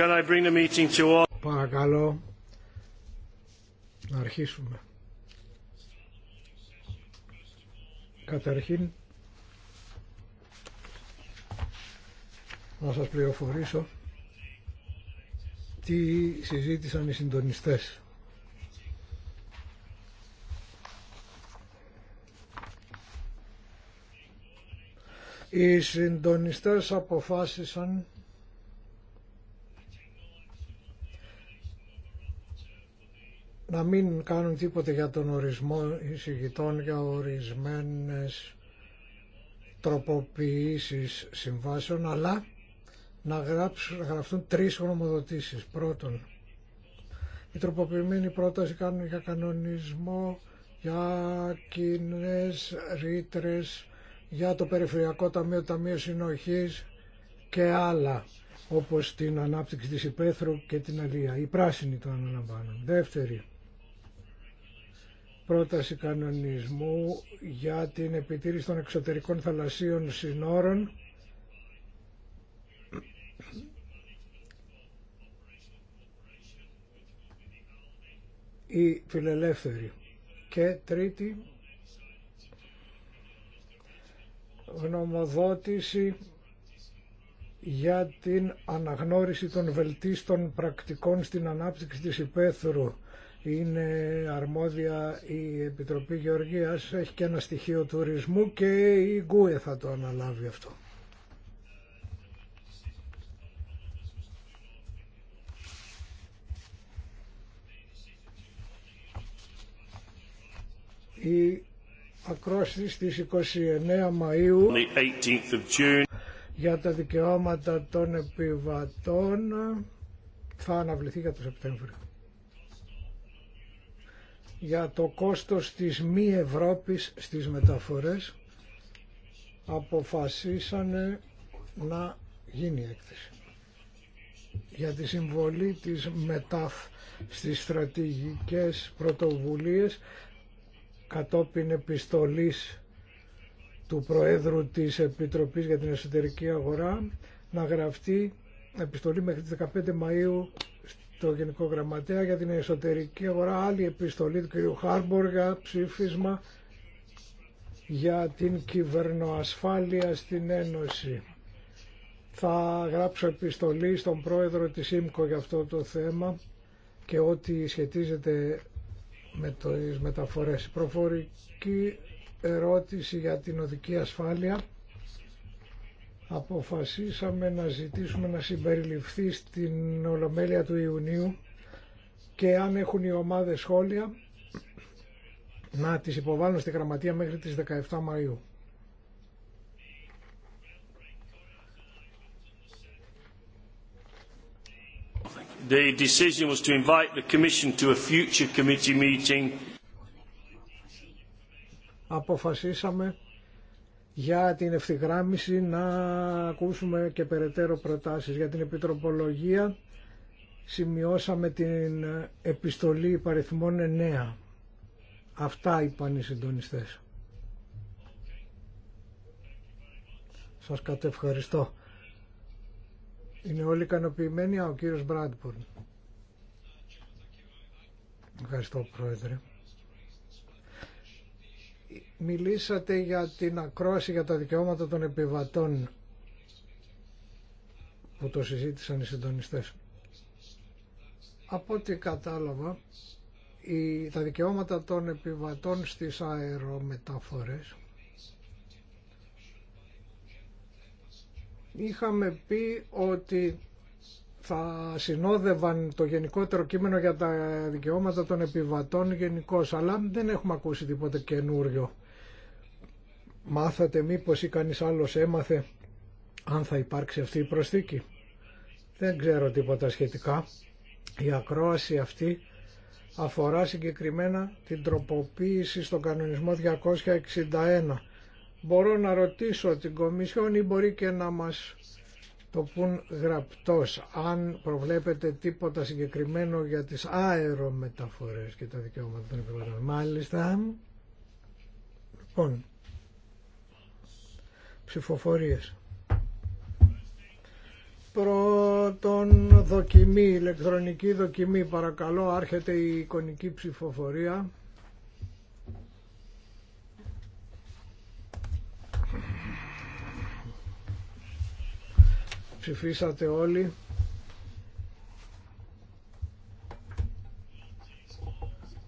Can I bring the meeting to... Παρακαλώ να αρχίσουμε. Καταρχήν να σας πληροφορήσω τι συζήτησαν οι συντονιστές. Οι συντονιστές αποφάσισαν να μην κάνουν τίποτε για τον ορισμό εισηγητών για ορισμένες τροποποιήσεις συμβάσεων αλλά να γράψουν, γραφτούν τρεις γνωμοδοτήσεις. Πρώτον, η τροποποιημένη πρόταση κάνουν για κανονισμό για κοινέ ρήτρε, για το Περιφερειακό Ταμείο, Ταμείο Συνοχής και άλλα όπως την ανάπτυξη της υπαίθρου και την αλία. Οι πράσινοι το αναλαμβάνουν. Δεύτερη, πρόταση κανονισμού για την επιτήρηση των εξωτερικών θαλασσίων συνόρων η φιλελεύθερη και τρίτη γνωμοδότηση για την αναγνώριση των βελτίστων πρακτικών στην ανάπτυξη της υπαίθρου είναι αρμόδια η Επιτροπή Γεωργίας, έχει και ένα στοιχείο τουρισμού και η Γκούε θα το αναλάβει αυτό. Η ακρόαση στις 29 Μαΐου για τα δικαιώματα των επιβατών θα αναβληθεί για το Σεπτέμβριο για το κόστος της μη Ευρώπης στις μεταφορές αποφασίσανε να γίνει έκθεση για τη συμβολή της ΜΕΤΑΦ στις στρατηγικές πρωτοβουλίες κατόπιν επιστολής του Προέδρου της Επιτροπής για την Εσωτερική Αγορά να γραφτεί επιστολή μέχρι τις 15 Μαΐου το Γενικό Γραμματέα για την εσωτερική αγορά, άλλη επιστολή του κ. Χάρμπορ για ψήφισμα για την κυβερνοασφάλεια στην Ένωση. Θα γράψω επιστολή στον πρόεδρο της ΙΜΚΟ για αυτό το θέμα και ό,τι σχετίζεται με τις μεταφορές. Προφορική ερώτηση για την οδική ασφάλεια αποφασίσαμε να ζητήσουμε να συμπεριληφθεί στην Ολομέλεια του Ιουνίου και αν έχουν οι ομάδες σχόλια να τις υποβάλουν στη γραμματεία μέχρι τις 17 Μαΐου. The decision was to invite the Commission to a future committee meeting. Αποφασίσαμε για την ευθυγράμμιση να ακούσουμε και περαιτέρω προτάσεις για την επιτροπολογία σημειώσαμε την επιστολή παριθμών 9 αυτά είπαν οι συντονιστές σας κατευχαριστώ είναι όλοι ικανοποιημένοι ο κύριος Μπράντπορν ευχαριστώ πρόεδρε Μιλήσατε για την ακρόαση για τα δικαιώματα των επιβατών που το συζήτησαν οι συντονιστές. Από ό,τι κατάλαβα, η, τα δικαιώματα των επιβατών στις αερομεταφορές είχαμε πει ότι θα συνόδευαν το γενικότερο κείμενο για τα δικαιώματα των επιβατών γενικώ, αλλά δεν έχουμε ακούσει τίποτα καινούριο μάθατε μήπως ή κανείς άλλος έμαθε αν θα υπάρξει αυτή η προσθήκη. Δεν ξέρω τίποτα σχετικά. Η ακρόαση αυτή αφορά συγκεκριμένα την τροποποίηση στον κανονισμό 261. Μπορώ να ρωτήσω την Κομισιόν ή μπορεί και να μας το πουν γραπτός αν προβλέπετε τίποτα συγκεκριμένο για τις αερομεταφορές και τα δικαιώματα των επιβατών. Μάλιστα. Λοιπόν, ψηφοφορίες. Πρώτον δοκιμή, ηλεκτρονική δοκιμή παρακαλώ, άρχεται η εικονική ψηφοφορία. Ψηφίσατε όλοι.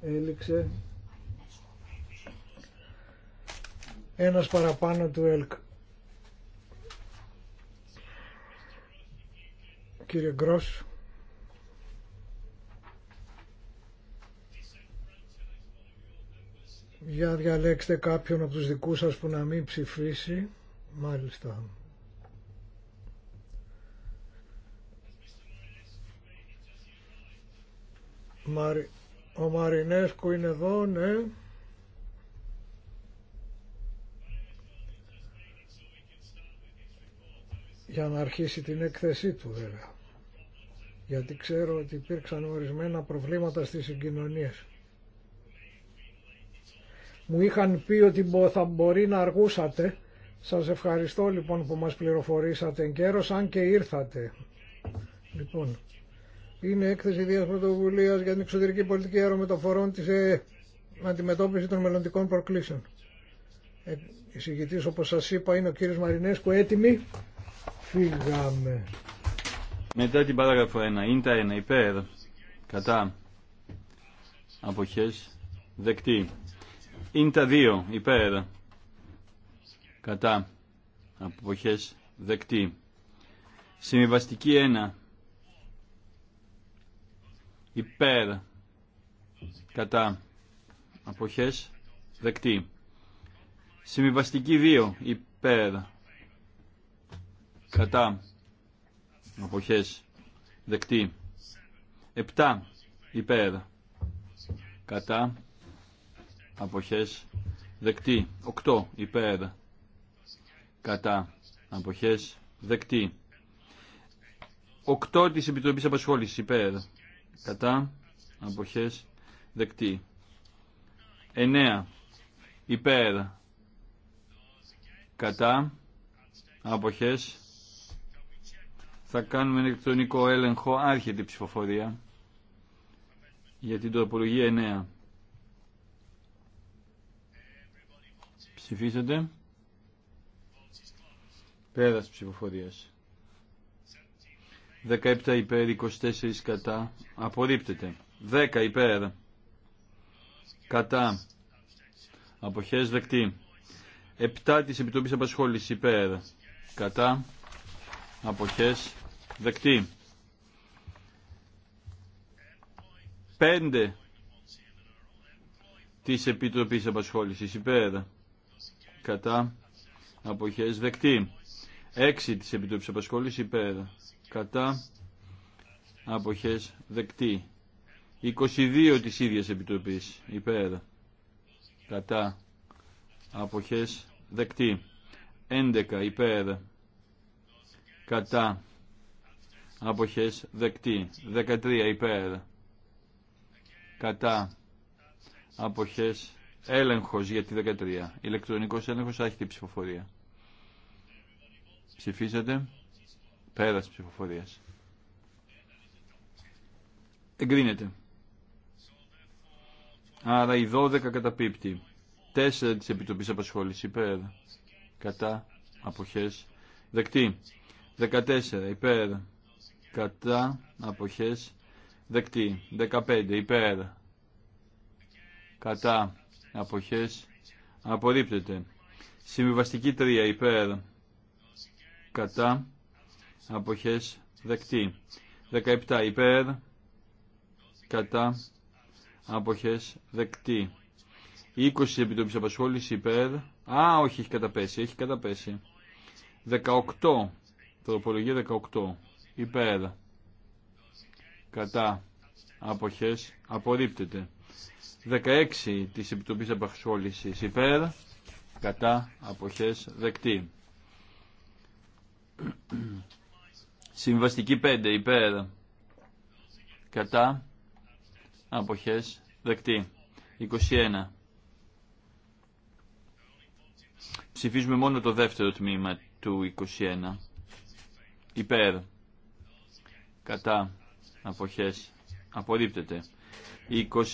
Έληξε. Ένας παραπάνω του ΕΛΚ. κύριε Γκρός. Για διαλέξτε κάποιον από τους δικούς σας που να μην ψηφίσει. Μάλιστα. Ο Μαρινέσκου είναι εδώ, ναι. Για να αρχίσει την έκθεσή του βέβαια γιατί ξέρω ότι υπήρξαν ορισμένα προβλήματα στις συγκοινωνίες. Μου είχαν πει ότι θα μπορεί να αργούσατε. Σας ευχαριστώ λοιπόν που μας πληροφορήσατε εν καιρός, αν και ήρθατε. Λοιπόν, είναι έκθεση ιδίας πρωτοβουλία για την εξωτερική πολιτική αερομεταφορών της ΕΕ, αντιμετώπιση των μελλοντικών προκλήσεων. Ε, εισηγητής, όπως σας είπα, είναι ο κύριος Μαρινέσκου. Έτοιμοι, φύγαμε. Μετά την παράγραφο 1, ίντα 1, υπέρ, κατά, αποχές, δεκτή. Ίντα 2, υπέρ, κατά, αποχές, δεκτή. Συμβιβαστική 1, υπέρ, κατά, αποχές, δεκτή. Συμβιβαστική 2, υπέρ, κατά, αποχές δεκτή 7 υπέρ κατά αποχές δεκτή 8 υπέρ κατά αποχές δεκτή 8 της Επιτροπής Απασχόλησης υπέρ κατά αποχές δεκτή 9 υπέρ κατά αποχές θα κάνουμε ένα ηλεκτρονικό έλεγχο, άρχεται η ψηφοφορία για την τροπολογία 9. Ψηφίσατε. Πέρας ψηφοφορίας. 17 υπέρ, 24 κατά. Απορρίπτεται. 10 υπέρ. Κατά. Αποχές δεκτή. 7 της Επιτροπής Απασχόλησης υπέρ. Κατά. Αποχές Δεκτή. 5 της Επιτροπής Απασχόλησης υπέρ κατά αποχές δεκτή 6 της επιτροπή Απασχόλησης υπέρ κατά αποχές δεκτή 22 της ίδιας Επιτροπής υπέρ κατά αποχές δεκτή 11 υπέρ κατά αποχές δεκτή 13 υπέρ κατά αποχές έλεγχος για τη 13 ηλεκτρονικός έλεγχος άρχεται η ψηφοφορία ψηφίσατε πέρας ψηφοφορίας εγκρίνεται άρα η 12 καταπίπτει 4 της Επιτροπής Απασχόλησης υπέρ κατά αποχές δεκτή 14 υπέρ κατά αποχές δεκτή 15 υπέρ κατά αποχές απορρίπτεται συμβιβαστική 3 υπέρ κατά αποχές δεκτή 17 υπέρ κατά αποχές δεκτή 20 επιτροπής απασχόληση υπέρ α όχι έχει καταπέσει έχει καταπέσει 18 τροπολογία 18 υπέρ κατά αποχές απορρίπτεται 16 της Επιτροπής Απασχόλησης υπέρ κατά αποχές δεκτή Συμβαστική 5 υπέρ κατά αποχές δεκτή 21 Ψηφίζουμε μόνο το δεύτερο τμήμα του 21 υπέρ κατά αποχές απορρίπτεται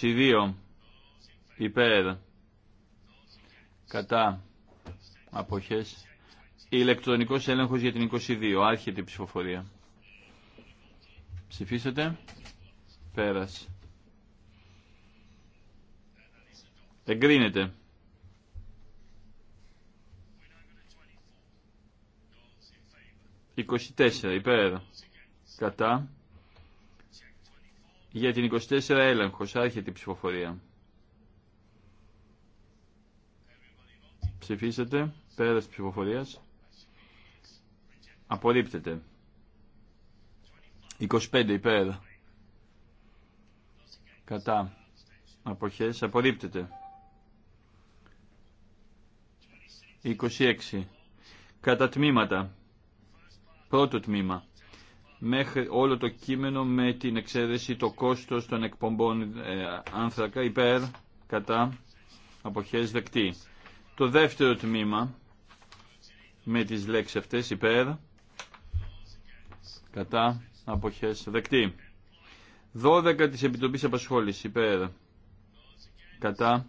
22 υπέρ κατά αποχές ηλεκτρονικός έλεγχος για την 22 άρχεται η ψηφοφορία ψηφίσατε πέρας εγκρίνεται 24 υπέρ κατά για την 24 έλεγχο άρχεται η ψηφοφορία ψηφίσετε πέρας τη ψηφοφορίας απορρίπτεται 25 υπέρ κατά αποχές απορρίπτεται 26 κατά τμήματα πρώτο τμήμα μέχρι όλο το κείμενο με την εξαίρεση το κόστος των εκπομπών ε, άνθρακα υπέρ κατά αποχές δεκτή. Το δεύτερο τμήμα με τις λέξεις αυτές υπέρ κατά αποχές δεκτή. 12 της Επιτροπής Απασχόλησης υπέρ κατά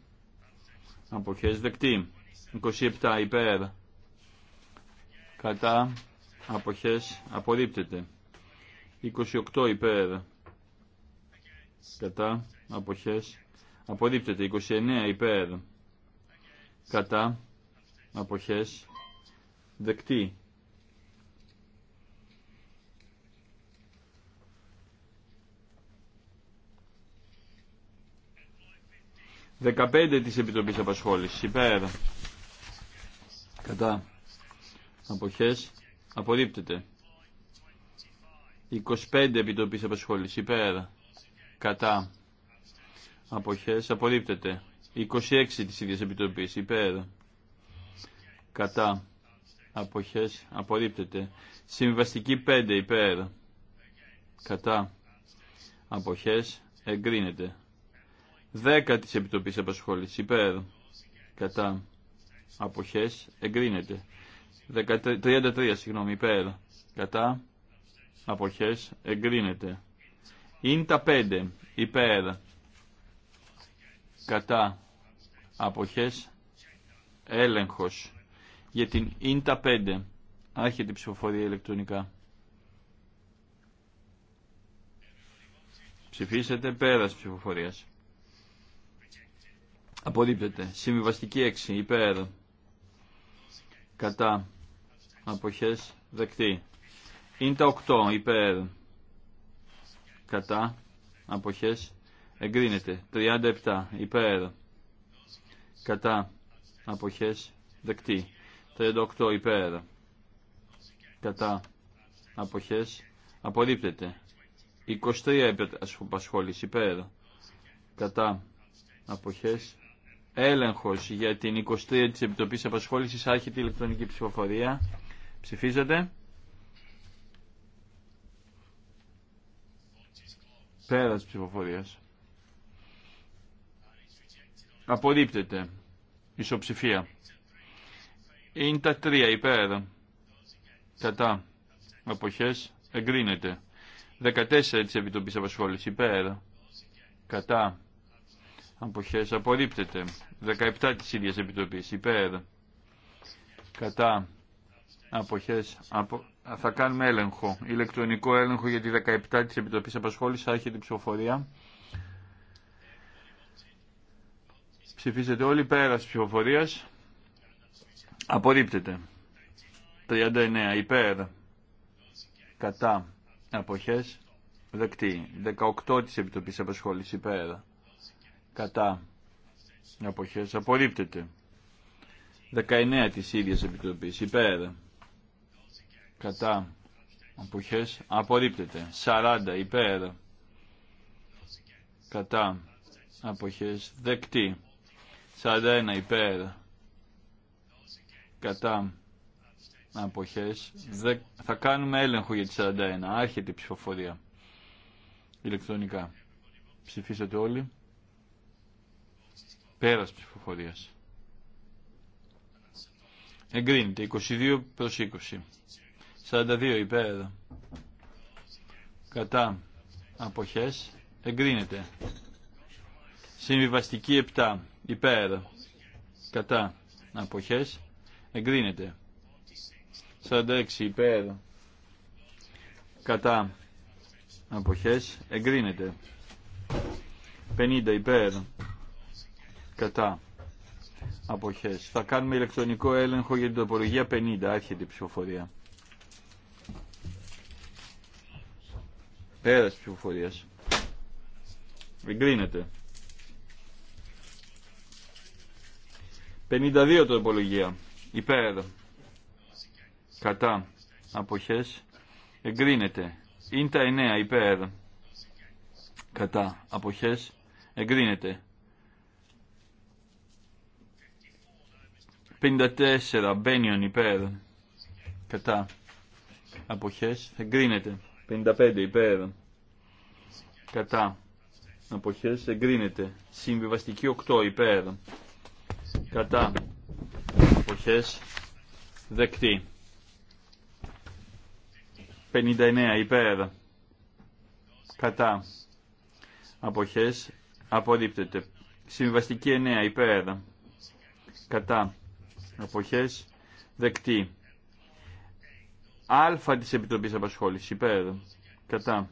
αποχές δεκτή. 27 υπέρ κατά αποχές απορρίπτεται. 28 υπέρ κατά αποχές απορρίπτεται 29 υπέρ κατά αποχές δεκτή 15 της Επιτροπής Απασχόλησης υπέρ κατά αποχές απορρίπτεται 25 επιτροπή απασχόληση υπέρ κατά αποχές απορρίπτεται 26 της ίδιας επιτροπής υπέρ κατά αποχές απορρίπτεται συμβαστική 5 υπέρ κατά αποχές εγκρίνεται 10 της επιτροπής απασχόληση, υπέρ κατά αποχές εγκρίνεται 33 συγγνώμη υπέρ κατά αποχές εγκρίνεται. Είναι τα 5 υπέρ κατά αποχές έλεγχος για την τα 5 άρχεται η ψηφοφορία ηλεκτρονικά ψηφίσετε πέρας ψηφοφορίας απορρίπτεται συμβιβαστική 6 υπέρ κατά αποχές δεκτή είναι τα 8 υπέρ κατά αποχές εγκρίνεται. 37 υπέρ κατά αποχές δεκτή. 38 υπέρ κατά αποχές απορρίπτεται. 23 απασχόληση υπέρ κατά αποχές έλεγχος για την 23 της Επιτροπής Απασχόλησης άρχεται η ηλεκτρονική ψηφοφορία ψηφίζεται Πέρας ψηφοφορίας. Απορρίπτεται. Ισοψηφία. Είναι τα τρία υπέρ. Κατά. Αποχέ. Εγκρίνεται. 14 της Επιτροπής Απασχόλησης υπέρ. Κατά. Αποχέ. Απορρίπτεται. 17 της ίδιας Επιτροπής υπέρ. Κατά. Αποχές. Θα κάνουμε έλεγχο. Ηλεκτρονικό έλεγχο για τη 17 της Επιτροπής Απασχόλησης. Άρχεται η ψηφοφορία. Ψηφίζετε όλοι πέρα της ψηφοφορίας. Απορρίπτεται. 39 υπέρ. Κατά. Αποχές. Δεκτή. 18 της Επιτροπής Απασχόλησης υπέρ. Κατά. Αποχές. Απορρίπτεται. 19 της ίδιας Επιτροπής υπέρ κατά αποχές απορρίπτεται 40 υπέρ κατά αποχές δεκτή 41 υπέρ κατά αποχές θα κάνουμε έλεγχο για τη 41 άρχεται η ψηφοφορία ηλεκτρονικά ψηφίσατε όλοι πέρας ψηφοφορίας εγκρίνεται 22 προς 20 42 υπέρ κατά αποχές εγκρίνεται. Συμβιβαστική 7 υπέρ κατά αποχές εγκρίνεται. 46 υπέρ κατά αποχές εγκρίνεται. 50 υπέρ κατά αποχές. Θα κάνουμε ηλεκτρονικό έλεγχο για την τοπολογία 50. Άρχεται η ψηφοφορία. Πέρας ψηφοφορίας. Εγκρίνεται. 52 τροπολογία. Υπέρ. Κατά. Αποχές. Εγκρίνεται. Ίντα 9 υπέρ. Κατά. Αποχές. Εγκρίνεται. 54 μπένιον υπέρ. Κατά. Αποχές. Εγκρίνεται. 55 υπέρ κατά αποχές εγκρίνεται. Συμβιβαστική 8 υπέρ κατά αποχές δεκτή. 59 υπέρ κατά αποχές απορρίπτεται. συμβιβαστική 9 υπέρ κατά αποχές δεκτή. Α της Επιτροπής Απασχόλησης υπέρ κατά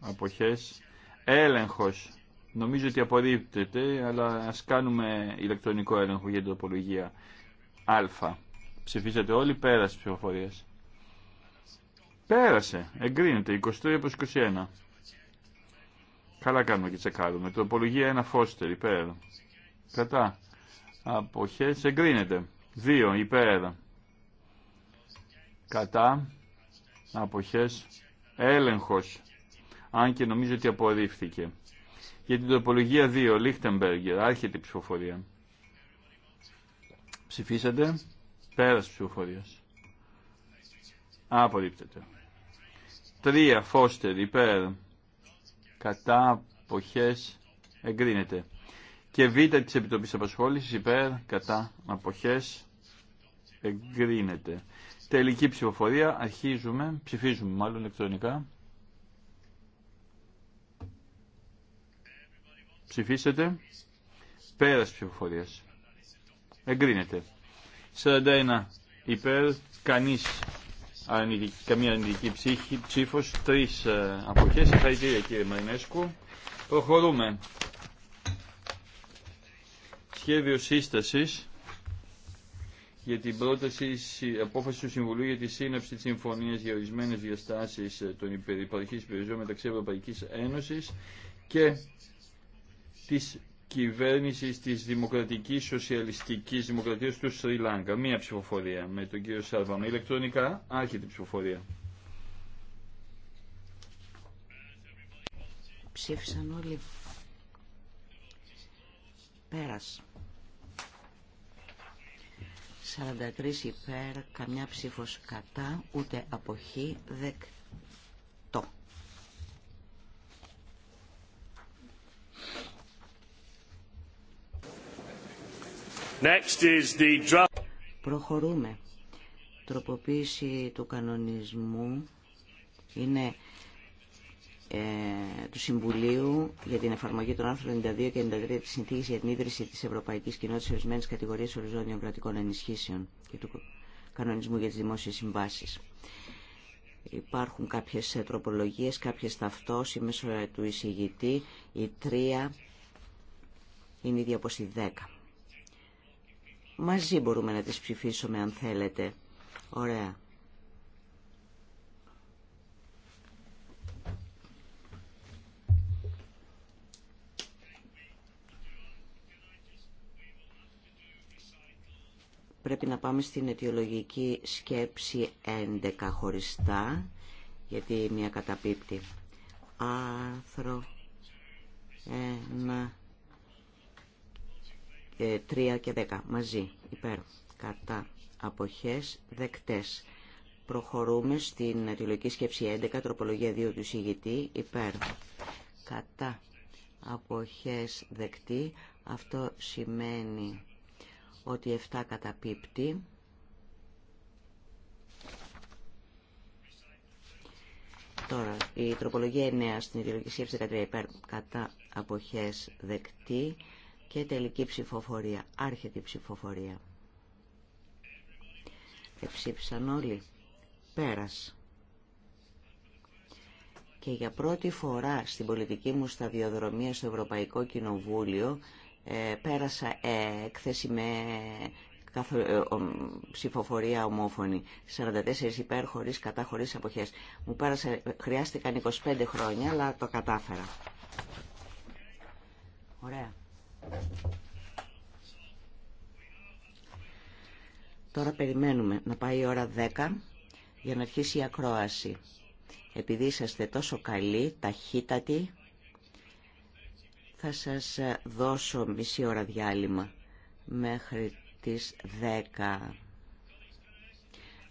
αποχές έλεγχος νομίζω ότι απορρίπτεται αλλά ας κάνουμε ηλεκτρονικό έλεγχο για την τροπολογία Α ψηφίσατε όλοι πέρασε τι ψηφοφορίε. πέρασε εγκρίνεται 23 προς 21 καλά κάνουμε και τσεκάρουμε τροπολογία 1 φώστερ υπέρ κατά αποχές εγκρίνεται 2 υπέρ κατά, αποχές, έλεγχος, αν και νομίζω ότι απορρίφθηκε. Για την τροπολογία 2, Λίχτεμπεργκερ, άρχεται η ψηφοφορία. Ψηφίσατε, πέρας ψηφοφορίας. Απορρίπτεται. 3, Φώστερ, υπέρ, κατά, αποχές, εγκρίνεται. Και β της Επιτροπής Απασχόλησης, υπέρ, κατά, αποχές, εγκρίνεται. Τελική ψηφοφορία. Αρχίζουμε. Ψηφίζουμε μάλλον ηλεκτρονικά. Ψηφίσετε. Πέρας ψηφοφορίας. Εγκρίνεται. 41 υπέρ. Κανείς καμία αρνητική ψήφο, ψήφος. Τρεις ε, αποχές. Ευχαριστήρια κύριε Μαρινέσκου. Προχωρούμε. Σχέδιο σύστασης για την πρόταση απόφαση του Συμβουλίου για τη σύναψη τη συμφωνία για ορισμένε διαστάσει ε, των υπερπαρχή περιοριζών μεταξύ Ευρωπαϊκή Ένωση και τη κυβέρνηση τη Δημοκρατική Σοσιαλιστική Δημοκρατία του Σρι Λάγκα. Μία ψηφοφορία με τον κύριο Σαρβανό. Ηλεκτρονικά άρχεται ψηφοφορία. Ψήφισαν όλοι. Πέρασε. 43 υπέρ, καμιά ψήφος κατά, ούτε αποχή, δεκτό. Προχωρούμε. Τροποποίηση του κανονισμού είναι ε, του Συμβουλίου για την εφαρμογή των άρθρων 92 και 93 της Συνθήκης για την ίδρυση της Ευρωπαϊκής Κοινότητας ορισμένης κατηγορίας οριζόντιων κρατικών ενισχύσεων και του κανονισμού για τις δημόσιες συμβάσεις. Υπάρχουν κάποιες τροπολογίες, κάποιες μέσω του εισηγητή. Η τρία είναι ίδια όπως η δέκα. Μαζί μπορούμε να τις ψηφίσουμε αν θέλετε. Ωραία. πρέπει να πάμε στην αιτιολογική σκέψη 11 χωριστά, γιατί μια καταπίπτει. Άρθρο 1, 3 ε, και 10 μαζί, υπέρ, κατά, αποχές, δεκτές. Προχωρούμε στην αιτιολογική σκέψη 11, τροπολογία 2 του συγητή, υπέρ, κατά, αποχές, δεκτή. Αυτό σημαίνει ότι 7 καταπίπτει. Τώρα, η τροπολογία 9 στην ιδιολογική σκέψη 13 υπέρ κατά αποχές δεκτή και τελική ψηφοφορία, άρχεται η ψηφοφορία. Εψήφισαν όλοι. Πέρας. Και για πρώτη φορά στην πολιτική μου σταδιοδρομία στο Ευρωπαϊκό Κοινοβούλιο ε, πέρασα ε, έκθεση με ε, ψηφοφορία ομόφωνη. 44 υπέρ, χωρίς κατά, χωρίς αποχές. Μου πέρασε, χρειάστηκαν 25 χρόνια, αλλά το κατάφερα. Ωραία. Τώρα περιμένουμε να πάει η ώρα 10 για να αρχίσει η ακρόαση. Επειδή είσαστε τόσο καλοί, ταχύτατοι, θα σας δώσω μισή ώρα διάλειμμα μέχρι τις 10.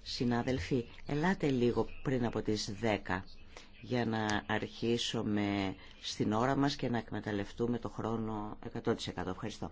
Συνάδελφοι, ελάτε λίγο πριν από τις 10 για να αρχίσουμε στην ώρα μας και να εκμεταλλευτούμε το χρόνο 100%. Ευχαριστώ.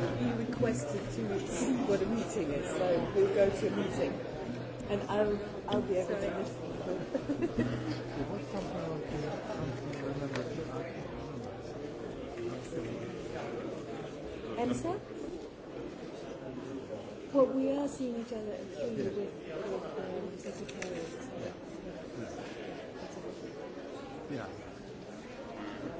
You requested to see what a meeting is, so we'll go to a meeting. And I'll, I'll be able to listen. And Well, we are seeing each other at three with, the um, Secretary. Yeah. Yeah.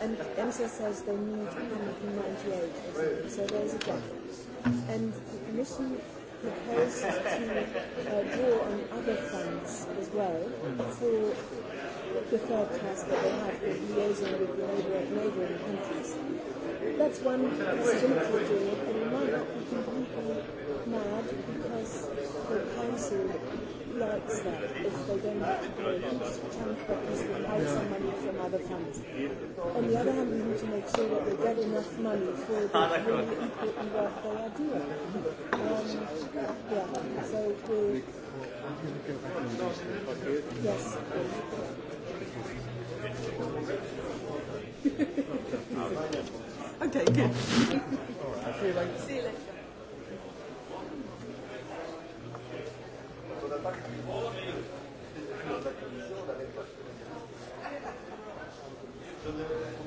and EMSA says they need 198, so there's a gap. And the Commission proposed to draw on other funds as well for the third task that they have, the liaison with the neighbouring countries. That's one simple for and it might not be completely mad because the Council exploits that if they don't money from other funds. On the other hand, we need to make sure that they get enough money for the really important are doing. Um, yeah, so we... Yes. okay, good. See you Je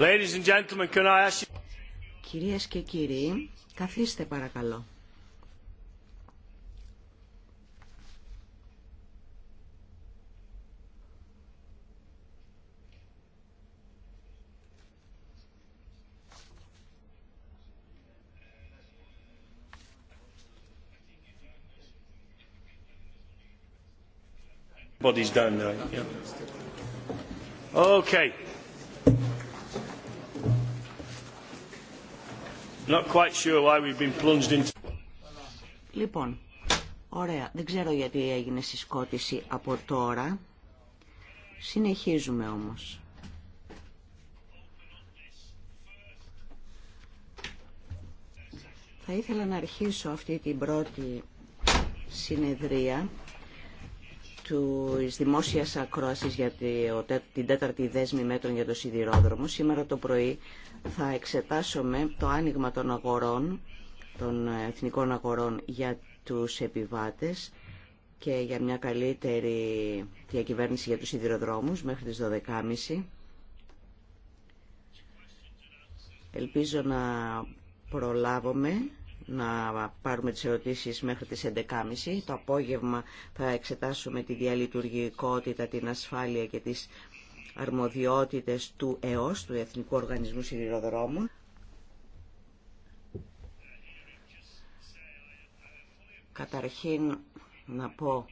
Ladies and gentlemen, can I ask you... Κυρίες και κύριοι, καθίστε παρακαλώ. Everybody's down there. Yeah. Okay. Λοιπόν, ωραία. Δεν ξέρω γιατί έγινε συσκότηση από τώρα. Συνεχίζουμε όμως. Θα ήθελα να αρχίσω αυτή την πρώτη συνεδρία του δημόσια ακρόαση για την τέταρτη δέσμη μέτρων για το σιδηρόδρομο. Σήμερα το πρωί θα εξετάσουμε το άνοιγμα των αγορών, των εθνικών αγορών για τους επιβάτες και για μια καλύτερη διακυβέρνηση για τους σιδηροδρόμους μέχρι τις 12.30. Ελπίζω να προλάβουμε να πάρουμε τις ερωτήσεις μέχρι τις 11.30. Το απόγευμα θα εξετάσουμε τη διαλειτουργικότητα, την ασφάλεια και τις αρμοδιότητες του ΕΟΣ, του Εθνικού Οργανισμού Σιδηροδρόμων. Καταρχήν να πω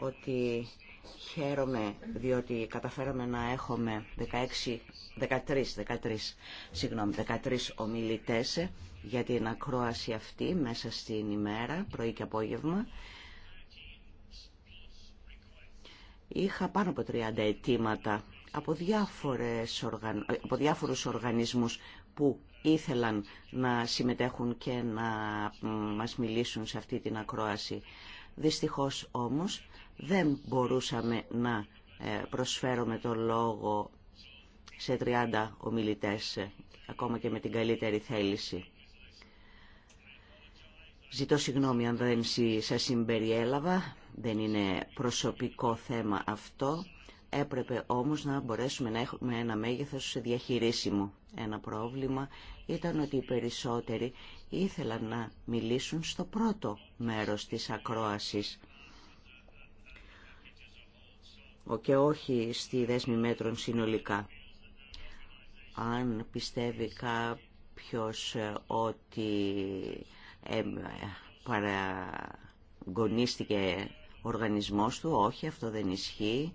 ότι χαίρομαι διότι καταφέραμε να έχουμε 16, 13, 13, συγγνώμη, 13 ομιλητές για την ακρόαση αυτή μέσα στην ημέρα, πρωί και απόγευμα. Είχα πάνω από 30 αιτήματα από, διάφορες οργαν... από διάφορους οργανισμούς που ήθελαν να συμμετέχουν και να μας μιλήσουν σε αυτή την ακρόαση. Δυστυχώς όμως δεν μπορούσαμε να ε, προσφέρουμε το λόγο σε 30 ομιλητές, ακόμα και με την καλύτερη θέληση. Ζητώ συγγνώμη αν δεν σας συμπεριέλαβα, δεν είναι προσωπικό θέμα αυτό. Έπρεπε όμως να μπορέσουμε να έχουμε ένα μέγεθος διαχειρίσιμο. Ένα πρόβλημα ήταν ότι οι περισσότεροι ήθελαν να μιλήσουν στο πρώτο μέρος της ακρόασης και όχι στη δέσμη μέτρων συνολικά. Αν πιστεύει κάποιος ότι ε, παραγωνίστηκε ο οργανισμός του. Όχι, αυτό δεν ισχύει.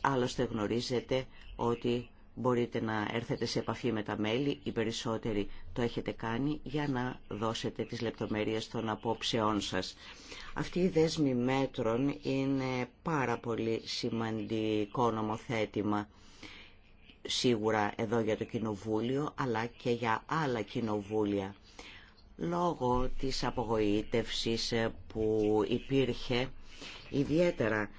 Άλλωστε γνωρίζετε ότι μπορείτε να έρθετε σε επαφή με τα μέλη, οι περισσότεροι το έχετε κάνει, για να δώσετε τις λεπτομέρειες των απόψεών σας. Αυτή η δέσμη μέτρων είναι πάρα πολύ σημαντικό νομοθέτημα, σίγουρα εδώ για το Κοινοβούλιο, αλλά και για άλλα κοινοβούλια λόγω της απογοήτευσης ε, που υπήρχε ιδιαίτερα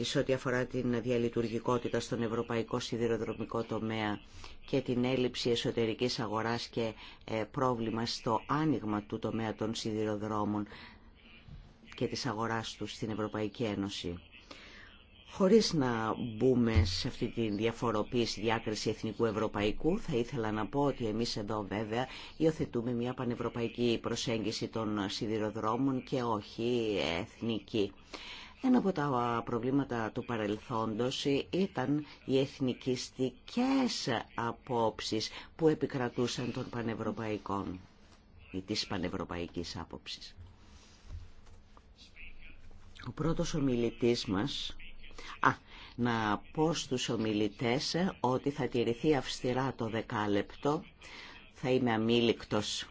σε ό,τι αφορά την διαλειτουργικότητα στον ευρωπαϊκό σιδηροδρομικό τομέα και την έλλειψη εσωτερικής αγοράς και ε, πρόβλημα στο άνοιγμα του τομέα των σιδηροδρόμων και της αγοράς τους στην Ευρωπαϊκή Ένωση. Χωρίς να μπούμε σε αυτή τη διαφοροποίηση διάκριση εθνικού ευρωπαϊκού, θα ήθελα να πω ότι εμείς εδώ βέβαια υιοθετούμε μια πανευρωπαϊκή προσέγγιση των σιδηροδρόμων και όχι εθνική. Ένα από τα προβλήματα του παρελθόντος ήταν οι εθνικιστικές απόψεις που επικρατούσαν των πανευρωπαϊκών ή της πανευρωπαϊκής άποψης. Ο πρώτος ομιλητής μας Α, να πω στους ομιλητές ότι θα τηρηθεί αυστηρά το δεκάλεπτο. Θα είμαι αμήλικτος,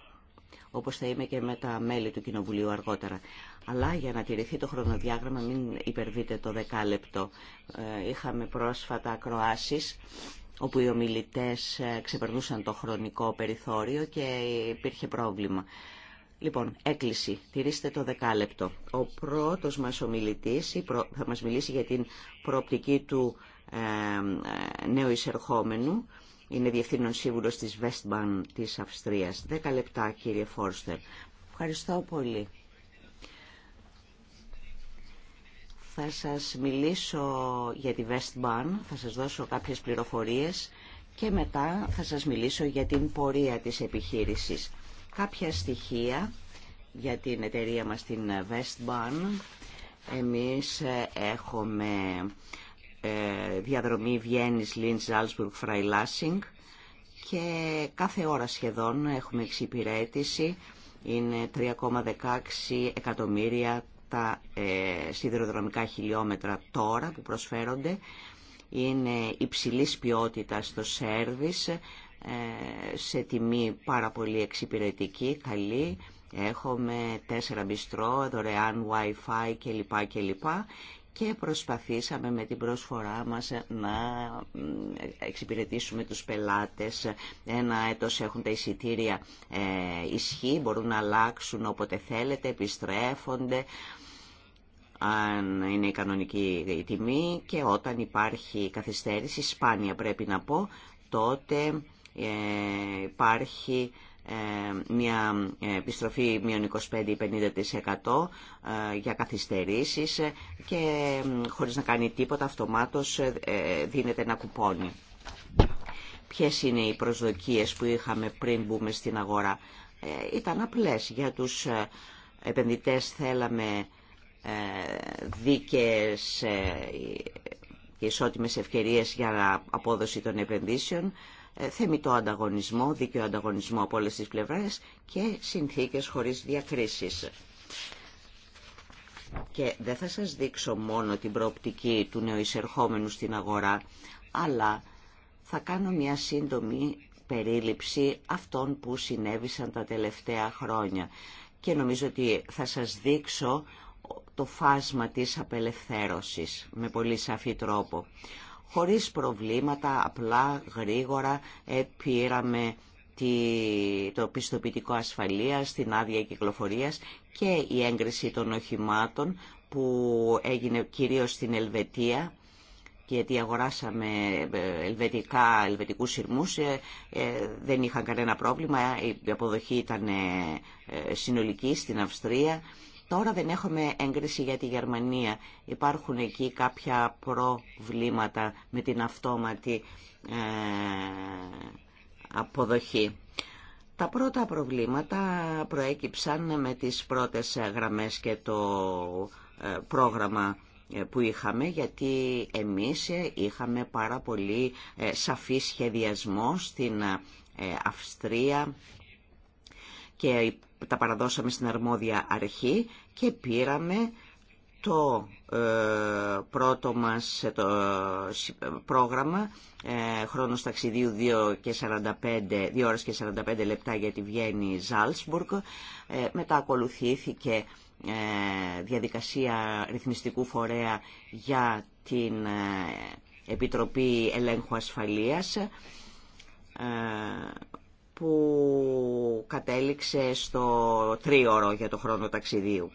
όπως θα είμαι και με τα μέλη του Κοινοβουλίου αργότερα. Αλλά για να τηρηθεί το χρονοδιάγραμμα μην υπερβείτε το δεκάλεπτο. Ε, είχαμε πρόσφατα ακροάσεις όπου οι ομιλητές ε, ξεπερνούσαν το χρονικό περιθώριο και υπήρχε πρόβλημα. Λοιπόν, έκκληση. Τηρήστε το δεκάλεπτο. Ο πρώτος μας ομιλητής θα μας μιλήσει για την προοπτική του ε, νέου εισερχόμενου. Είναι διευθύνων Σύμβουλος της Westbahn της Αυστρίας. Δέκα λεπτά, κύριε Φόρστερ. Ευχαριστώ πολύ. Θα σας μιλήσω για τη Westbahn, θα σας δώσω κάποιες πληροφορίες και μετά θα σας μιλήσω για την πορεία της επιχείρησης. Κάποια στοιχεία για την εταιρεία μας την Westbahn. Εμείς ε, έχουμε ε, διαδρομή Βιέννης, Λίντς, Ζάλσμπουργκ, Φραϊλάσινγκ και κάθε ώρα σχεδόν έχουμε εξυπηρέτηση. Είναι 3,16 εκατομμύρια τα ε, σιδηροδρομικά χιλιόμετρα τώρα που προσφέρονται. Είναι υψηλής ποιότητας το σέρβις ε, σε τιμή πάρα πολύ εξυπηρετική, καλή. Έχουμε τέσσερα μπιστρό, δωρεάν Wi-Fi και Και προσπαθήσαμε με την προσφορά μας να εξυπηρετήσουμε τους πελάτες. Ένα έτος έχουν τα εισιτήρια ε, ισχύ, μπορούν να αλλάξουν όποτε θέλετε, επιστρέφονται αν είναι η κανονική η τιμή και όταν υπάρχει καθυστέρηση, σπάνια πρέπει να πω, τότε ε, υπάρχει ε, μια επιστροφή μείον 25-50% ε, για καθυστερήσεις και χωρίς να κάνει τίποτα αυτομάτως δίνεται ένα κουπόνι. Ποιες είναι οι προσδοκίες που είχαμε πριν μπούμε στην αγορά. Ήταν απλές. Για τους επενδυτές θέλαμε δίκαιες και ισότιμες ευκαιρίες για απόδοση των επενδύσεων ε, θεμητό ανταγωνισμό, δίκαιο ανταγωνισμό από όλες τις πλευρές και συνθήκες χωρίς διακρίσεις. Και δεν θα σας δείξω μόνο την προοπτική του νεοεισερχόμενου στην αγορά, αλλά θα κάνω μια σύντομη περίληψη αυτών που συνέβησαν τα τελευταία χρόνια. Και νομίζω ότι θα σας δείξω το φάσμα της απελευθέρωσης με πολύ σαφή τρόπο χωρίς προβλήματα, απλά, γρήγορα πήραμε το πιστοποιητικό ασφαλείας, την άδεια κυκλοφορίας και η έγκριση των οχημάτων που έγινε κυρίως στην Ελβετία γιατί αγοράσαμε ε, ελβετικά, ελβετικούς σειρμούς, ε, ε, δεν είχαν κανένα πρόβλημα, η αποδοχή ήταν συνολική στην Αυστρία Τώρα δεν έχουμε έγκριση για τη Γερμανία. Υπάρχουν εκεί κάποια προβλήματα με την αυτόματη ε, αποδοχή. Τα πρώτα προβλήματα προέκυψαν με τις πρώτες γραμμές και το ε, πρόγραμμα ε, που είχαμε, γιατί εμείς είχαμε πάρα πολύ σαφή σχεδιασμό στην Αυστρία και τα παραδώσαμε στην αρμόδια αρχή και πήραμε το ε, πρώτο μας το ε, πρόγραμμα ε, χρόνος ταξιδίου 2, και 45, 2 ώρες και 45 λεπτά για τη Βιέννη Ζάλσμπουργκ. Ε, μετά ακολουθήθηκε ε, διαδικασία ρυθμιστικού φορέα για την ε, Επιτροπή Ελέγχου Ασφαλείας που κατέληξε στο τρίωρο για το χρόνο ταξιδίου.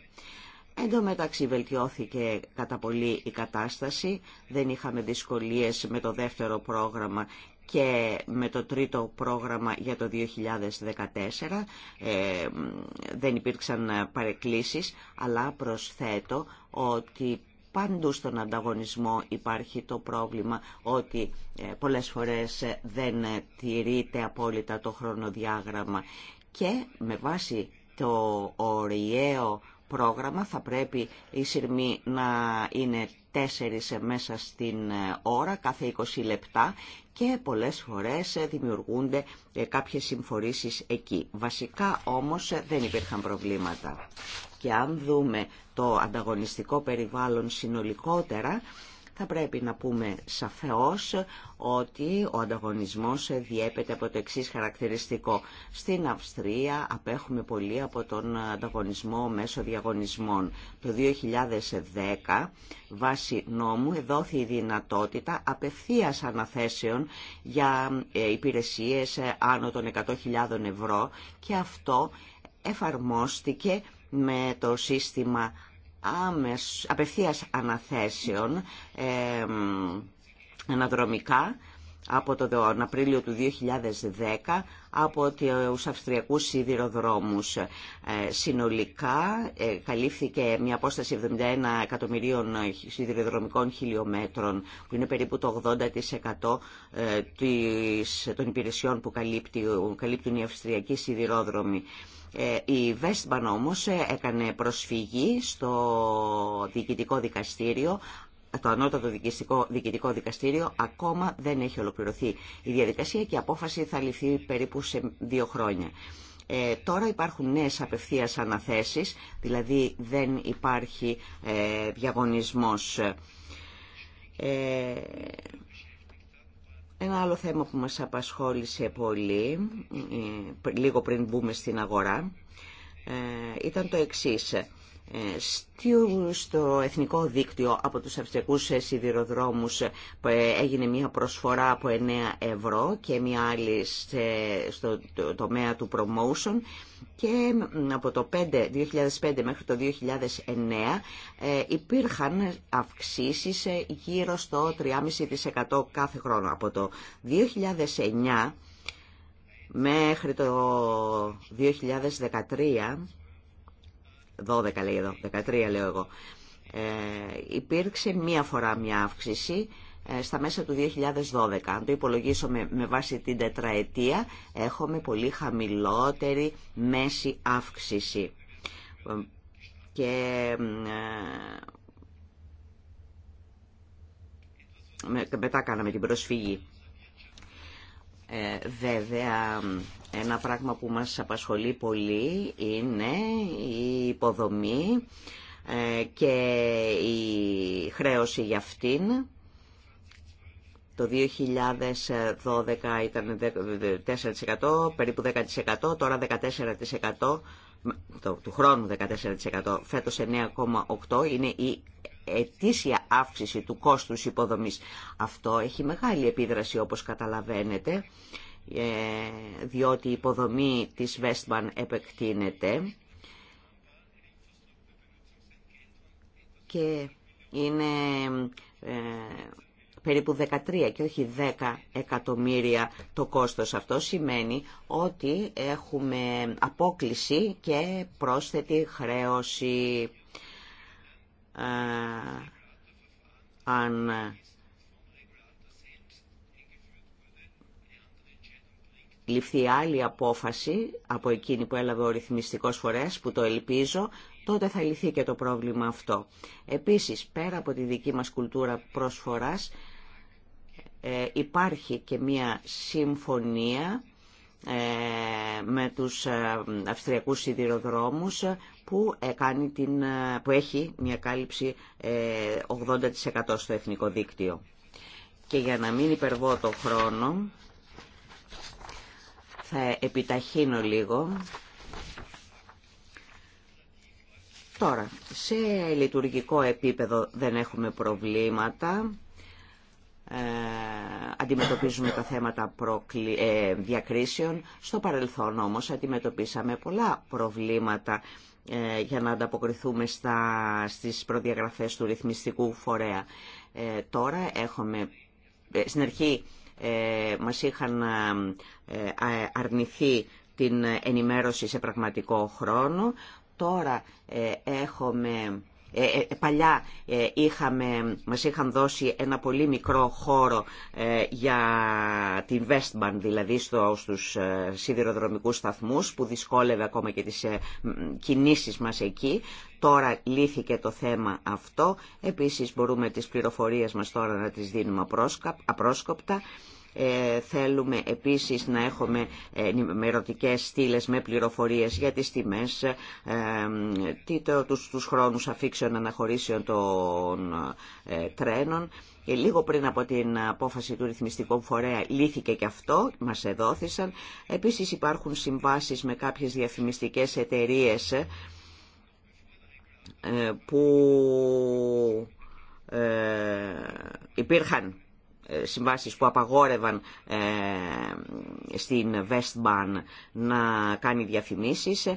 Εν τω μεταξύ βελτιώθηκε κατά πολύ η κατάσταση, δεν είχαμε δυσκολίες με το δεύτερο πρόγραμμα και με το τρίτο πρόγραμμα για το 2014 ε, δεν υπήρξαν παρεκκλήσεις, αλλά προσθέτω ότι Παντού στον ανταγωνισμό υπάρχει το πρόβλημα ότι ε, πολλές φορές ε, δεν ε, τηρείται απόλυτα το χρονοδιάγραμμα και με βάση το ωριαίο πρόγραμμα θα πρέπει η σειρμή να είναι τέσσερις μέσα στην ώρα κάθε 20 λεπτά και πολλές φορές δημιουργούνται κάποιες συμφορήσεις εκεί. Βασικά όμως δεν υπήρχαν προβλήματα και αν δούμε το ανταγωνιστικό περιβάλλον συνολικότερα, θα πρέπει να πούμε σαφεώς ότι ο ανταγωνισμός διέπεται από το εξής χαρακτηριστικό. Στην Αυστρία απέχουμε πολύ από τον ανταγωνισμό μέσω διαγωνισμών. Το 2010, βάσει νόμου, δόθη η δυνατότητα απευθείας αναθέσεων για ε, υπηρεσίες άνω των 100.000 ευρώ και αυτό εφαρμόστηκε με το σύστημα άμεσ, απευθείας αναθέσεων αναδρομικά από τον Απρίλιο του 2010 από τους Αυστριακούς σιδηροδρόμους. Ε, συνολικά ε, καλύφθηκε μια απόσταση 71 εκατομμυρίων σιδηροδρομικών χιλιόμετρων, που είναι περίπου το 80% ε, των υπηρεσιών που καλύπτουν οι Αυστριακοί σιδηρόδρομοι. Ε, η Βέστμπαν όμω ε, έκανε προσφυγή στο διοικητικό δικαστήριο το ανώτατο διοικητικό δικαστήριο ακόμα δεν έχει ολοκληρωθεί η διαδικασία και η απόφαση θα ληφθεί περίπου σε δύο χρόνια. Ε, τώρα υπάρχουν νέες απευθείας αναθέσεις, δηλαδή δεν υπάρχει ε, διαγωνισμός. Ένα άλλο θέμα που μας απασχόλησε πολύ, ε, λίγο πριν μπούμε στην αγορά, ε, ήταν το εξής στο εθνικό δίκτυο από τους αυστριακούς σιδηροδρόμους ε, έγινε μια προσφορά από 9 ευρώ και μια άλλη στο τομέα του promotion και από το 2005 μέχρι το 2009 ε, υπήρχαν αυξήσεις ε, γύρω στο 3,5% κάθε χρόνο. Από το 2009 μέχρι το 2013 12 λέει εδώ, 13 λέω εγώ. Ε, υπήρξε μία φορά μια αύξηση ε, στα μέσα του 2012. Αν το υπολογίσουμε με βάση την τετραετία, έχουμε πολύ χαμηλότερη μέση αύξηση. Και ε, μετά κάναμε την προσφυγή. βέβαια ένα πράγμα που μας απασχολεί πολύ είναι η υποδομή ε, και η χρέωση για αυτήν. Το 2012 ήταν 4%, περίπου 10%, τώρα 14%, του χρόνου 14%, φέτος 9,8% είναι η ετήσια αύξηση του κόστους υποδομής. Αυτό έχει μεγάλη επίδραση όπως καταλαβαίνετε ε, διότι η υποδομή της Westman επεκτείνεται και είναι ε, περίπου 13 και όχι 10 εκατομμύρια το κόστος αυτό σημαίνει ότι έχουμε απόκληση και πρόσθετη χρέωση ε, αν ληφθεί άλλη απόφαση από εκείνη που έλαβε ο ρυθμιστικός φορέας, που το ελπίζω, τότε θα λυθεί και το πρόβλημα αυτό. Επίσης, πέρα από τη δική μας κουλτούρα προσφοράς, ε, υπάρχει και μία συμφωνία ε, με τους ε, αυστριακούς σιδηροδρόμους που, κάνει την, που έχει μια κάλυψη 80% στο εθνικό δίκτυο. Και για να μην υπερβώ το χρόνο, θα επιταχύνω λίγο. Τώρα, σε λειτουργικό επίπεδο δεν έχουμε προβλήματα. Ε, αντιμετωπίζουμε τα θέματα ε, διακρίσεων. Στο παρελθόν όμως αντιμετωπίσαμε πολλά προβλήματα ε, για να ανταποκριθούμε στα... στις προδιαγραφές του ρυθμιστικού φορέα. Ε, τώρα έχουμε... Στην ε, μας είχαν ε, αρνηθεί την ενημέρωση σε πραγματικό χρόνο. Τώρα ε, έχουμε ε, ε, παλιά ε, είχαμε, μας είχαν δώσει ένα πολύ μικρό χώρο για την Westband, δηλαδή στο, στους σιδηροδρομικούς σταθμούς που δυσκόλευε ακόμα και τις κινήσεις μας εκεί. Τώρα λύθηκε το θέμα αυτό. Επίσης μπορούμε τις πληροφορίες μας τώρα να τις δίνουμε απρόσκοπτα. Ε, θέλουμε επίσης να έχουμε ενημερωτικέ στήλες με πληροφορίες για τις τιμές, ε, τι, τους, τους χρόνους αφήξεων αναχωρήσεων των ε, τρένων. Ε, λίγο πριν από την απόφαση του ρυθμιστικού φορέα λύθηκε και αυτό, μας εδόθησαν. Επίσης υπάρχουν συμβάσεις με κάποιες διαφημιστικές εταιρείες που υπήρχαν συμβάσεις που απαγόρευαν ε, στην Westbahn να κάνει διαφημίσεις ε,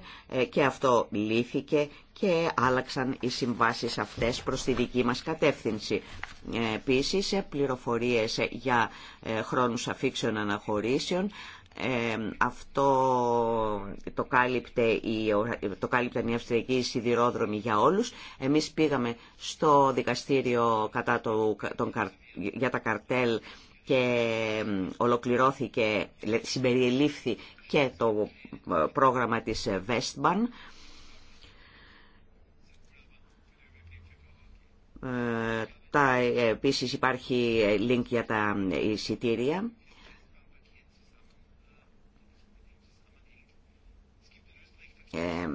και αυτό λύθηκε και άλλαξαν οι συμβάσεις αυτές προς τη δική μας κατεύθυνση. Ε, επίσης, πληροφορίες για χρόνους αφήξεων αναχωρήσεων αυτό το κάλυπτε, η, το μια αυστριακή σιδηρόδρομη για όλους. Εμείς πήγαμε στο δικαστήριο κατά τον, για τα καρτέλ και ολοκληρώθηκε, συμπεριελήφθη και το ε, πρόγραμμα της Westban. Ε, τα, ε, επίσης υπάρχει link για τα εισιτήρια. Ε,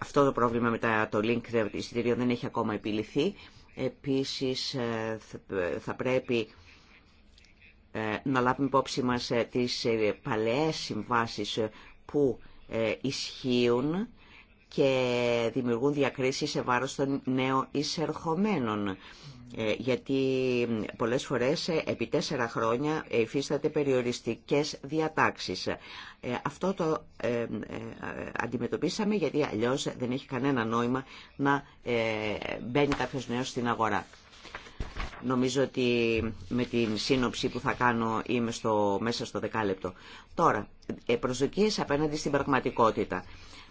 αυτό το πρόβλημα με το link εισιτήριο δεν έχει ακόμα επιληθεί. Επίσης ε, θα πρέπει ε, να λάβουμε υπόψη μας τις παλαιές συμβάσεις που ισχύουν και δημιουργούν διακρίσεις σε βάρος των νέων εισερχομένων. Ε, γιατί πολλές φορές ε, επί τέσσερα χρόνια υφίσταται περιοριστικές διατάξεις. Ε, αυτό το αντιμετωπίσαμε γιατί αλλιώς δεν έχει κανένα νόημα να μπαίνει κάποιος νέος στην αγορά. Νομίζω ότι με την σύνοψη που θα κάνω είμαι στο, μέσα στο δεκάλεπτο. Τώρα, προσδοκίες απέναντι στην πραγματικότητα.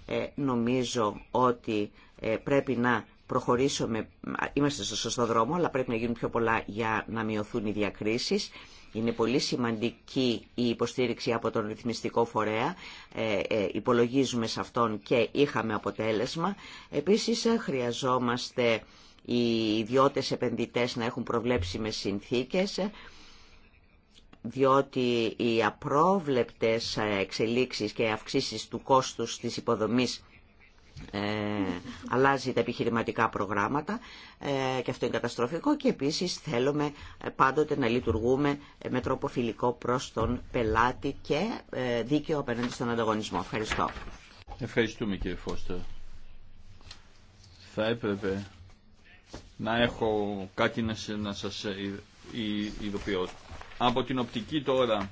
Ε, νομίζω ότι ε, πρέπει να προχωρήσουμε, είμαστε στο σωστό δρόμο, αλλά πρέπει να γίνουν πιο πολλά για να μειωθούν οι διακρίσεις. Είναι πολύ σημαντική η υποστήριξη από τον ρυθμιστικό φορέα. Ε, υπολογίζουμε σε αυτόν και είχαμε αποτέλεσμα. Επίσης, χρειαζόμαστε οι ιδιώτες επενδυτές να έχουν με συνθήκες διότι οι απρόβλεπτες ε, εξελίξεις και αυξήσεις του κόστους της υποδομής ε, αλλάζει τα επιχειρηματικά προγράμματα ε, και αυτό είναι καταστροφικό και επίσης θέλουμε πάντοτε να λειτουργούμε με τρόπο φιλικό προς τον πελάτη και δίκαιο απέναντι στον ανταγωνισμό. Ευχαριστώ. Ευχαριστούμε κύριε Φώστα. Θα έπρεπε να έχω κάτι να, να σας ειδοποιώ από την οπτική τώρα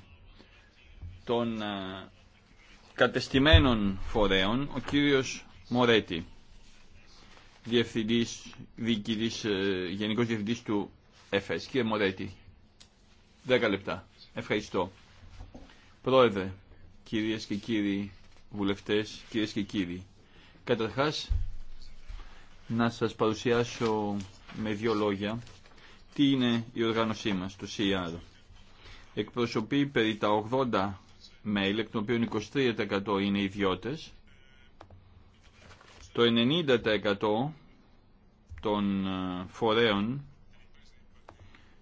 των ε, κατεστημένων φορέων, ο κύριος Μορέτη, διευθυντής, διοικητής, ε, γενικός διευθυντής του ΕΦΕΣ. Κύριε Μορέτη, 10 λεπτά. Ευχαριστώ. Πρόεδρε, κυρίες και κύριοι βουλευτές, κυρίες και κύριοι, καταρχάς να σας παρουσιάσω με δύο λόγια τι είναι η οργάνωσή μας, το CR εκπροσωπεί περί τα 80 μέλη, εκ των οποίων 23% είναι ιδιώτες. Το 90% των ε, φορέων,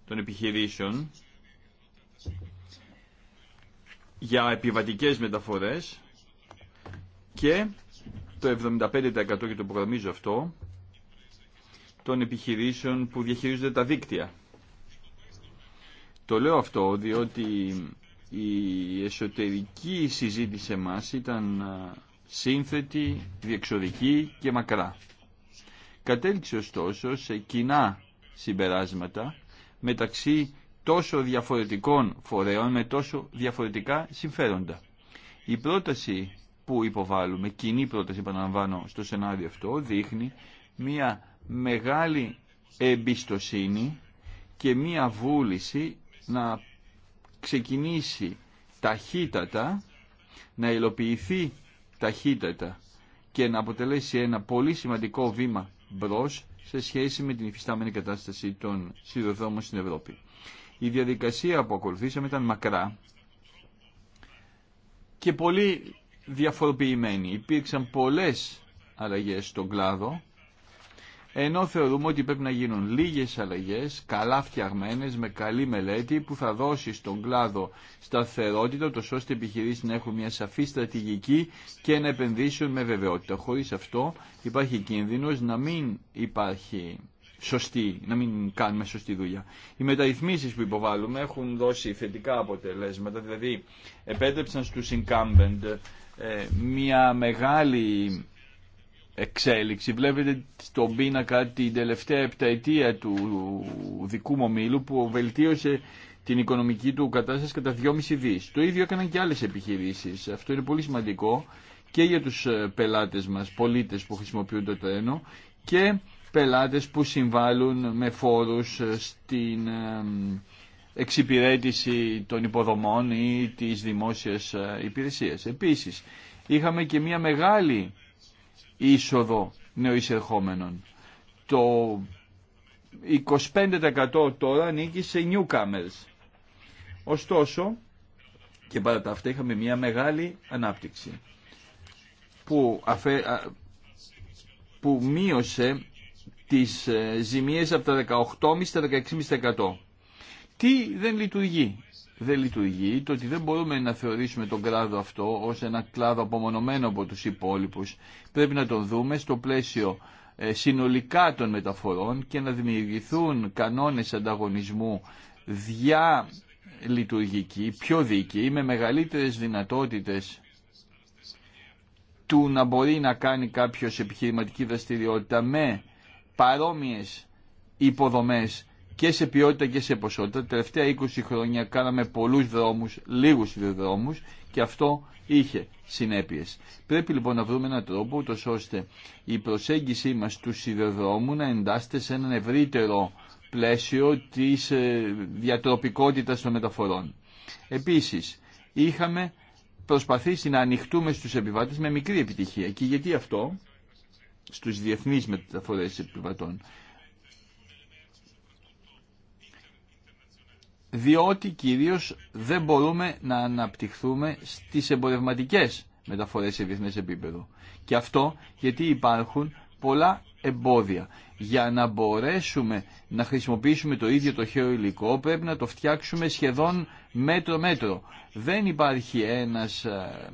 των επιχειρήσεων, για επιβατικές μεταφορές και το 75% και το προγραμμίζω αυτό των επιχειρήσεων που διαχειρίζονται τα δίκτυα. Το λέω αυτό διότι η εσωτερική συζήτηση μας ήταν σύνθετη, διεξοδική και μακρά. Κατέληξε ωστόσο σε κοινά συμπεράσματα μεταξύ τόσο διαφορετικών φορέων με τόσο διαφορετικά συμφέροντα. Η πρόταση που υποβάλλουμε, κοινή πρόταση επαναλαμβάνω στο σενάριο αυτό, δείχνει μια μεγάλη εμπιστοσύνη και μια βούληση να ξεκινήσει ταχύτατα, να υλοποιηθεί ταχύτατα και να αποτελέσει ένα πολύ σημαντικό βήμα μπρος σε σχέση με την υφιστάμενη κατάσταση των σιδηροδρόμων στην Ευρώπη. Η διαδικασία που ακολουθήσαμε ήταν μακρά και πολύ διαφοροποιημένη. Υπήρξαν πολλές αλλαγές στον κλάδο ενώ θεωρούμε ότι πρέπει να γίνουν λίγες αλλαγές, καλά φτιαγμένες, με καλή μελέτη που θα δώσει στον κλάδο σταθερότητα, τόσο ώστε οι επιχειρήσεις να έχουν μια σαφή στρατηγική και να επενδύσουν με βεβαιότητα. Χωρίς αυτό υπάρχει κίνδυνος να μην υπάρχει σωστή, να μην κάνουμε σωστή δουλειά. Οι μεταρρυθμίσεις που υποβάλλουμε έχουν δώσει θετικά αποτελέσματα, δηλαδή επέτρεψαν στους incumbent ε, μια μεγάλη εξέλιξη. Βλέπετε στον πίνακα την τελευταία επταετία του δικού μου ομίλου που βελτίωσε την οικονομική του κατάσταση κατά 2,5 δις. Το ίδιο έκαναν και άλλες επιχειρήσεις. Αυτό είναι πολύ σημαντικό και για τους ε, πελάτες μας, πολίτες που χρησιμοποιούν το τρένο και πελάτες που συμβάλλουν με φόρους ε, στην ε, εξυπηρέτηση των υποδομών ή της δημόσιας υπηρεσίας. Επίσης, είχαμε και μια μεγάλη είσοδο νεοεισερχόμενων. Το 25% τώρα ανήκει σε newcomers. Ωστόσο, και παρά τα αυτά είχαμε μια μεγάλη ανάπτυξη που, αφε, που μείωσε τις ε, ζημίες από τα 18,5% στα 16,5%. Τι δεν λειτουργεί δεν λειτουργεί, το ότι δεν μπορούμε να θεωρήσουμε τον κλάδο αυτό ως ένα κλάδο απομονωμένο από τους υπόλοιπους. Πρέπει να τον δούμε στο πλαίσιο ε, συνολικά των μεταφορών και να δημιουργηθούν κανόνες ανταγωνισμού διά λειτουργική πιο δίκη, με μεγαλύτερες δυνατότητες του να μπορεί να κάνει κάποιος επιχειρηματική δραστηριότητα με παρόμοιες υποδομές και σε ποιότητα και σε ποσότητα. Τα τελευταία 20 χρόνια κάναμε πολλούς δρόμους, λίγους δρόμους και αυτό είχε συνέπειες. Πρέπει λοιπόν να βρούμε έναν τρόπο ούτως ώστε η προσέγγιση μας του σιδεδρόμου να εντάσσεται σε έναν ευρύτερο πλαίσιο της ε, διατροπικότητας των μεταφορών. Επίσης, είχαμε προσπαθήσει να ανοιχτούμε στους επιβάτες με μικρή επιτυχία. Και γιατί αυτό στους διεθνείς μεταφορές επιβατών. διότι κυρίως δεν μπορούμε να αναπτυχθούμε στις εμπορευματικές μεταφορές σε διεθνές επίπεδο. Και αυτό γιατί υπάρχουν πολλά εμπόδια. Για να μπορέσουμε να χρησιμοποιήσουμε το ίδιο το χέο υλικό πρέπει να το φτιάξουμε σχεδόν μέτρο-μέτρο. Δεν υπάρχει ένας ε,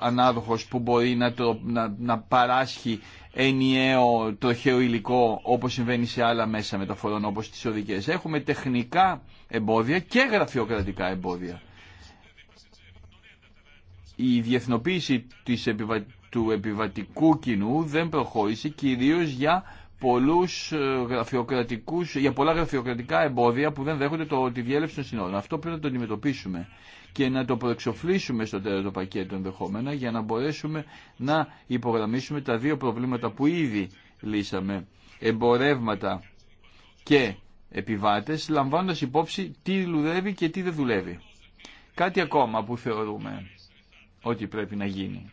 ανάδοχος που μπορεί να, το, να, να παράσχει ενιαίο τροχαίο υλικό όπως συμβαίνει σε άλλα μέσα μεταφορών όπως τις οδικές. Έχουμε τεχνικά εμπόδια και γραφειοκρατικά εμπόδια. Η διεθνοποίηση της του επιβατικού κοινού δεν προχώρησε κυρίως για, πολλούς ε, γραφειοκρατικούς, για πολλά γραφειοκρατικά εμπόδια που δεν δέχονται το, τη διέλευση των συνόρων. Αυτό πρέπει να το αντιμετωπίσουμε και να το προεξοφλήσουμε στο τέταρτο πακέτο ενδεχόμενα για να μπορέσουμε να υπογραμμίσουμε τα δύο προβλήματα που ήδη λύσαμε. Εμπορεύματα και επιβάτες λαμβάνοντας υπόψη τι δουλεύει και τι δεν δουλεύει. Κάτι ακόμα που θεωρούμε ότι πρέπει να γίνει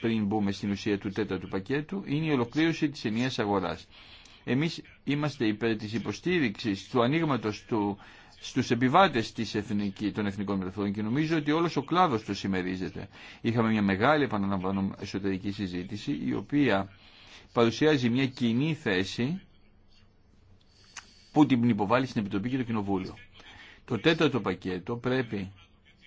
πριν μπούμε στην ουσία του τέταρτου πακέτου είναι η ολοκλήρωση της ενιαίας αγοράς. Εμείς είμαστε υπέρ της υποστήριξης του ανοίγματο του στους επιβάτες της εθνική, των εθνικών μεταφορών και νομίζω ότι όλος ο κλάδος το συμμερίζεται. Είχαμε μια μεγάλη επαναλαμβάνω εσωτερική συζήτηση η οποία παρουσιάζει μια κοινή θέση που την υποβάλλει στην Επιτροπή και το Κοινοβούλιο. Το τέταρτο πακέτο πρέπει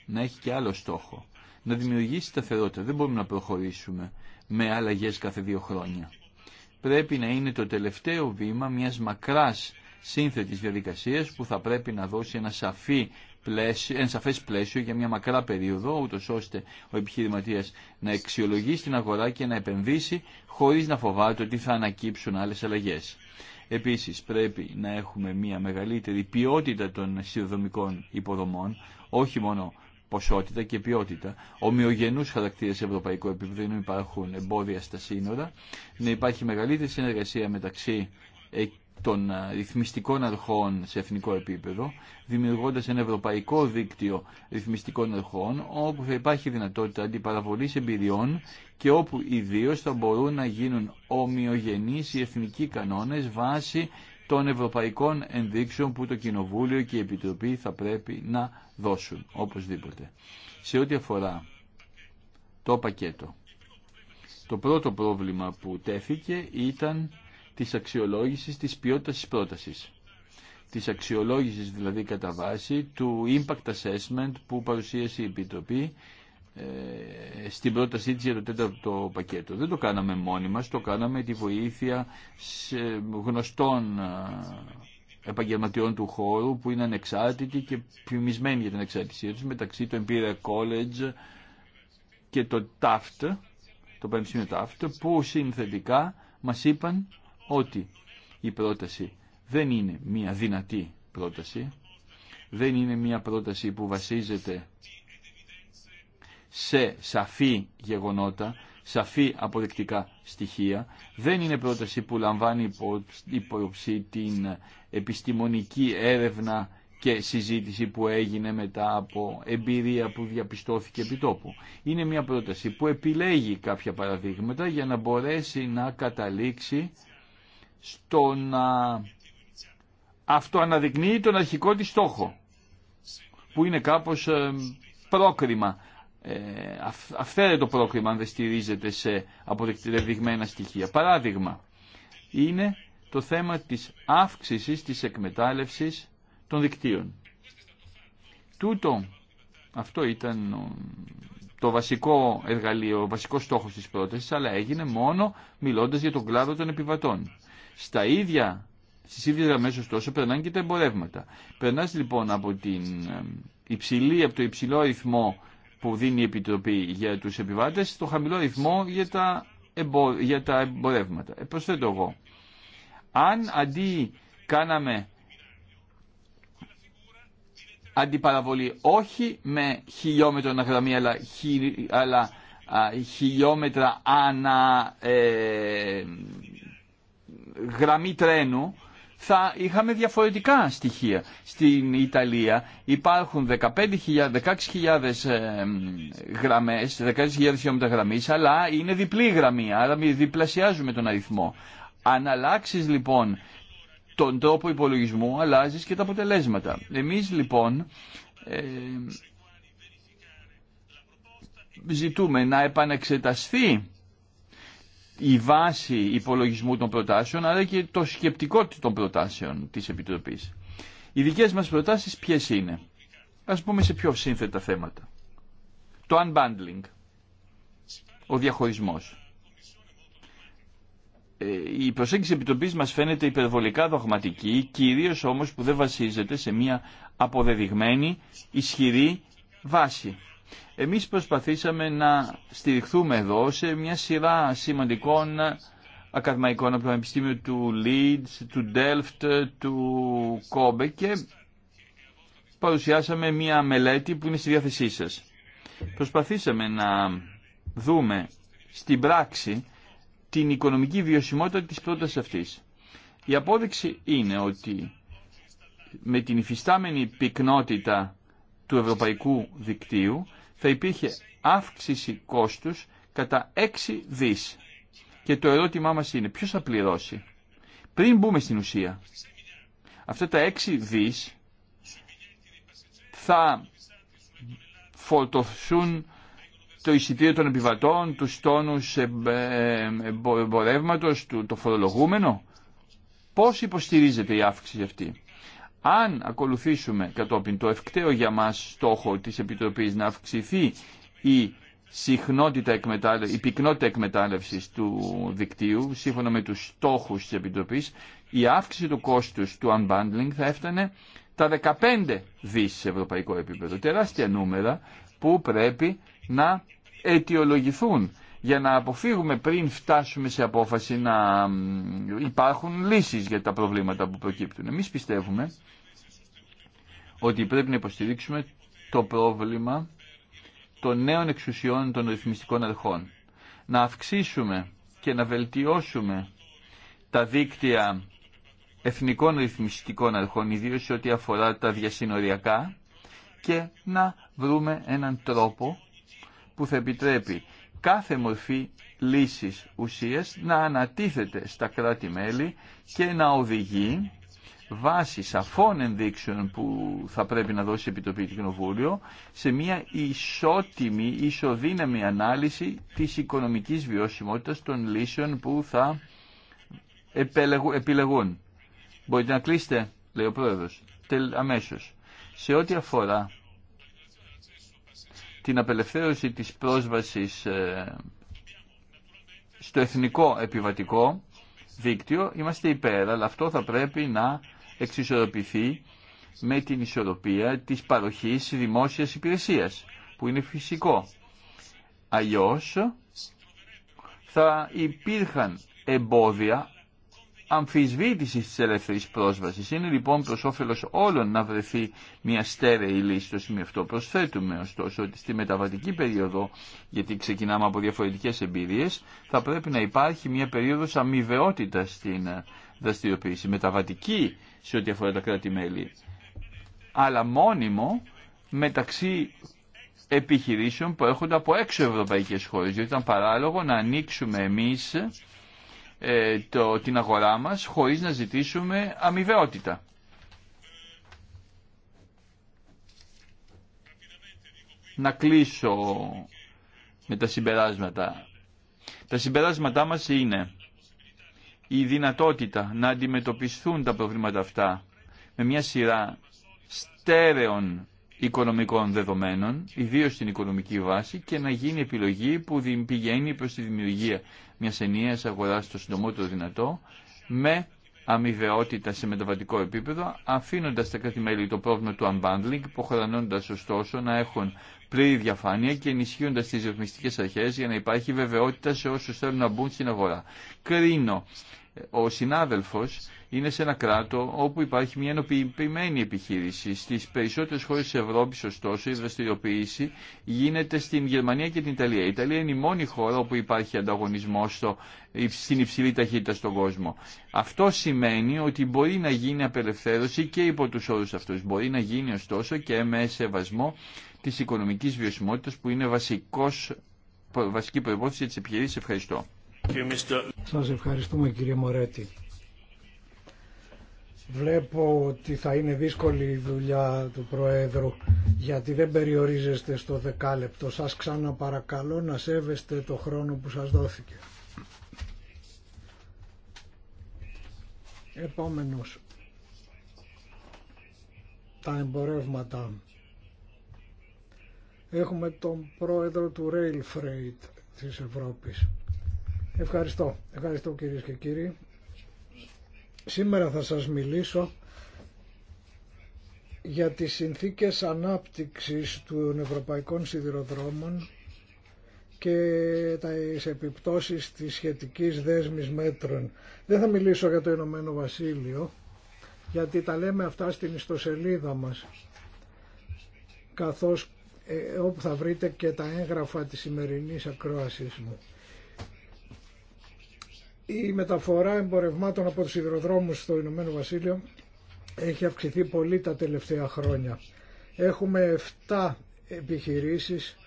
να έχει και άλλο στόχο. Να δημιουργήσει σταθερότητα. Δεν μπορούμε να προχωρήσουμε με αλλαγέ κάθε δύο χρόνια. Πρέπει να είναι το τελευταίο βήμα μιας μακράς σύνθετης διαδικασίας που θα πρέπει να δώσει ένα σαφή πλαίσιο, ένα σαφές πλαίσιο για μια μακρά περίοδο, ούτω ώστε ο επιχειρηματίας να αξιολογεί την αγορά και να επενδύσει χωρίς να φοβάται ότι θα ανακύψουν άλλες αλλαγές. Επίσης πρέπει να έχουμε μια μεγαλύτερη ποιότητα των συνδρομικών υποδομών, όχι μόνο ποσότητα και ποιότητα, ομοιογενούς χαρακτήρες ευρωπαϊκού ευρωπαϊκό υπάρχουν εμπόδια στα σύνορα, να υπάρχει μεγαλύτερη συνεργασία μεταξύ των ε, ρυθμιστικών αρχών σε εθνικό επίπεδο, δημιουργώντας ένα ευρωπαϊκό δίκτυο ρυθμιστικών αρχών, όπου θα υπάρχει δυνατότητα αντιπαραβολής εμπειριών και όπου ιδίω θα μπορούν να γίνουν ομοιογενείς οι εθνικοί κανόνες βάσει των ευρωπαϊκών ενδείξεων που το Κοινοβούλιο και η Επιτροπή θα πρέπει να δώσουν, οπωσδήποτε. Σε ό,τι αφορά το πακέτο, το πρώτο πρόβλημα που τέθηκε ήταν της αξιολόγησης της ποιότητας της πρότασης. Της αξιολόγησης δηλαδή κατά βάση του impact assessment που παρουσίασε η Επιτροπή ε, στην πρότασή της για το τέταρτο πακέτο. Δεν το κάναμε μόνοι μας, το κάναμε τη βοήθεια γνωστών ε, επαγγελματιών του χώρου που είναι ανεξάρτητοι και φημισμένοι για την εξάρτησή τους μεταξύ του Imperial College και το TAFT, το Πανεπιστήμιο TAFT που συνθετικά μας είπαν ότι η πρόταση δεν είναι μια δυνατή πρόταση, δεν είναι μια πρόταση που βασίζεται σε σαφή γεγονότα, σαφή αποδεκτικά στοιχεία, δεν είναι πρόταση που λαμβάνει υπόψη την επιστημονική έρευνα και συζήτηση που έγινε μετά από εμπειρία που διαπιστώθηκε επί τόπου. Είναι μια πρόταση που επιλέγει κάποια παραδείγματα για να μπορέσει να καταλήξει στο να αυτοαναδεικνύει τον αρχικό της στόχο που είναι κάπως ε, πρόκριμα ε, αυθαίρετο πρόκριμα αν δεν στηρίζεται σε αποδεκτηρευμένα στοιχεία. Παράδειγμα είναι το θέμα της αύξησης της εκμετάλλευσης των δικτύων. Τούτο, αυτό ήταν το βασικό εργαλείο, ο βασικός στόχος της πρότασης, αλλά έγινε μόνο μιλώντας για τον κλάδο των επιβατών. Στα ίδια, στις ίδιες γραμμές ωστόσο περνάνε και τα εμπορεύματα. Περνάς λοιπόν από, την υψηλή, από το υψηλό αριθμό που δίνει η Επιτροπή για τους επιβάτες στο χαμηλό αριθμό για τα, εμπο, για τα εμπορεύματα. Ε, προσθέτω εγώ. Αν αντί κάναμε αντιπαραβολή όχι με χιλιόμετρο αναγραμμή αλλά, αλλά α, χιλιόμετρα ανά ε, γραμμή τρένου θα είχαμε διαφορετικά στοιχεία. Στην Ιταλία υπάρχουν 16.000 ε, γραμμές, 16.000 χιλιόμετρα γραμμής, αλλά είναι διπλή γραμμή, άρα διπλασιάζουμε τον αριθμό. Αν αλλάξει λοιπόν τον τρόπο υπολογισμού, αλλάζει και τα αποτελέσματα. Εμείς λοιπόν ε, ζητούμε να επανεξεταστεί η βάση υπολογισμού των προτάσεων, αλλά και το σκεπτικό των προτάσεων της Επιτροπής. Οι δικές μας προτάσεις ποιες είναι. Ας πούμε σε πιο σύνθετα θέματα. Το unbundling, ο διαχωρισμός. Ε, η προσέγγιση της Επιτροπής μας φαίνεται υπερβολικά δογματική, κυρίως όμως που δεν βασίζεται σε μια αποδεδειγμένη, ισχυρή βάση. Εμείς προσπαθήσαμε να στηριχθούμε εδώ σε μια σειρά σημαντικών ακαδημαϊκών από το Πανεπιστήμιο του Leeds, του Delft, του Κόμπε και παρουσιάσαμε μια μελέτη που είναι στη διάθεσή σας. Προσπαθήσαμε να δούμε στην πράξη την οικονομική βιωσιμότητα της πρότασης αυτής. Η απόδειξη είναι ότι με την υφιστάμενη πυκνότητα του ευρωπαϊκού δικτύου θα υπήρχε αύξηση κόστους κατά 6 δις. Και το ερώτημά μας είναι ποιος θα πληρώσει. Πριν μπούμε στην ουσία, αυτά τα 6 δις θα φορτωθούν το εισιτήριο των επιβατών, τους τόνους ε, ε, ε, εμπορεύματος, το φορολογούμενο. Πώς υποστηρίζεται η αύξηση αυτή. Αν ακολουθήσουμε κατόπιν το ευκταίο για μας στόχο της Επιτροπής να αυξηθεί η συχνότητα εκμετάλλευση, πυκνότητα εκμετάλλευσης του δικτύου, σύμφωνα με τους στόχους της Επιτροπής, η αύξηση του κόστους του unbundling θα έφτανε τα 15 δις σε ευρωπαϊκό επίπεδο. Τεράστια νούμερα που πρέπει να αιτιολογηθούν για να αποφύγουμε πριν φτάσουμε σε απόφαση να υπάρχουν λύσεις για τα προβλήματα που προκύπτουν. Εμείς πιστεύουμε ότι πρέπει να υποστηρίξουμε το πρόβλημα των νέων εξουσιών των ρυθμιστικών αρχών. Να αυξήσουμε και να βελτιώσουμε τα δίκτυα εθνικών ρυθμιστικών αρχών, ιδίως σε ό,τι αφορά τα διασυνοριακά, και να βρούμε έναν τρόπο που θα επιτρέπει κάθε μορφή λύσης ουσίας να ανατίθεται στα κράτη-μέλη και να οδηγεί βάσει σαφών ενδείξεων που θα πρέπει να δώσει η Επιτροπή Κοινοβούλιο σε μια ισότιμη, ισοδύναμη ανάλυση της οικονομικής βιώσιμότητας των λύσεων που θα επιλεγούν. Μπορείτε να κλείσετε, λέει ο Πρόεδρος, αμέσως. Σε ό,τι αφορά την απελευθέρωση της πρόσβασης ε, στο εθνικό επιβατικό δίκτυο είμαστε υπέρ, αλλά αυτό θα πρέπει να εξισορροπηθεί με την ισορροπία της παροχής δημόσιας υπηρεσίας, που είναι φυσικό. Αλλιώς θα υπήρχαν εμπόδια Αμφισβήτηση της ελεύθερης πρόσβασης. Είναι λοιπόν προς όφελος όλων να βρεθεί μια στέρεη λύση στο σημείο αυτό. Προσθέτουμε ωστόσο ότι στη μεταβατική περίοδο, γιατί ξεκινάμε από διαφορετικές εμπειρίες, θα πρέπει να υπάρχει μια περίοδος αμοιβαιότητα στην ε, δραστηριοποίηση, μεταβατική σε ό,τι αφορά τα κράτη-μέλη, αλλά μόνιμο μεταξύ επιχειρήσεων που έρχονται από έξω ευρωπαϊκές χώρες, γιατί ήταν παράλογο να ανοίξουμε εμείς ε, το, την αγορά μας χωρίς να ζητήσουμε αμοιβαιότητα. Να κλείσω με τα συμπεράσματα. Τα συμπεράσματά μας είναι η δυνατότητα να αντιμετωπιστούν τα προβλήματα αυτά με μια σειρά στέρεων οικονομικών δεδομένων, ιδίως στην οικονομική βάση, και να γίνει επιλογή που πηγαίνει προς τη δημιουργία μια ενιαία αγορά το συντομότερο δυνατό με αμοιβαιότητα σε μεταβατικό επίπεδο, αφήνοντας τα κρατη το πρόβλημα του unbundling, υποχρεωνώντας ωστόσο να έχουν πλήρη διαφάνεια και ενισχύοντας τις ρυθμιστικές αρχές για να υπάρχει βεβαιότητα σε όσους θέλουν να μπουν στην αγορά. Κρίνω ο συνάδελφος είναι σε ένα κράτο όπου υπάρχει μια ενοποιημένη επιχείρηση. στι περισσότερε χώρε τη Ευρώπη, ωστόσο, η δραστηριοποίηση γίνεται στην Γερμανία και την Ιταλία. Η Ιταλία είναι η μόνη χώρα όπου υπάρχει ανταγωνισμό στο, στην υψηλή ταχύτητα στον κόσμο. Αυτό σημαίνει ότι μπορεί να γίνει απελευθέρωση και υπό του όρου αυτού, Μπορεί να γίνει, ωστόσο, και με σεβασμό τη οικονομική βιωσιμότητα που είναι βασικός, βασική προπόθεση τη επιχειρήση. Ευχαριστώ. Σα ευχαριστούμε κύριε Μωρέτη. Βλέπω ότι θα είναι δύσκολη η δουλειά του Προέδρου γιατί δεν περιορίζεστε στο δεκάλεπτο. Σας ξαναπαρακαλώ να σέβεστε το χρόνο που σας δόθηκε. Επόμενος. Τα εμπορεύματα. Έχουμε τον πρόεδρο του Rail Freight της Ευρώπης. Ευχαριστώ. Ευχαριστώ κυρίες και κύριοι. Σήμερα θα σας μιλήσω για τις συνθήκες ανάπτυξης των ευρωπαϊκών σιδηροδρόμων και τα επιπτώσεις της σχετικής δέσμης μέτρων. Δεν θα μιλήσω για το Ηνωμένο Βασίλειο, γιατί τα λέμε αυτά στην ιστοσελίδα μας, καθώς ε, όπου θα βρείτε και τα έγγραφα της σημερινής ακρόασής μου η μεταφορά εμπορευμάτων από τους σιδηροδρόμους στο Ηνωμένο Βασίλειο έχει αυξηθεί πολύ τα τελευταία χρόνια. Έχουμε 7 επιχειρήσεις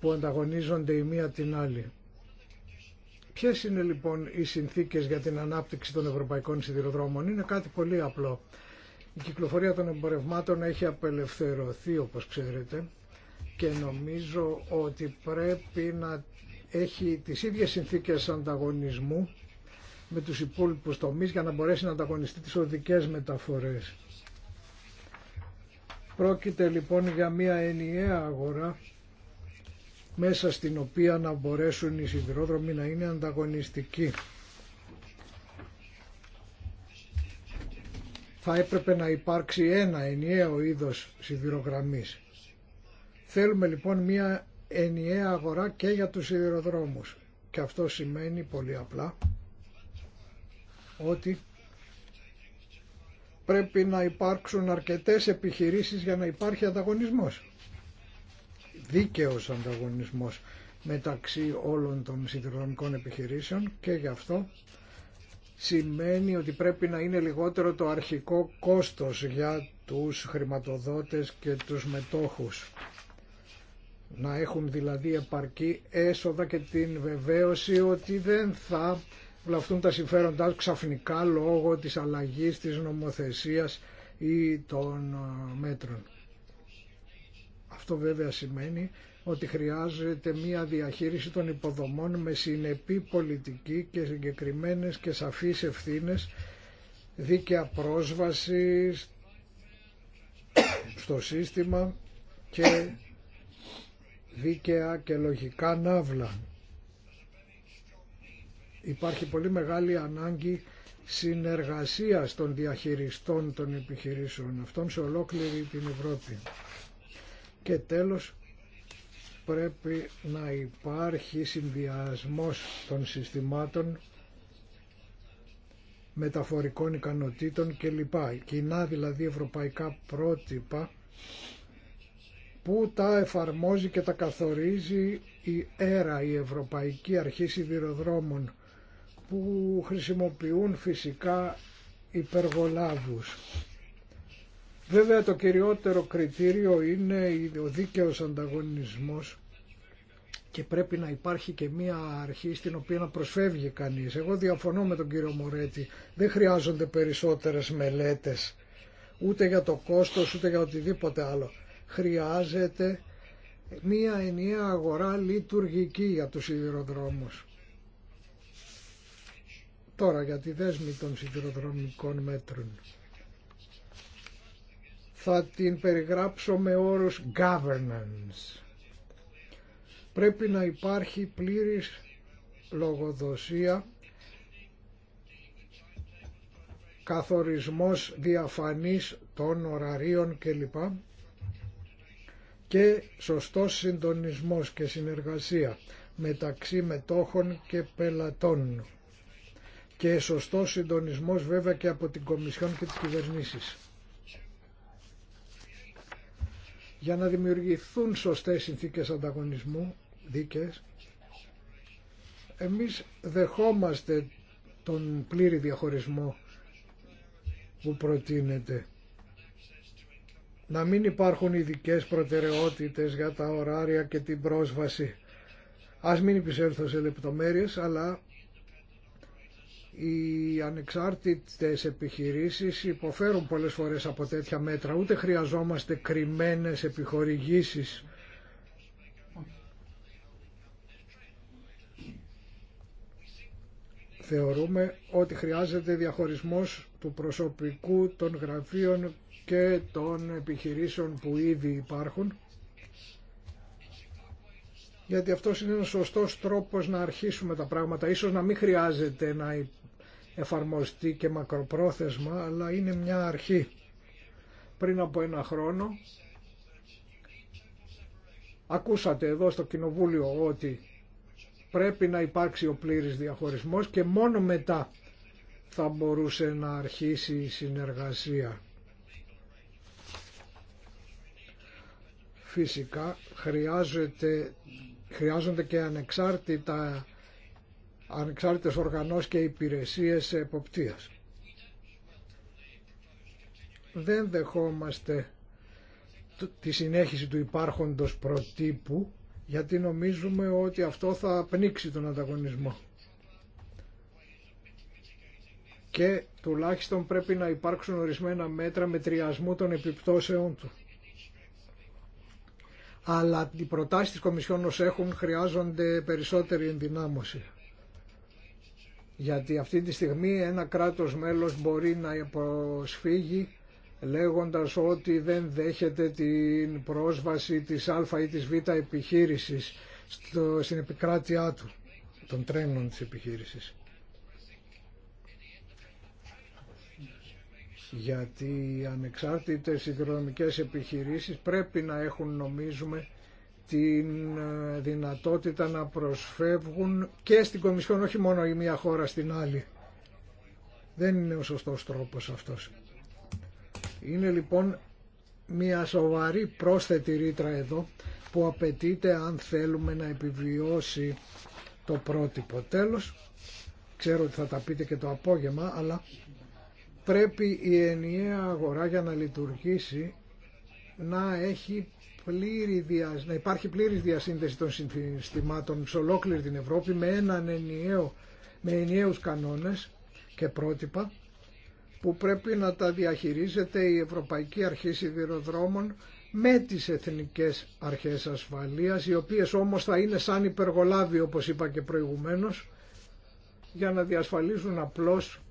που ανταγωνίζονται η μία την άλλη. Ποιες είναι λοιπόν οι συνθήκες για την ανάπτυξη των ευρωπαϊκών σιδηροδρόμων. Είναι κάτι πολύ απλό. Η κυκλοφορία των εμπορευμάτων έχει απελευθερωθεί όπως ξέρετε και νομίζω ότι πρέπει να έχει τις ίδιες συνθήκες ανταγωνισμού με τους υπόλοιπους τομείς για να μπορέσει να ανταγωνιστεί τις οδικές μεταφορές. Πρόκειται λοιπόν για μια ενιαία αγορά μέσα στην οποία να μπορέσουν οι σιδηρόδρομοι να είναι ανταγωνιστικοί. Θα έπρεπε να υπάρξει ένα ενιαίο είδος σιδηρογραμμής. Θέλουμε λοιπόν μια ενιαία αγορά και για τους σιδηροδρόμους. Και αυτό σημαίνει πολύ απλά ότι πρέπει να υπάρξουν αρκετές επιχειρήσεις για να υπάρχει ανταγωνισμός. Δίκαιος ανταγωνισμός μεταξύ όλων των σιδηροδρομικών επιχειρήσεων και γι' αυτό σημαίνει ότι πρέπει να είναι λιγότερο το αρχικό κόστος για τους χρηματοδότες και τους μετόχους να έχουν δηλαδή επαρκή έσοδα και την βεβαίωση ότι δεν θα βλαφτούν τα συμφέροντά τους ξαφνικά λόγω της αλλαγής της νομοθεσίας ή των ε, μέτρων. Αυτό βέβαια σημαίνει ότι χρειάζεται μία διαχείριση των υποδομών με συνεπή πολιτική και συγκεκριμένες και σαφείς ευθύνες, δίκαια πρόσβαση στο σύστημα και δίκαια και λογικά ναύλα. Υπάρχει πολύ μεγάλη ανάγκη συνεργασίας των διαχειριστών των επιχειρήσεων αυτών σε ολόκληρη την Ευρώπη. Και τέλος πρέπει να υπάρχει συνδυασμός των συστημάτων μεταφορικών ικανοτήτων κλπ. Κοινά δηλαδή ευρωπαϊκά πρότυπα που τα εφαρμόζει και τα καθορίζει η ΕΡΑ, η Ευρωπαϊκή Αρχή Σιδηροδρόμων, που χρησιμοποιούν φυσικά υπεργολάβους. Βέβαια το κυριότερο κριτήριο είναι ο δίκαιος ανταγωνισμός και πρέπει να υπάρχει και μία αρχή στην οποία να προσφεύγει κανείς. Εγώ διαφωνώ με τον κύριο Μωρέτη, δεν χρειάζονται περισσότερες μελέτες ούτε για το κόστος ούτε για οτιδήποτε άλλο χρειάζεται μία ενιαία αγορά λειτουργική για τους σιδηροδρόμους. Τώρα για τη δέσμη των σιδηροδρομικών μέτρων. Θα την περιγράψω με όρους governance. Πρέπει να υπάρχει πλήρης λογοδοσία, καθορισμός διαφανής των ωραρίων κλπ και σωστός συντονισμός και συνεργασία μεταξύ μετόχων και πελατών και σωστός συντονισμός βέβαια και από την Κομισιόν και τις κυβερνήσεις. Για να δημιουργηθούν σωστές συνθήκες ανταγωνισμού, δίκες, εμείς δεχόμαστε τον πλήρη διαχωρισμό που προτείνεται να μην υπάρχουν ειδικέ προτεραιότητες για τα ωράρια και την πρόσβαση. Ας μην επισέλθω σε λεπτομέρειες, αλλά οι ανεξάρτητες επιχειρήσεις υποφέρουν πολλές φορές από τέτοια μέτρα. Ούτε χρειαζόμαστε κρυμμένες επιχορηγήσεις. Θεωρούμε ότι χρειάζεται διαχωρισμός του προσωπικού των γραφείων και των επιχειρήσεων που ήδη υπάρχουν γιατί αυτό είναι ένας σωστός τρόπος να αρχίσουμε τα πράγματα. Ίσως να μην χρειάζεται να εφαρμοστεί και μακροπρόθεσμα, αλλά είναι μια αρχή. Πριν από ένα χρόνο, ακούσατε εδώ στο Κοινοβούλιο ότι πρέπει να υπάρξει ο πλήρης διαχωρισμός και μόνο μετά θα μπορούσε να αρχίσει η συνεργασία. Φυσικά χρειάζονται και ανεξάρτητα, ανεξάρτητες οργανώσεις και υπηρεσίες εποπτείας. Δεν δεχόμαστε τη συνέχιση του υπάρχοντος προτύπου γιατί νομίζουμε ότι αυτό θα πνίξει τον ανταγωνισμό. Και τουλάχιστον πρέπει να υπάρξουν ορισμένα μέτρα μετριασμού των επιπτώσεών του αλλά οι προτάσεις της Κομισιόν ως έχουν χρειάζονται περισσότερη ενδυνάμωση. Γιατί αυτή τη στιγμή ένα κράτος μέλος μπορεί να προσφύγει λέγοντας ότι δεν δέχεται την πρόσβαση της Α ή της Β επιχείρησης στο, στην επικράτειά του, των τρένων της επιχείρησης. γιατί οι ανεξάρτητες υδρονομικές επιχειρήσεις πρέπει να έχουν νομίζουμε την ε, δυνατότητα να προσφεύγουν και στην Κομισιόν, όχι μόνο η μία χώρα στην άλλη. Δεν είναι ο σωστός τρόπος αυτός. Είναι λοιπόν μια σοβαρή πρόσθετη ρήτρα εδώ που απαιτείται αν θέλουμε να επιβιώσει το πρότυπο. Τέλος, ξέρω ότι θα τα πείτε και το απόγευμα, αλλά πρέπει η ενιαία αγορά για να λειτουργήσει να έχει πλήρη δια... να υπάρχει πλήρη διασύνδεση των συστημάτων σε ολόκληρη την Ευρώπη με έναν ενιαίο, με ενιαίους κανόνες και πρότυπα που πρέπει να τα διαχειρίζεται η Ευρωπαϊκή Αρχή Σιδηροδρόμων με τις εθνικές αρχές ασφαλείας, οι οποίες όμως θα είναι σαν υπεργολάβοι όπως είπα και προηγουμένως, για να διασφαλίζουν απλώς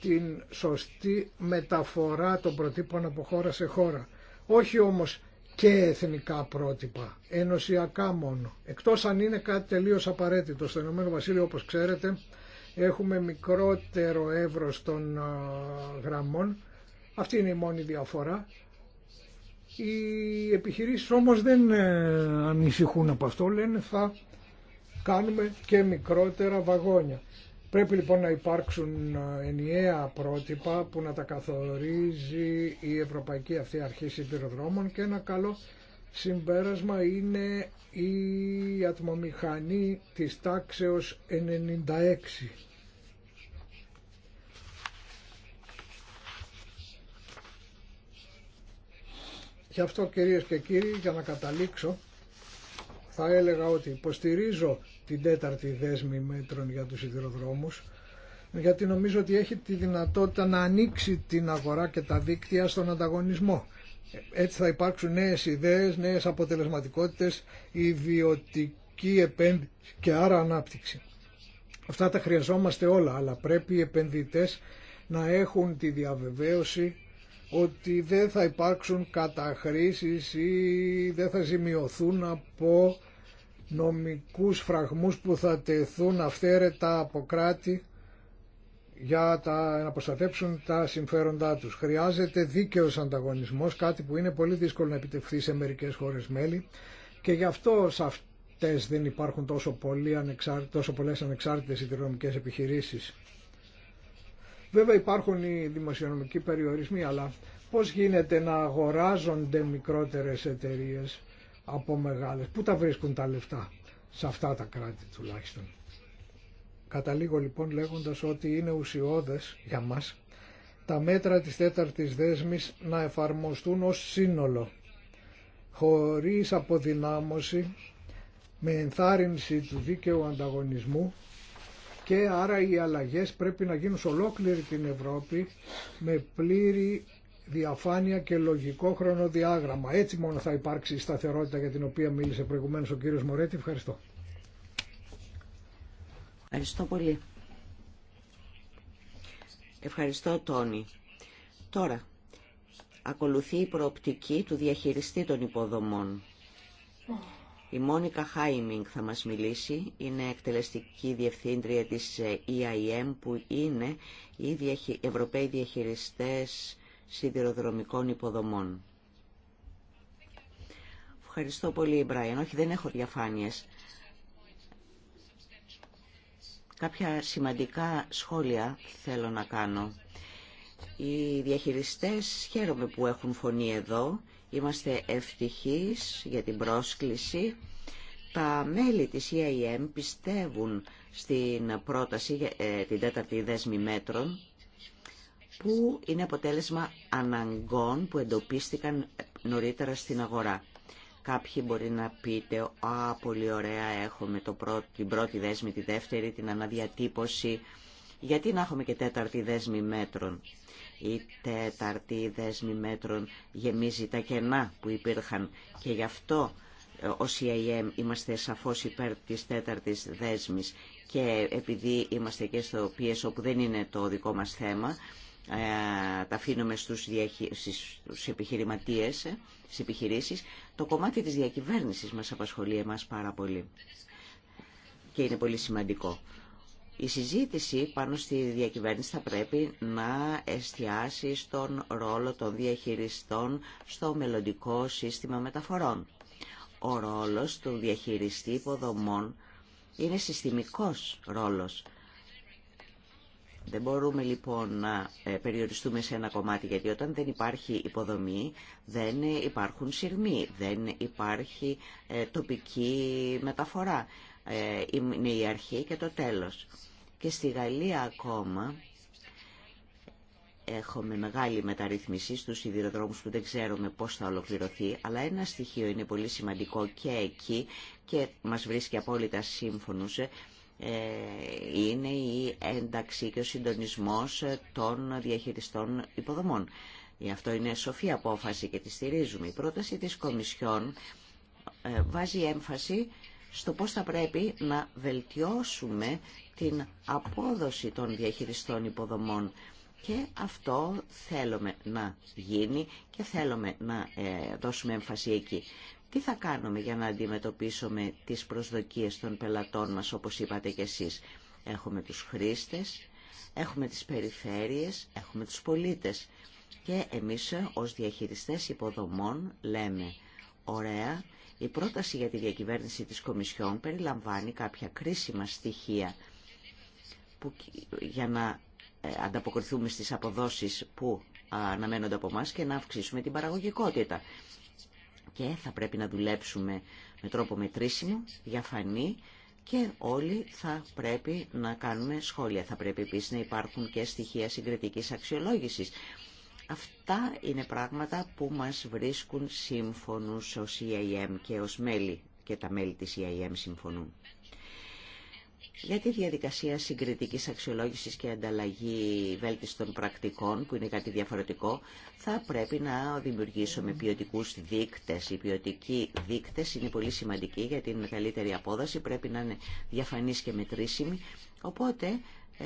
την σωστή μεταφορά των προτύπων από χώρα σε χώρα. Όχι όμως και εθνικά πρότυπα, ενωσιακά μόνο. Εκτός αν είναι κάτι τελείως απαραίτητο. Στο Ηνωμένο Βασίλειο, όπως ξέρετε, έχουμε μικρότερο εύρος των γραμμών. Αυτή είναι η μόνη διαφορά. Οι επιχειρήσεις όμως δεν ε, ανησυχούν από αυτό, λένε θα κάνουμε και μικρότερα βαγόνια. Πρέπει λοιπόν να υπάρξουν ε, ενιαία πρότυπα που να τα καθορίζει η Ευρωπαϊκή αυτή αρχή συντηροδρόμων και ένα καλό συμπέρασμα είναι η ατμομηχανή της τάξεως 96. Γι' αυτό κυρίες και κύριοι για να καταλήξω θα έλεγα ότι υποστηρίζω την τέταρτη δέσμη μέτρων για τους σιδηροδρόμους γιατί νομίζω ότι έχει τη δυνατότητα να ανοίξει την αγορά και τα δίκτυα στον ανταγωνισμό. Έτσι θα υπάρξουν νέες ιδέες, νέες αποτελεσματικότητες, ιδιωτική επένδυση και άρα ανάπτυξη. Αυτά τα χρειαζόμαστε όλα, αλλά πρέπει οι επενδυτές να έχουν τη διαβεβαίωση ότι δεν θα υπάρξουν καταχρήσεις ή δεν θα ζημιωθούν από νομικούς φραγμούς που θα τεθούν αυθαίρετα από κράτη για τα, να προστατέψουν τα συμφέροντά τους. Χρειάζεται δίκαιος ανταγωνισμός, κάτι που είναι πολύ δύσκολο να επιτευχθεί σε μερικές χώρες μέλη και γι' αυτό σε αυτές δεν υπάρχουν τόσο, πολύ ανεξάρ, τόσο πολλές ανεξάρτητες ιδρυνομικές επιχειρήσεις. Βέβαια υπάρχουν οι δημοσιονομικοί περιορισμοί, αλλά πώς γίνεται να αγοράζονται μικρότερες εταιρείες από Πού τα βρίσκουν τα λεφτά σε αυτά τα κράτη τουλάχιστον. Καταλήγω λοιπόν λέγοντας ότι είναι ουσιώδες για μας τα μέτρα της τέταρτης δέσμης να εφαρμοστούν ως σύνολο, χωρίς αποδυνάμωση, με ενθάρρυνση του δίκαιου ανταγωνισμού και άρα οι αλλαγές πρέπει να γίνουν σε ολόκληρη την Ευρώπη με πλήρη διαφάνεια και λογικό χρονοδιάγραμμα. Έτσι μόνο θα υπάρξει η σταθερότητα για την οποία μίλησε προηγουμένως ο κύριος Μωρέτη. Ευχαριστώ. Ευχαριστώ πολύ. Ευχαριστώ Τόνι. Τώρα, ακολουθεί η προοπτική του διαχειριστή των υποδομών. Η Μόνικα Χάιμινγκ θα μας μιλήσει, είναι εκτελεστική διευθύντρια της EIM ε που είναι οι Ευρωπαίοι διαχειριστές σιδηροδρομικών υποδομών. Ευχαριστώ πολύ, Μπράιν. Όχι, δεν έχω διαφάνειες. Κάποια σημαντικά σχόλια θέλω να κάνω. Οι διαχειριστές χαίρομαι που έχουν φωνή εδώ. Είμαστε ευτυχείς για την πρόσκληση. Τα μέλη της EIM πιστεύουν στην πρόταση, ε, την τέταρτη δέσμη μέτρων, που είναι αποτέλεσμα αναγκών που εντοπίστηκαν νωρίτερα στην αγορά. Κάποιοι μπορεί να πείτε, α, πολύ ωραία έχουμε το την πρώτη δέσμη, τη δεύτερη, την αναδιατύπωση. Γιατί να έχουμε και τέταρτη δέσμη μέτρων. Η τέταρτη δέσμη μέτρων γεμίζει τα κενά που υπήρχαν και γι' αυτό ε, ο CIM είμαστε σαφώς υπέρ της τέταρτης δέσμης και επειδή είμαστε και στο πίεσο που δεν είναι το δικό μας θέμα, ε, τα αφήνουμε στους, διαχει... στους επιχειρηματίες, ε, στις επιχειρήσεις. Το κομμάτι της διακυβέρνησης μας απασχολεί εμάς πάρα πολύ και είναι πολύ σημαντικό. Η συζήτηση πάνω στη διακυβέρνηση θα πρέπει να εστιάσει στον ρόλο των διαχειριστών στο μελλοντικό σύστημα μεταφορών. Ο ρόλος του διαχειριστή υποδομών είναι συστημικός ρόλος δεν μπορούμε λοιπόν να ε, περιοριστούμε σε ένα κομμάτι, γιατί όταν δεν υπάρχει υποδομή, δεν υπάρχουν σειρμοί, δεν υπάρχει ε, τοπική μεταφορά. Ε, είναι η αρχή και το τέλος. Και στη Γαλλία ακόμα έχουμε μεγάλη μεταρρύθμιση στους σιδηροδρόμους που δεν ξέρουμε πώς θα ολοκληρωθεί, αλλά ένα στοιχείο είναι πολύ σημαντικό και εκεί και μας βρίσκει απόλυτα σύμφωνος ε, είναι η ένταξη και ο συντονισμός των διαχειριστών υποδομών. Γι' αυτό είναι σοφή απόφαση και τη στηρίζουμε. Η πρόταση της Κομισιόν ε, βάζει έμφαση στο πώς θα πρέπει να βελτιώσουμε την απόδοση των διαχειριστών υποδομών. Και αυτό θέλουμε να γίνει και θέλουμε να ε, δώσουμε έμφαση εκεί. Τι θα κάνουμε για να αντιμετωπίσουμε τις προσδοκίες των πελατών μας, όπως είπατε κι εσείς. Έχουμε τους χρήστες, έχουμε τις περιφέρειες, έχουμε τους πολίτες. Και εμείς ως διαχειριστές υποδομών λέμε, ωραία, η πρόταση για τη διακυβέρνηση της Κομισιόν περιλαμβάνει κάποια κρίσιμα στοιχεία που, για να ε, ανταποκριθούμε στις αποδόσεις που αναμένονται από εμά και να αυξήσουμε την παραγωγικότητα και θα πρέπει να δουλέψουμε με τρόπο μετρήσιμο, διαφανή και όλοι θα πρέπει να κάνουμε σχόλια. Θα πρέπει επίσης να υπάρχουν και στοιχεία συγκριτικής αξιολόγησης. Αυτά είναι πράγματα που μας βρίσκουν σύμφωνους ως EIM και ως μέλη και τα μέλη της EIM συμφωνούν για τη διαδικασία συγκριτικής αξιολόγησης και ανταλλαγή βέλτιστων πρακτικών, που είναι κάτι διαφορετικό, θα πρέπει να δημιουργήσουμε ποιοτικού δείκτες. Οι ποιοτικοί δείκτες είναι πολύ σημαντικοί για την μεγαλύτερη απόδοση, πρέπει να είναι διαφανείς και μετρήσιμοι. Οπότε, ε,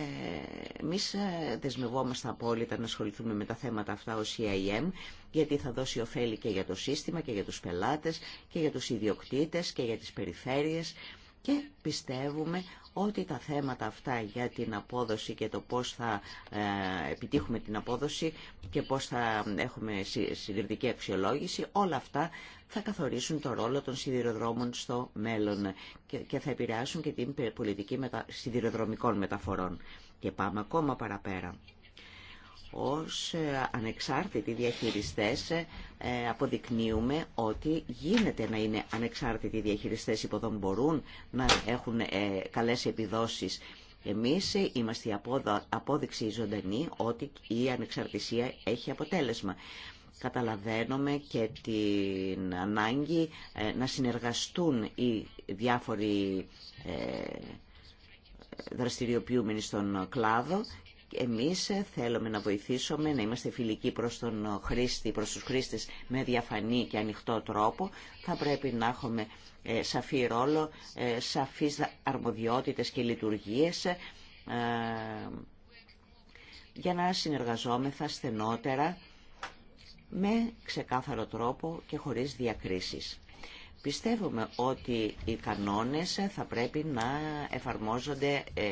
Εμεί ε, δεσμευόμαστε απόλυτα να ασχοληθούμε με τα θέματα αυτά ως EIM γιατί θα δώσει ωφέλη και για το σύστημα και για τους πελάτες και για τους ιδιοκτήτες και για τις περιφέρειες και πιστεύουμε ότι τα θέματα αυτά για την απόδοση και το πώς θα ε, επιτύχουμε την απόδοση και πώς θα έχουμε συντηρητική αξιολόγηση, όλα αυτά θα καθορίσουν το ρόλο των σιδηροδρόμων στο μέλλον και θα επηρεάσουν και την πολιτική μετα... σιδηροδρομικών μεταφορών. Και πάμε ακόμα παραπέρα ως ε, ανεξάρτητοι διαχειριστές ε, ε, αποδεικνύουμε ότι γίνεται να είναι ανεξάρτητοι διαχειριστές υποδον μπορούν να έχουν καλές επιδόσεις. Εμείς είμαστε η απόδειξη ζωντανή ότι η ανεξαρτησία έχει αποτέλεσμα. Καταλαβαίνουμε και την ανάγκη να συνεργαστούν οι διάφοροι δραστηριοποιούμενοι στον κλάδο εμείς θέλουμε να βοηθήσουμε, να είμαστε φιλικοί προς τον χρήστη, προς τους χρήστες με διαφανή και ανοιχτό τρόπο. Θα πρέπει να έχουμε ε, σαφή ρόλο, ε, σαφείς αρμοδιότητες και λειτουργίες ε, για να συνεργαζόμεθα στενότερα με ξεκάθαρο τρόπο και χωρίς διακρίσεις. Πιστεύουμε ότι οι κανόνες θα πρέπει να εφαρμόζονται ε,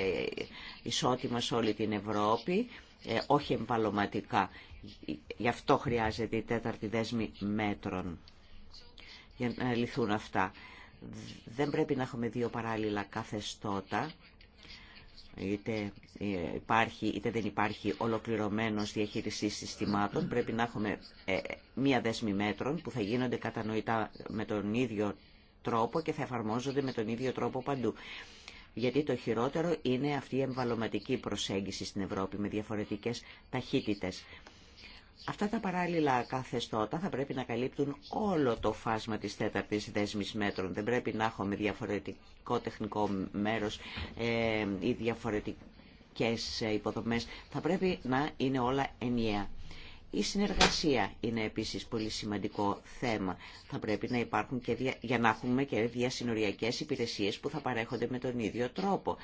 ισότιμα σε όλη την Ευρώπη, ε, όχι εμπαλωματικά. Γι' αυτό χρειάζεται η τέταρτη δέσμη μέτρων για να λυθούν αυτά. Δεν πρέπει να έχουμε δύο παράλληλα καθεστώτα είτε ε, υπάρχει είτε δεν υπάρχει ολοκληρωμένος διαχείριση συστημάτων. Πρέπει να έχουμε ε, μία δέσμη μέτρων που θα γίνονται κατανοητά με τον ίδιο τρόπο και θα εφαρμόζονται με τον ίδιο τρόπο παντού. Γιατί το χειρότερο είναι αυτή η εμβαλωματική προσέγγιση στην Ευρώπη με διαφορετικές ταχύτητες. Αυτά τα παράλληλα καθεστώτα θα πρέπει να καλύπτουν όλο το φάσμα της τέταρτης δέσμης μέτρων. Δεν πρέπει να έχουμε διαφορετικό τεχνικό μέρος ε, ή διαφορετικές ε, υποδομές. Θα πρέπει να είναι όλα ενιαία. Η συνεργασία είναι επίσης πολύ σημαντικό θέμα. Θα πρέπει να υπάρχουν και δια... για να έχουμε και διασυνοριακές υπηρεσίες που θα παρέχονται με τον ίδιο τρόπο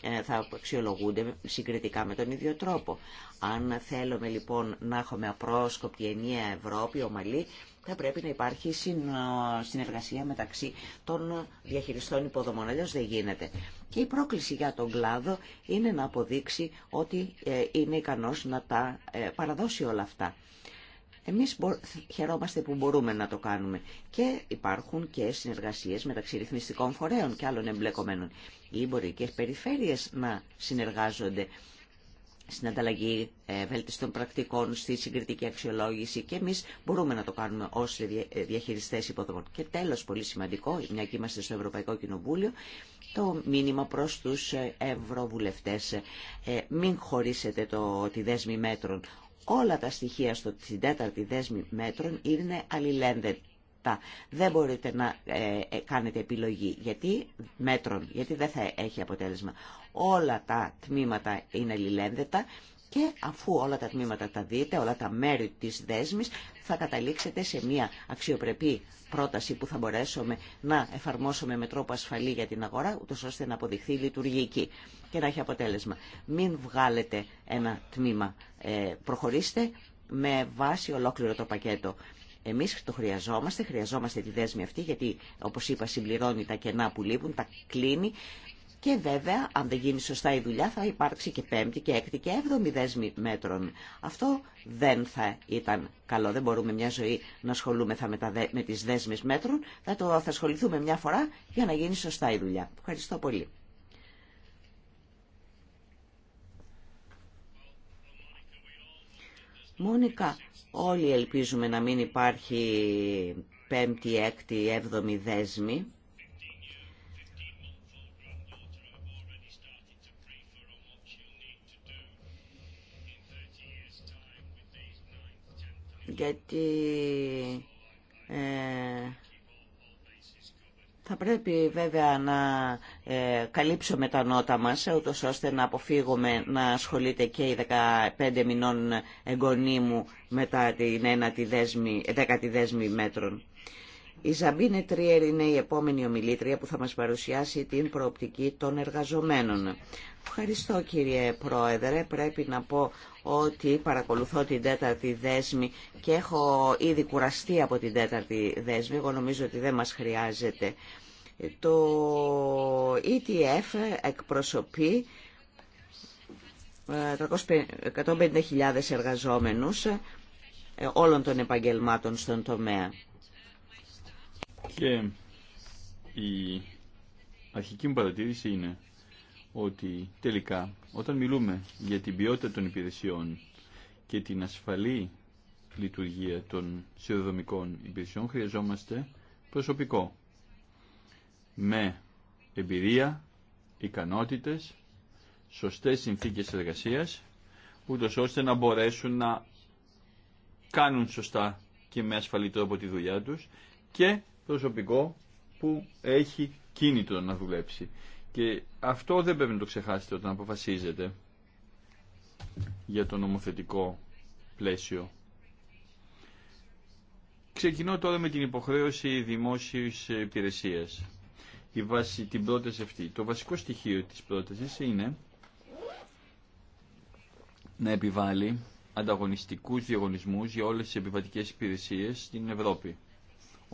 ε, θα αξιολογούνται συγκριτικά με τον ίδιο τρόπο. Αν θέλουμε λοιπόν να έχουμε απρόσκοπτη ενιαία Ευρώπη, ομαλή, θα πρέπει να υπάρχει συνεργασία μεταξύ των διαχειριστών υποδομών. Αλλιώς δεν γίνεται. Και η πρόκληση για τον κλάδο είναι να αποδείξει ότι ε, είναι ικανός να τα ε, παραδώσει όλα αυτά. Εμείς χαιρόμαστε που μπορούμε να το κάνουμε και υπάρχουν και συνεργασίες μεταξύ ρυθμιστικών φορέων και άλλων εμπλεκομένων. Ή Οι και περιφέρειες να συνεργάζονται στην ανταλλαγή ε, βέλτιστων πρακτικών, στη συγκριτική αξιολόγηση και εμείς μπορούμε να το κάνουμε ως ε, διαχειριστές υποδομών. Και τέλος, πολύ σημαντικό, μια και είμαστε στο Ευρωπαϊκό Κοινοβούλιο, το μήνυμα προς τους ε, ευρωβουλευτές. μην χωρίσετε το, τη δέσμη μέτρων. Όλα τα στοιχεία στο, στην τέταρτη δέσμη μέτρων είναι αλληλένδετα δεν μπορείτε να ε, ε, κάνετε επιλογή. Γιατί μέτρων, γιατί δεν θα έχει αποτέλεσμα. Όλα τα τμήματα είναι λιλένδετα και αφού όλα τα τμήματα τα δείτε, όλα τα μέρη της δέσμης, θα καταλήξετε σε μια αξιοπρεπή πρόταση που θα μπορέσουμε να εφαρμόσουμε με τρόπο ασφαλή για την αγορά, ούτως ώστε να αποδειχθεί λειτουργική και να έχει αποτέλεσμα. Μην βγάλετε ένα τμήμα, ε, προχωρήστε με βάση ολόκληρο το πακέτο. Εμείς το χρειαζόμαστε, χρειαζόμαστε τη δέσμη αυτή γιατί όπως είπα συμπληρώνει τα κενά που λείπουν, τα κλείνει και βέβαια αν δεν γίνει σωστά η δουλειά θα υπάρξει και πέμπτη και έκτη και έβδομη δέσμη μέτρων. Αυτό δεν θα ήταν καλό. Δεν μπορούμε μια ζωή να ασχολούμεθα με, τα, με τις δέσμες μέτρων. Θα, το, θα ασχοληθούμε μια φορά για να γίνει σωστά η δουλειά. Ευχαριστώ πολύ. Μόνικα, όλοι ελπίζουμε να μην υπάρχει πέμπτη, έκτη, έβδομη δέσμη. Γιατί... Ε, θα πρέπει βέβαια να καλύψω ε, καλύψουμε τα νότα μας, ε, ούτως ώστε να αποφύγουμε να ασχολείται και η 15 μηνών εγγονή μου μετά την ένατη δέσμη, δέσμη μέτρων. Η Ζαμπίνε Τριέρ είναι η επόμενη ομιλήτρια που θα μας παρουσιάσει την προοπτική των εργαζομένων. Ευχαριστώ κύριε Πρόεδρε. Πρέπει να πω ότι παρακολουθώ την τέταρτη δέσμη και έχω ήδη κουραστεί από την τέταρτη δέσμη. Εγώ νομίζω ότι δεν μας χρειάζεται. Το ETF εκπροσωπεί 150.000 ε, εργαζόμενους ε, όλων των επαγγελμάτων στον τομέα. Και η αρχική μου παρατήρηση είναι ότι τελικά όταν μιλούμε για την ποιότητα των υπηρεσιών και την ασφαλή λειτουργία των σειροδομικών υπηρεσιών χρειαζόμαστε προσωπικό με εμπειρία, ικανότητες, σωστές συνθήκες εργασίας ούτως ώστε να μπορέσουν να κάνουν σωστά και με ασφαλή τρόπο τη δουλειά τους και προσωπικό που έχει κίνητο να δουλέψει. Και αυτό δεν πρέπει να το ξεχάσετε όταν αποφασίζετε για το νομοθετικό πλαίσιο. Ξεκινώ τώρα με την υποχρέωση δημόσιας υπηρεσίας. Η βάση, την πρόταση αυτή. Το βασικό στοιχείο της πρότασης είναι να επιβάλλει ανταγωνιστικούς διαγωνισμούς για όλες τις επιβατικές υπηρεσίες στην Ευρώπη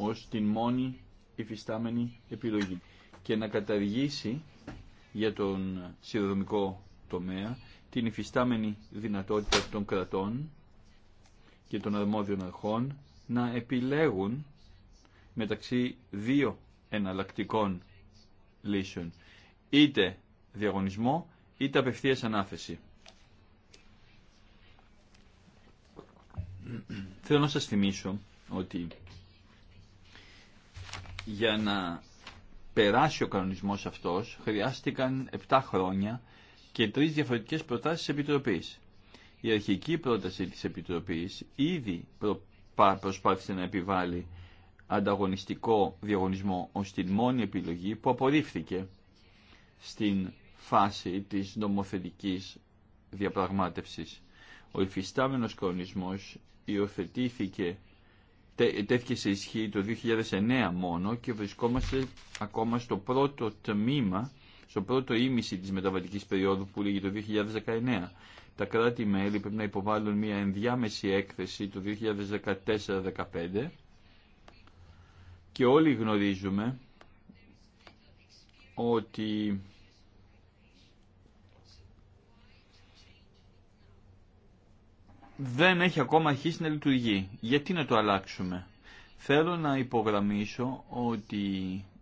ως την μόνη υφιστάμενη επιλογή και να καταργήσει για τον σειροδομικό τομέα την υφιστάμενη δυνατότητα των κρατών και των αρμόδιων αρχών να επιλέγουν μεταξύ δύο εναλλακτικών λύσεων είτε διαγωνισμό είτε απευθείας ανάθεση. Θέλω να σας θυμίσω ότι για να περάσει ο κανονισμός αυτός χρειάστηκαν 7 χρόνια και τρεις διαφορετικές προτάσεις της Επιτροπής. Η αρχική πρόταση της Επιτροπής ήδη προσπάθησε να επιβάλλει ανταγωνιστικό διαγωνισμό ως την μόνη επιλογή που απορρίφθηκε στην φάση της νομοθετικής διαπραγμάτευσης. Ο υφιστάμενος κανονισμός υιοθετήθηκε τέθηκε σε ισχύ το 2009 μόνο και βρισκόμαστε ακόμα στο πρώτο τμήμα, στο πρώτο ήμιση της μεταβατικής περίοδου που λήγει το 2019. Τα κράτη-μέλη πρέπει να υποβάλουν μια ενδιάμεση έκθεση το 2014-2015 και όλοι γνωρίζουμε ότι δεν έχει ακόμα αρχίσει να λειτουργεί. Γιατί να το αλλάξουμε. Θέλω να υπογραμμίσω ότι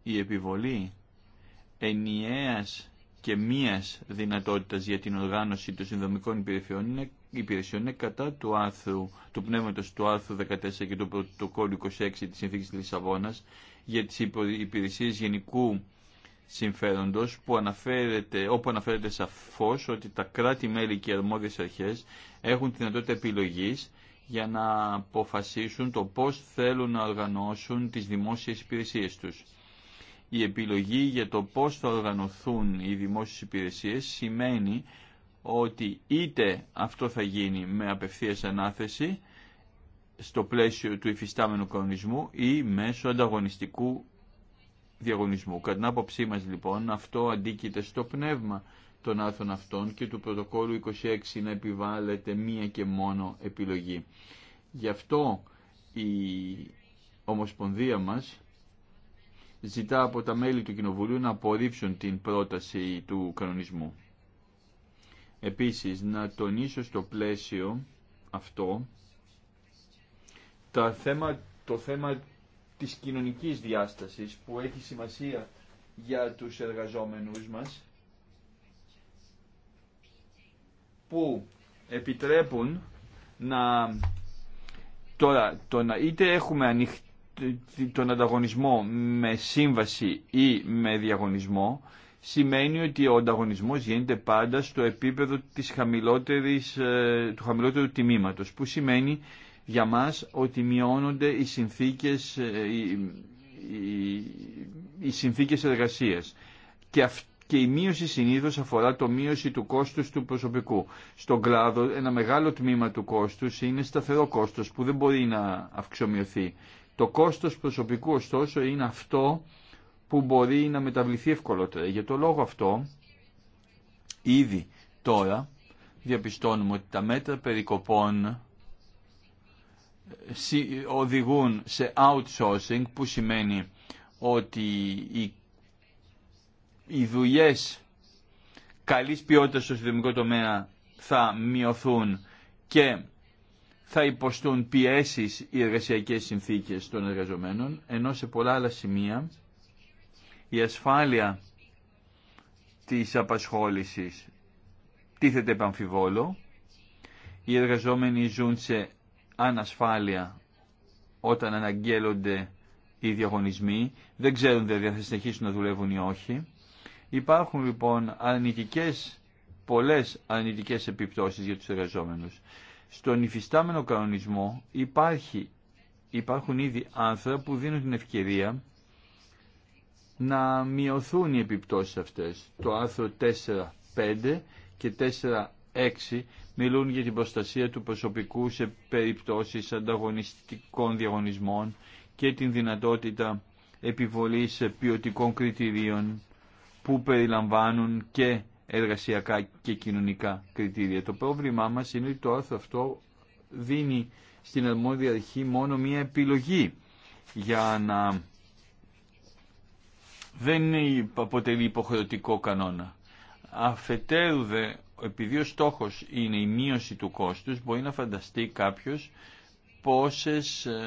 η επιβολή ενιαίας και μίας δυνατότητας για την οργάνωση των συνδρομικών υπηρεσιών είναι, υπηρεσιών είναι κατά του, άρθρου, του πνεύματος του άρθρου 14 και του πρωτοκόλλου 26 της Συνθήκης της Λισαβόνας για τις υπηρεσίες γενικού συμφέροντος που αναφέρεται, όπου αναφέρεται σαφώς ότι τα κράτη-μέλη και οι αρμόδιες αρχές έχουν τη δυνατότητα επιλογής για να αποφασίσουν το πώς θέλουν να οργανώσουν τις δημόσιες υπηρεσίες τους. Η επιλογή για το πώς θα οργανωθούν οι δημόσιες υπηρεσίες σημαίνει ότι είτε αυτό θα γίνει με απευθείας ανάθεση στο πλαίσιο του υφιστάμενου κανονισμού ή μέσω ανταγωνιστικού διαγωνισμού. Κατά την άποψή μας λοιπόν αυτό αντίκειται στο πνεύμα των άρθρων αυτών και του πρωτοκόλου 26 να επιβάλλεται μία και μόνο επιλογή. Γι' αυτό η Ομοσπονδία μας ζητά από τα μέλη του Κοινοβουλίου να απορρίψουν την πρόταση του κανονισμού. Επίσης, να τονίσω στο πλαίσιο αυτό το θέμα, το θέμα της κοινωνικής διάστασης που έχει σημασία για τους εργαζόμενους μας που επιτρέπουν να τώρα το να είτε έχουμε ανοιχτή τον ανταγωνισμό με σύμβαση ή με διαγωνισμό σημαίνει ότι ο ανταγωνισμός γίνεται πάντα στο επίπεδο της χαμηλότερης, ε, του χαμηλότερου τιμήματος που σημαίνει για μας ότι μειώνονται οι συνθήκες, ε, οι, οι, συνθήκες εργασίας. Και και η μείωση συνήθως αφορά το μείωση του κόστους του προσωπικού. Στον κλάδο ένα μεγάλο τμήμα του κόστους είναι σταθερό κόστος που δεν μπορεί να αυξομοιωθεί. Το κόστος προσωπικού ωστόσο είναι αυτό που μπορεί να μεταβληθεί ευκολότερα. Για το λόγο αυτό ήδη τώρα διαπιστώνουμε ότι τα μέτρα περικοπών οδηγούν σε outsourcing που σημαίνει ότι οι, οι δουλειές καλής ποιότητας στο συνδημικό τομέα θα μειωθούν και θα υποστούν πιέσεις οι εργασιακές συνθήκες των εργαζομένων, ενώ σε πολλά άλλα σημεία η ασφάλεια της απασχόλησης τίθεται επαμφιβόλο, οι εργαζόμενοι ζουν σε ανασφάλεια όταν αναγγέλλονται οι διαγωνισμοί, δεν ξέρουν δηλαδή αν θα συνεχίσουν να δουλεύουν ή όχι. Υπάρχουν λοιπόν αρνητικές, πολλές αρνητικές επιπτώσεις για τους εργαζόμενους. Στον υφιστάμενο κανονισμό υπάρχει, υπάρχουν ήδη άνθρωποι που δίνουν την ευκαιρία να μειωθούν οι επιπτώσεις αυτές. Το άρθρο 4.5 και 4 6 μιλούν για την προστασία του προσωπικού σε περιπτώσεις ανταγωνιστικών διαγωνισμών και την δυνατότητα επιβολής ποιοτικών κριτηρίων που περιλαμβάνουν και εργασιακά και κοινωνικά κριτήρια. Το πρόβλημά μας είναι ότι το άρθρο αυτό δίνει στην αρμόδια αρχή μόνο μία επιλογή για να δεν αποτελεί υποχρεωτικό κανόνα. Αφετέρου επειδή ο στόχος είναι η μείωση του κόστους, μπορεί να φανταστεί κάποιος πόσες ε,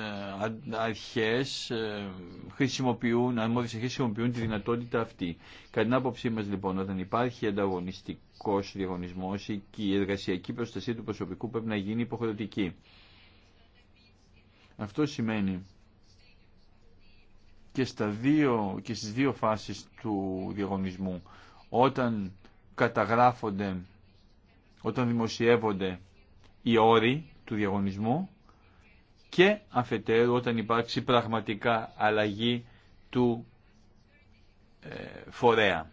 αρχές ε, χρησιμοποιούν, αν αρχές χρησιμοποιούν τη δυνατότητα αυτή. Κατά την άποψή μας λοιπόν, όταν υπάρχει ανταγωνιστικός διαγωνισμός και η εργασιακή προστασία του προσωπικού πρέπει να γίνει υποχρεωτική. Αυτό σημαίνει και, στα δύο, και στις δύο φάσεις του διαγωνισμού, όταν καταγράφονται όταν δημοσιεύονται οι όροι του διαγωνισμού και αφετέρου όταν υπάρξει πραγματικά αλλαγή του ε, φορέα.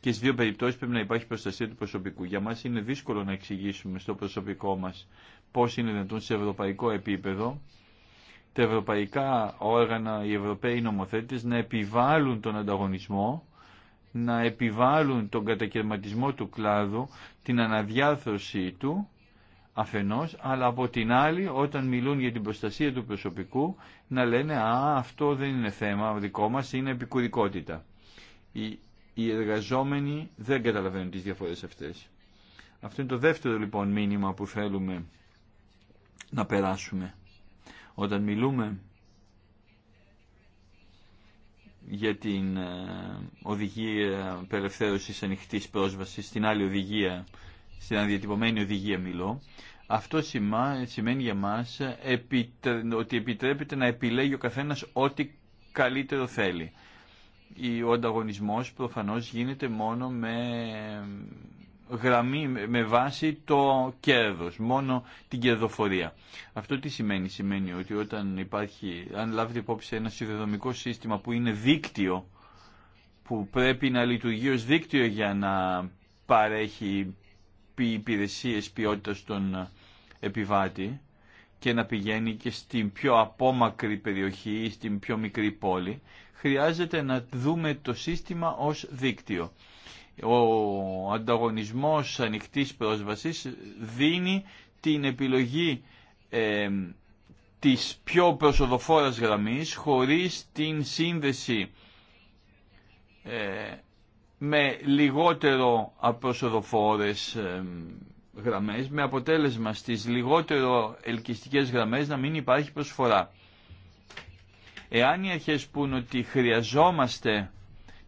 Και στις δύο περιπτώσεις πρέπει να υπάρχει προστασία του προσωπικού. Για μας είναι δύσκολο να εξηγήσουμε στο προσωπικό μας πώς είναι δυνατόν σε ευρωπαϊκό επίπεδο τα ευρωπαϊκά όργανα, οι ευρωπαίοι νομοθέτες να επιβάλλουν τον ανταγωνισμό να επιβάλλουν τον κατακαιρματισμό του κλάδου, την αναδιάρθρωσή του αφενός, αλλά από την άλλη όταν μιλούν για την προστασία του προσωπικού να λένε «Α, αυτό δεν είναι θέμα δικό μας, είναι επικουρικότητα». Οι, οι εργαζόμενοι δεν καταλαβαίνουν τις διαφορές αυτές. Αυτό είναι το δεύτερο λοιπόν μήνυμα που θέλουμε να περάσουμε. Όταν μιλούμε για την ε, οδηγία απελευθέρωσης ανοιχτής πρόσβασης, στην άλλη οδηγία, στην ανδιατυπωμένη οδηγία μιλώ, αυτό σημαίνει για μας ότι επιτρέπεται να επιλέγει ο καθένας ό,τι καλύτερο θέλει. Ο ανταγωνισμός προφανώς γίνεται μόνο με γραμμή με βάση το κέρδος, μόνο την κερδοφορία. Αυτό τι σημαίνει, σημαίνει ότι όταν υπάρχει, αν λάβετε υπόψη ένα σιδηροδρομικό σύστημα που είναι δίκτυο, που πρέπει να λειτουργεί ως δίκτυο για να παρέχει υπηρεσίε ποιότητα στον επιβάτη και να πηγαίνει και στην πιο απόμακρη περιοχή ή στην πιο μικρή πόλη, χρειάζεται να δούμε το σύστημα ως δίκτυο. Ο ανταγωνισμός ανοιχτής πρόσβασης δίνει την επιλογή ε, της πιο προσοδοφόρας γραμμής χωρίς την σύνδεση ε, με λιγότερο απροσοδοφόρες ε, γραμμές με αποτέλεσμα στις λιγότερο ελκυστικές γραμμές να μην υπάρχει προσφορά. Εάν οι αρχές πούν ότι χρειαζόμαστε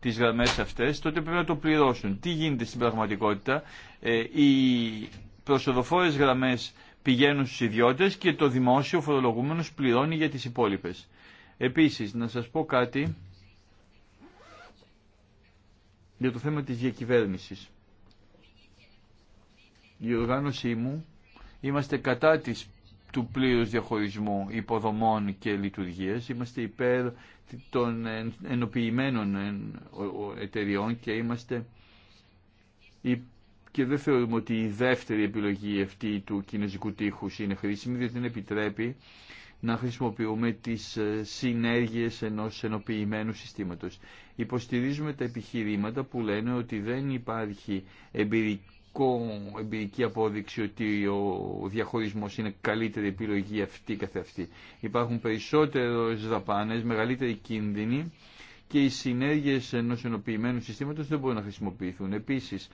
τις γραμμές αυτές, τότε πρέπει να το πληρώσουν. Τι γίνεται στην πραγματικότητα, ε, οι προσοδοφόρες γραμμές πηγαίνουν στους ιδιώτες και το δημόσιο φορολογούμενος πληρώνει για τις υπόλοιπες. Επίσης, να σας πω κάτι για το θέμα της διακυβέρνησης. Η οργάνωσή μου είμαστε κατά της του πλήρους διαχωρισμού υποδομών και λειτουργία. Είμαστε υπέρ των ενοποιημένων εταιριών και είμαστε και δεν θεωρούμε ότι η δεύτερη επιλογή αυτή του κινέζικου τείχους είναι χρήσιμη διότι δεν επιτρέπει να χρησιμοποιούμε τις ε, συνέργειες ενός ενοποιημένου συστήματος. Υποστηρίζουμε τα επιχειρήματα που λένε ότι δεν υπάρχει εμπειρική εμπειρική απόδειξη ότι ο διαχωρισμός είναι καλύτερη επιλογή αυτή καθε αυτή. Υπάρχουν περισσότερες δαπάνες, μεγαλύτερη κίνδυνη και οι συνέργειες ενός ενοποιημένου συστήματος δεν μπορούν να χρησιμοποιηθούν. Επίσης,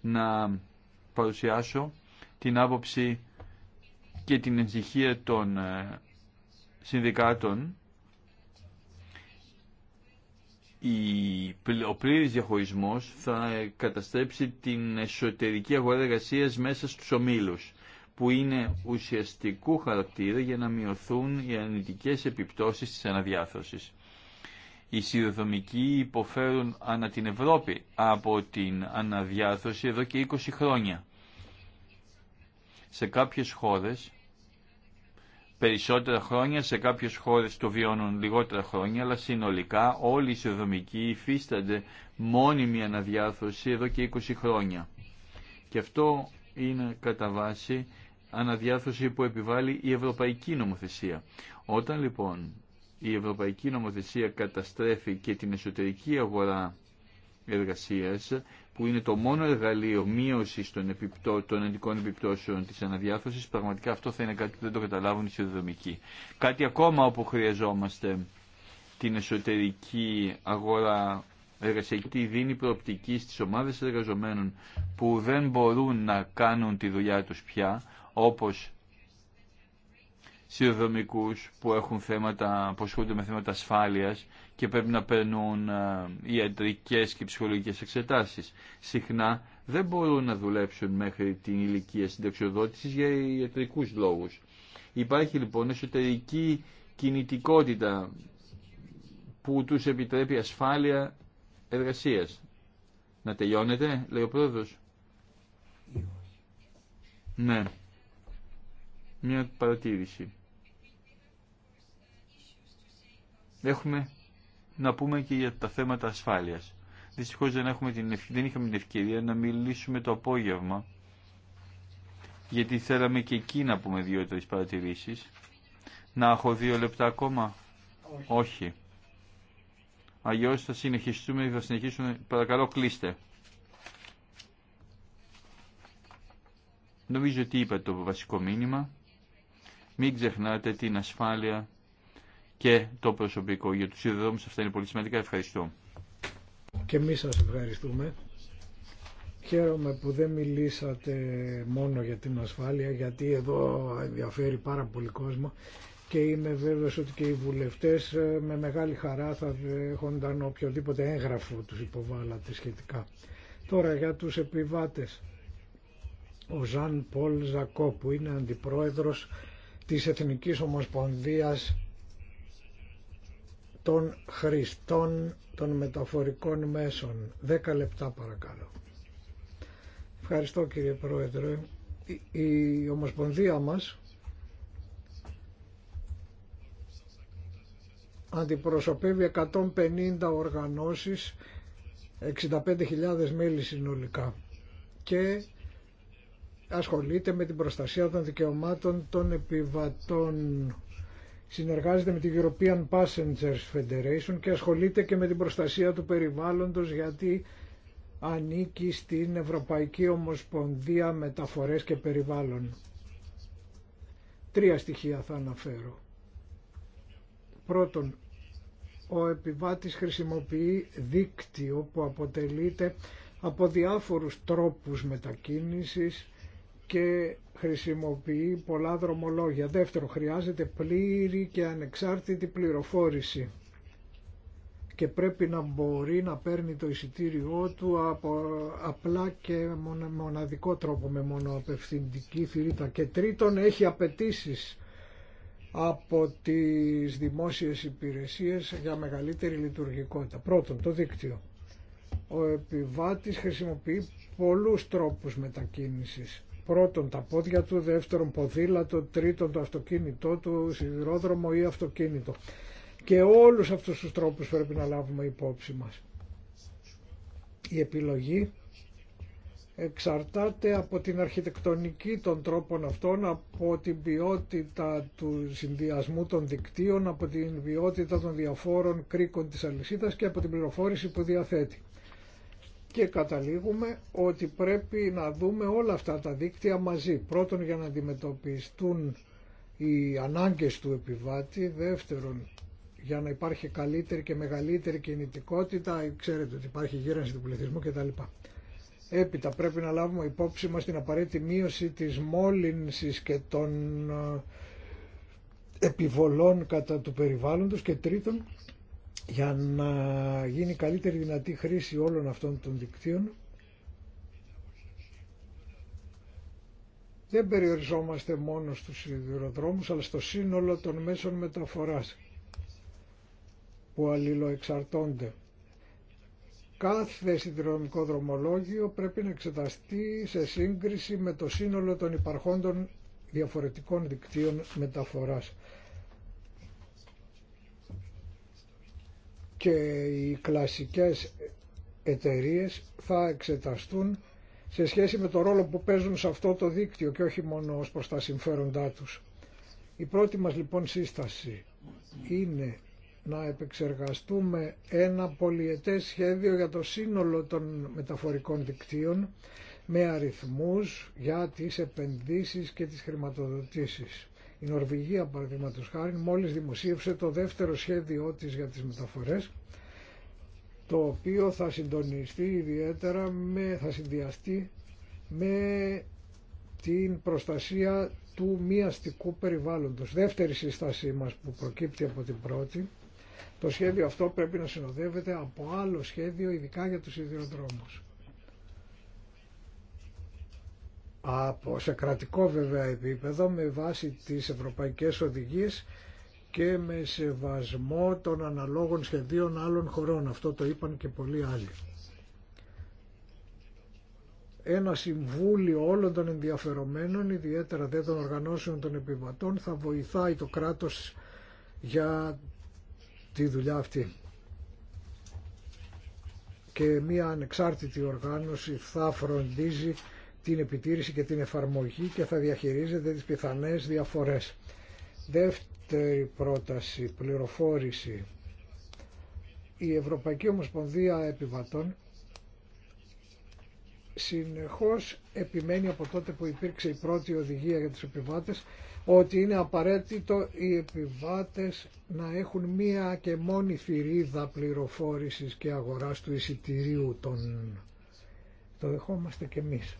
να παρουσιάσω την άποψη και την ενσυχία των ε, συνδικάτων ο πλήρης διαχωρισμός θα καταστρέψει την εσωτερική αγορά εργασία μέσα στους ομίλους που είναι ουσιαστικού χαρακτήρα για να μειωθούν οι αρνητικές επιπτώσεις της αναδιάθρωσης. Οι σιδηροδρομικοί υποφέρουν ανά την Ευρώπη από την αναδιάθρωση εδώ και 20 χρόνια. Σε κάποιες χώρες περισσότερα χρόνια, σε κάποιες χώρες το βιώνουν λιγότερα χρόνια, αλλά συνολικά όλοι οι ισοδομικοί υφίστανται μόνιμη αναδιάρθρωση εδώ και 20 χρόνια. Και αυτό είναι κατά βάση αναδιάρθρωση που επιβάλλει η ευρωπαϊκή νομοθεσία. Όταν λοιπόν η ευρωπαϊκή νομοθεσία καταστρέφει και την εσωτερική αγορά εργασίας, που είναι το μόνο εργαλείο μείωση των, επιπτώ, επιπτώσεων της αναδιάρθρωσης, πραγματικά αυτό θα είναι κάτι που δεν το καταλάβουν οι σιδηροδρομικοί. Κάτι ακόμα όπου χρειαζόμαστε την εσωτερική αγορά εργασιακή δίνει προοπτική στις ομάδες εργαζομένων που δεν μπορούν να κάνουν τη δουλειά του πια, όπως σιδηροδρομικού που έχουν θέματα, που ασχολούνται με θέματα ασφάλειας και πρέπει να παίρνουν ε, ιατρικές και ψυχολογικές εξετάσεις. Συχνά δεν μπορούν να δουλέψουν μέχρι την ηλικία συνταξιοδότηση για ιατρικούς λόγους. Υπάρχει λοιπόν εσωτερική κινητικότητα που τους επιτρέπει ασφάλεια εργασίας. Να τελειώνετε, λέει ο πρόεδρο. Ναι. Μια παρατήρηση. έχουμε να πούμε και για τα θέματα ασφάλειας. Δυστυχώς δεν, έχουμε την, δεν είχαμε την ευκαιρία να μιλήσουμε το απόγευμα γιατί θέλαμε και εκεί να πούμε δύο-τρεις παρατηρήσεις. Να έχω δύο λεπτά ακόμα. Όχι. Όχι. Αλλιώς θα συνεχιστούμε, θα συνεχίσουμε. Παρακαλώ κλείστε. Νομίζω ότι είπα το βασικό μήνυμα. Μην ξεχνάτε την ασφάλεια και το προσωπικό. Για τους ιδεοδόμους αυτά είναι πολύ σημαντικά. Ευχαριστώ. Και εμείς σας ευχαριστούμε. Χαίρομαι που δεν μιλήσατε μόνο για την ασφάλεια γιατί εδώ ενδιαφέρει πάρα πολύ κόσμο και είμαι βέβαιος ότι και οι βουλευτές ε, με μεγάλη χαρά θα δέχονταν οποιοδήποτε έγγραφο τους υποβάλλατε σχετικά. Τώρα για τους επιβάτες. Ο Ζαν Πολ Ζακό που είναι αντιπρόεδρος της Εθνικής Ομοσπονδίας των χρηστών των μεταφορικών μέσων. Δέκα λεπτά παρακαλώ. Ευχαριστώ κύριε Πρόεδρε. Η Ομοσπονδία μας αντιπροσωπεύει 150 οργανώσεις, 65.000 μέλη συνολικά και ασχολείται με την προστασία των δικαιωμάτων των επιβατών συνεργάζεται με την European Passengers Federation και ασχολείται και με την προστασία του περιβάλλοντος γιατί ανήκει στην Ευρωπαϊκή Ομοσπονδία Μεταφορές και Περιβάλλον. Τρία στοιχεία θα αναφέρω. Πρώτον, ο επιβάτης χρησιμοποιεί δίκτυο που αποτελείται από διάφορους τρόπους μετακίνησης, και χρησιμοποιεί πολλά δρομολόγια. Δεύτερο, χρειάζεται πλήρη και ανεξάρτητη πληροφόρηση και πρέπει να μπορεί να παίρνει το εισιτήριό του από απλά και μοναδικό τρόπο με μονοαπευθυντική θηρίδα. Και τρίτον, έχει απαιτήσει από τις δημόσιες υπηρεσίες για μεγαλύτερη λειτουργικότητα. Πρώτον, το δίκτυο. Ο επιβάτης χρησιμοποιεί πολλούς τρόπους μετακίνησης πρώτον τα πόδια του, δεύτερον ποδήλατο, τρίτον το αυτοκίνητό του, σιδηρόδρομο ή αυτοκίνητο. Και όλους αυτούς τους τρόπους πρέπει να λάβουμε υπόψη μας. Η επιλογή εξαρτάται από την αρχιτεκτονική των τρόπων αυτών, από την ποιότητα του συνδυασμού των δικτύων, από την ποιότητα των διαφόρων κρίκων της αλυσίδας και από την πληροφόρηση που διαθέτει. Και καταλήγουμε ότι πρέπει να δούμε όλα αυτά τα δίκτυα μαζί. Πρώτον για να αντιμετωπιστούν οι ανάγκες του επιβάτη. Δεύτερον για να υπάρχει καλύτερη και μεγαλύτερη κινητικότητα. Ξέρετε ότι υπάρχει γύρανση του πληθυσμού κτλ. Έπειτα πρέπει να λάβουμε υπόψη μας την απαραίτητη μείωση της μόλυνσης και των ε, επιβολών κατά του περιβάλλοντος και τρίτον για να γίνει καλύτερη δυνατή χρήση όλων αυτών των δικτύων δεν περιοριζόμαστε μόνο στους σιδηροδρόμους αλλά στο σύνολο των μέσων μεταφοράς που αλληλοεξαρτώνται. Κάθε σιδηροδρομικό δρομολόγιο πρέπει να εξεταστεί σε σύγκριση με το σύνολο των υπαρχόντων διαφορετικών δικτύων μεταφοράς. και οι κλασικές εταιρείες θα εξεταστούν σε σχέση με το ρόλο που παίζουν σε αυτό το δίκτυο και όχι μόνο ως προς τα συμφέροντά τους. Η πρώτη μας λοιπόν σύσταση είναι να επεξεργαστούμε ένα πολυετές σχέδιο για το σύνολο των μεταφορικών δικτύων με αριθμούς για τις επενδύσεις και τις χρηματοδοτήσεις. Η Νορβηγία, παραδείγματο χάρη, μόλις δημοσίευσε το δεύτερο σχέδιό της για τις μεταφορές, το οποίο θα συντονιστεί ιδιαίτερα, με, θα συνδυαστεί με την προστασία του μη αστικού περιβάλλοντος. Δεύτερη σύστασή μας που προκύπτει από την πρώτη, το σχέδιο αυτό πρέπει να συνοδεύεται από άλλο σχέδιο ειδικά για τους σιδηροδρόμους. από, σε κρατικό βέβαια επίπεδο με βάση τις ευρωπαϊκές οδηγίες και με σεβασμό των αναλόγων σχεδίων άλλων χωρών. Αυτό το είπαν και πολλοί άλλοι. Ένα συμβούλιο όλων των ενδιαφερομένων, ιδιαίτερα δε των οργανώσεων των επιβατών, θα βοηθάει το κράτος για τη δουλειά αυτή. Και μία ανεξάρτητη οργάνωση θα φροντίζει την επιτήρηση και την εφαρμογή και θα διαχειρίζεται τις πιθανές διαφορές. Δεύτερη πρόταση, πληροφόρηση. Η Ευρωπαϊκή Ομοσπονδία Επιβατών συνεχώς επιμένει από τότε που υπήρξε η πρώτη οδηγία για τους επιβάτες ότι είναι απαραίτητο οι επιβάτες να έχουν μία και μόνη θηρίδα πληροφόρησης και αγοράς του εισιτηρίου των... Το δεχόμαστε και εμείς.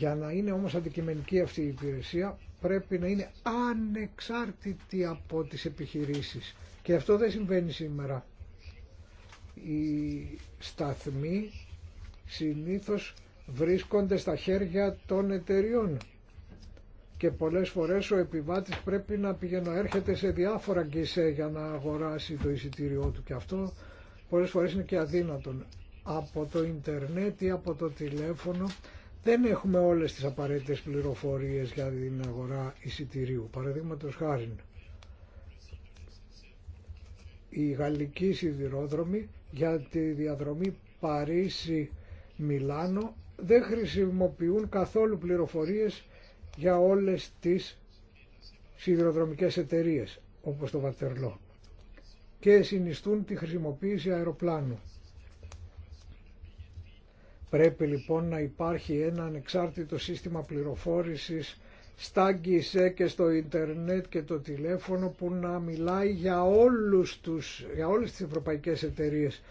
Για να είναι όμως αντικειμενική αυτή η υπηρεσία πρέπει να είναι ανεξάρτητη από τις επιχειρήσεις. Και αυτό δεν συμβαίνει σήμερα. Οι σταθμοί συνήθως βρίσκονται στα χέρια των εταιριών και πολλές φορές ο επιβάτης πρέπει να πηγαίνει έρχεται σε διάφορα γκισέ για να αγοράσει το εισιτήριό του και αυτό πολλές φορές είναι και αδύνατον από το ίντερνετ ή από το τηλέφωνο δεν έχουμε όλες τις απαραίτητες πληροφορίες για την αγορά εισιτηρίου. Παραδείγματο χάρη, οι γαλλικοί σιδηρόδρομοι για τη διαδρομή Παρίσι-Μιλάνο δεν χρησιμοποιούν καθόλου πληροφορίες για όλες τις σιδηροδρομικές εταιρείες όπως το Βατερλό και συνιστούν τη χρησιμοποίηση αεροπλάνου. Πρέπει λοιπόν να υπάρχει ένα ανεξάρτητο σύστημα πληροφόρησης στα e και στο ίντερνετ και το τηλέφωνο που να μιλάει για, όλους τους, για όλες τις ευρωπαϊκές εταιρείες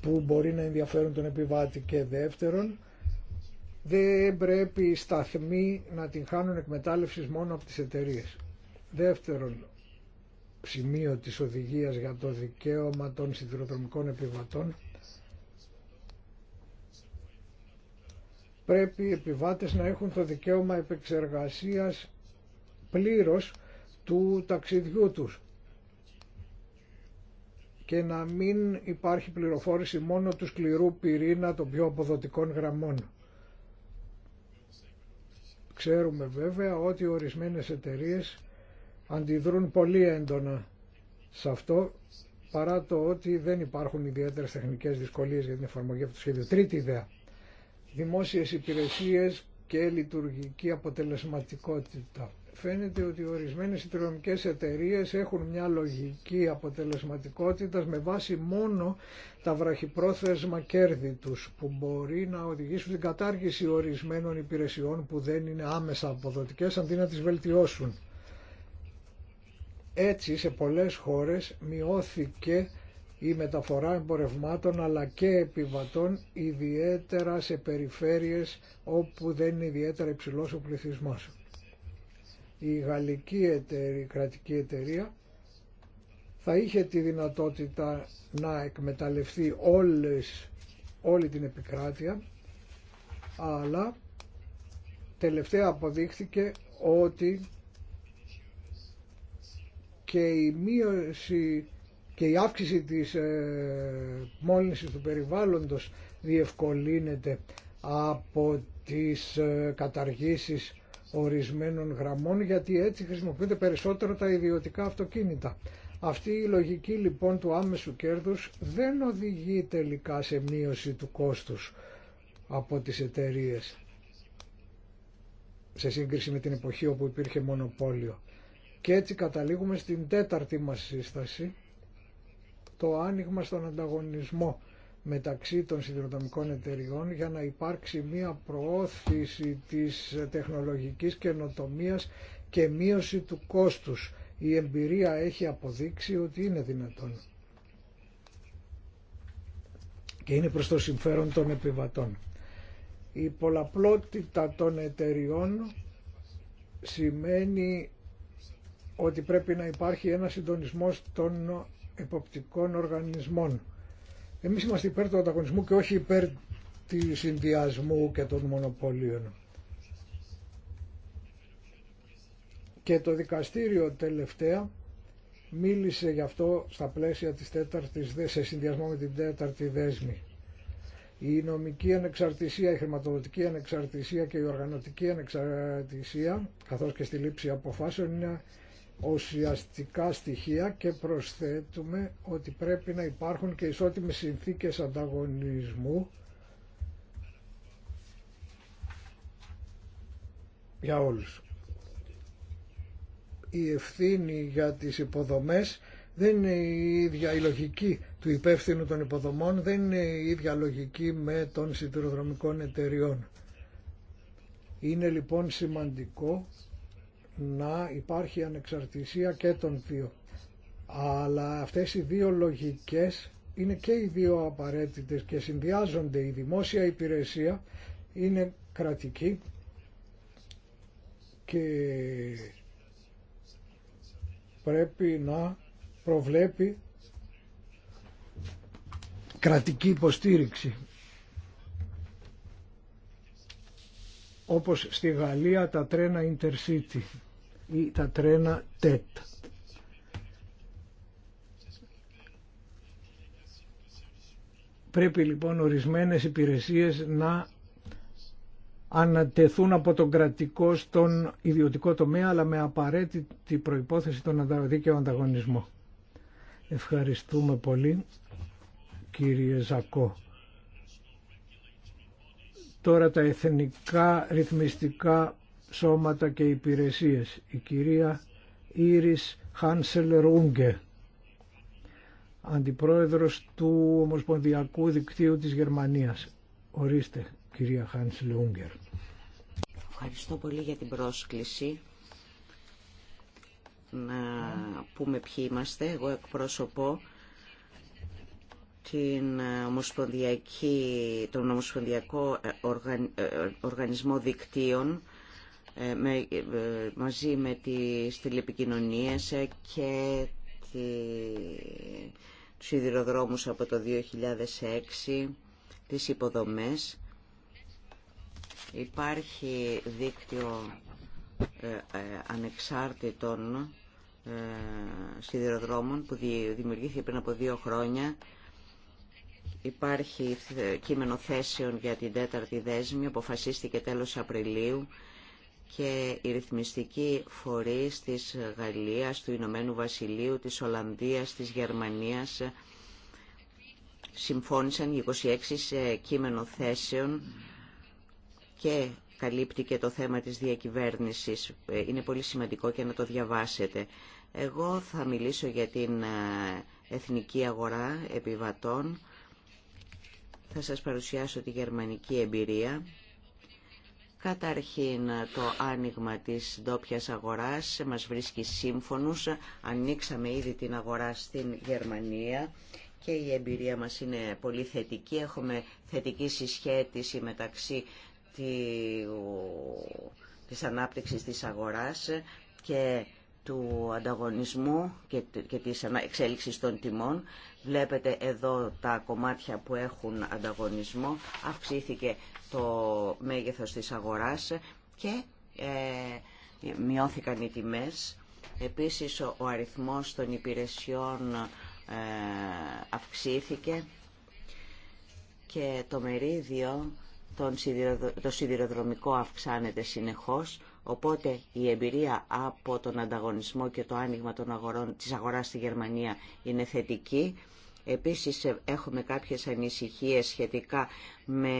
που μπορεί να ενδιαφέρουν τον επιβάτη και δεύτερον δεν πρέπει οι σταθμοί να την χάνουν εκμετάλλευσης μόνο από τις εταιρείε. Δεύτερον, σημείο της οδηγίας για το δικαίωμα των σιδηροδρομικών επιβατών πρέπει οι επιβάτες να έχουν το δικαίωμα επεξεργασίας πλήρως του ταξιδιού τους και να μην υπάρχει πληροφόρηση μόνο του σκληρού πυρήνα των πιο αποδοτικών γραμμών. Ξέρουμε βέβαια ότι ορισμένες εταιρείες αντιδρούν πολύ έντονα σε αυτό παρά το ότι δεν υπάρχουν ιδιαίτερες τεχνικές δυσκολίες για την εφαρμογή αυτού του σχέδιου. Τρίτη ιδέα δημόσιες υπηρεσίες και λειτουργική αποτελεσματικότητα. Φαίνεται ότι ορισμένες ιδρυμικές εταιρείες έχουν μια λογική αποτελεσματικότητας με βάση μόνο τα βραχυπρόθεσμα κέρδη τους που μπορεί να οδηγήσουν την κατάργηση ορισμένων υπηρεσιών που δεν είναι άμεσα αποδοτικές αντί να τις βελτιώσουν. Έτσι σε πολλές χώρες μειώθηκε η μεταφορά εμπορευμάτων αλλά και επιβατών ιδιαίτερα σε περιφέρειες όπου δεν είναι ιδιαίτερα υψηλός ο πληθυσμός. Η γαλλική εταιρεία, κρατική εταιρεία θα είχε τη δυνατότητα να εκμεταλλευτεί όλες, όλη την επικράτεια αλλά τελευταία αποδείχθηκε ότι και η μείωση και η αύξηση της ε, μόλυνσης του περιβάλλοντος διευκολύνεται από τις ε, καταργήσεις ορισμένων γραμμών γιατί έτσι χρησιμοποιούνται περισσότερο τα ιδιωτικά αυτοκίνητα. Αυτή η λογική λοιπόν του άμεσου κέρδους δεν οδηγεί τελικά σε μείωση του κόστους από τις εταιρείε σε σύγκριση με την εποχή όπου υπήρχε μονοπόλιο. Και έτσι καταλήγουμε στην τέταρτη μας σύσταση το άνοιγμα στον ανταγωνισμό μεταξύ των συνδρομικών εταιριών για να υπάρξει μία προώθηση της τεχνολογικής καινοτομίας και μείωση του κόστους. Η εμπειρία έχει αποδείξει ότι είναι δυνατόν και είναι προς το συμφέρον των επιβατών. Η πολλαπλότητα των εταιριών σημαίνει ότι πρέπει να υπάρχει ένα συντονισμός των εποπτικών οργανισμών. Εμείς είμαστε υπέρ του ανταγωνισμού και όχι υπέρ του συνδυασμού και των μονοπωλίων. Και το δικαστήριο τελευταία μίλησε γι' αυτό στα πλαίσια της τέταρτης, σε συνδυασμό με την τέταρτη δέσμη. Η νομική ανεξαρτησία, η χρηματοδοτική ανεξαρτησία και η οργανωτική ανεξαρτησία, καθώς και στη λήψη αποφάσεων, είναι ουσιαστικά στοιχεία και προσθέτουμε ότι πρέπει να υπάρχουν και ισότιμες συνθήκες ανταγωνισμού για όλους. Η ευθύνη για τις υποδομές δεν είναι η ίδια η λογική του υπεύθυνου των υποδομών, δεν είναι η ίδια λογική με των σιδηροδρομικών εταιριών. Είναι λοιπόν σημαντικό να υπάρχει ανεξαρτησία και των δύο. Αλλά αυτές οι δύο λογικές είναι και οι δύο απαραίτητες και συνδυάζονται. Η δημόσια υπηρεσία είναι κρατική και πρέπει να προβλέπει κρατική υποστήριξη. Όπως στη Γαλλία τα τρένα Intercity ή τα τρένα ΤΕΤ. E Πρέπει λοιπόν ορισμένες υπηρεσίες να ανατεθούν από τον κρατικό στον ιδιωτικό τομέα αλλά με απαραίτητη προϋπόθεση τον δίκαιο ανταγωνισμό. Ευχαριστούμε πολύ κύριε Ζακό. Τώρα τα εθνικά ρυθμιστικά σώματα και υπηρεσίες, η κυρία Ήρις Χάνσελερ Ούγκε, αντιπρόεδρος του Ομοσπονδιακού Δικτύου της Γερμανίας. Ορίστε, κυρία Χάνσελερ Ούγκερ. Ευχαριστώ πολύ για την πρόσκληση να πούμε ποιοι είμαστε. Εγώ εκπρόσωπο την ομοσπονδιακή, τον Ομοσπονδιακό ε, Οργανισμό Δικτύων ε, ε, μαζί με τις τηλεπικοινωνίες ε, και τη, τους σιδηροδρόμους από το 2006, τις υποδομές. Υπάρχει δίκτυο ανεξάρτητων σιδηροδρόμων που δημιουργήθηκε πριν από δύο χρόνια. Υπάρχει κείμενο θέσεων για την τέταρτη δέσμη, αποφασίστηκε τέλος Απριλίου και οι ρυθμιστικοί φορείς της Γαλλίας, του Ηνωμένου Βασιλείου, της Ολλανδίας, της Γερμανίας συμφώνησαν 26 σε κείμενο θέσεων και καλύπτει και το θέμα της διακυβέρνησης. Είναι πολύ σημαντικό και να το διαβάσετε. Εγώ θα μιλήσω για την ε, εθνική αγορά επιβατών. Θα σας παρουσιάσω τη γερμανική εμπειρία Καταρχήν το άνοιγμα της ντόπια αγοράς μας βρίσκει σύμφωνους. Ανοίξαμε ήδη την αγορά στην Γερμανία και η εμπειρία μας είναι πολύ θετική. Έχουμε θετική συσχέτιση μεταξύ της ανάπτυξης της αγοράς και του ανταγωνισμού και της εξέλιξης των τιμών. Βλέπετε εδώ τα κομμάτια που έχουν ανταγωνισμό. Αυξήθηκε το μέγεθος της αγοράς και ε, μειώθηκαν οι τιμές. Επίσης ο αριθμός των υπηρεσιών ε, αυξήθηκε και το μερίδιο το σιδηροδρομικό αυξάνεται συνεχώς Οπότε η εμπειρία από τον ανταγωνισμό και το άνοιγμα των αγορών, της αγοράς στη Γερμανία είναι θετική. Επίσης ε, έχουμε κάποιες ανησυχίες σχετικά με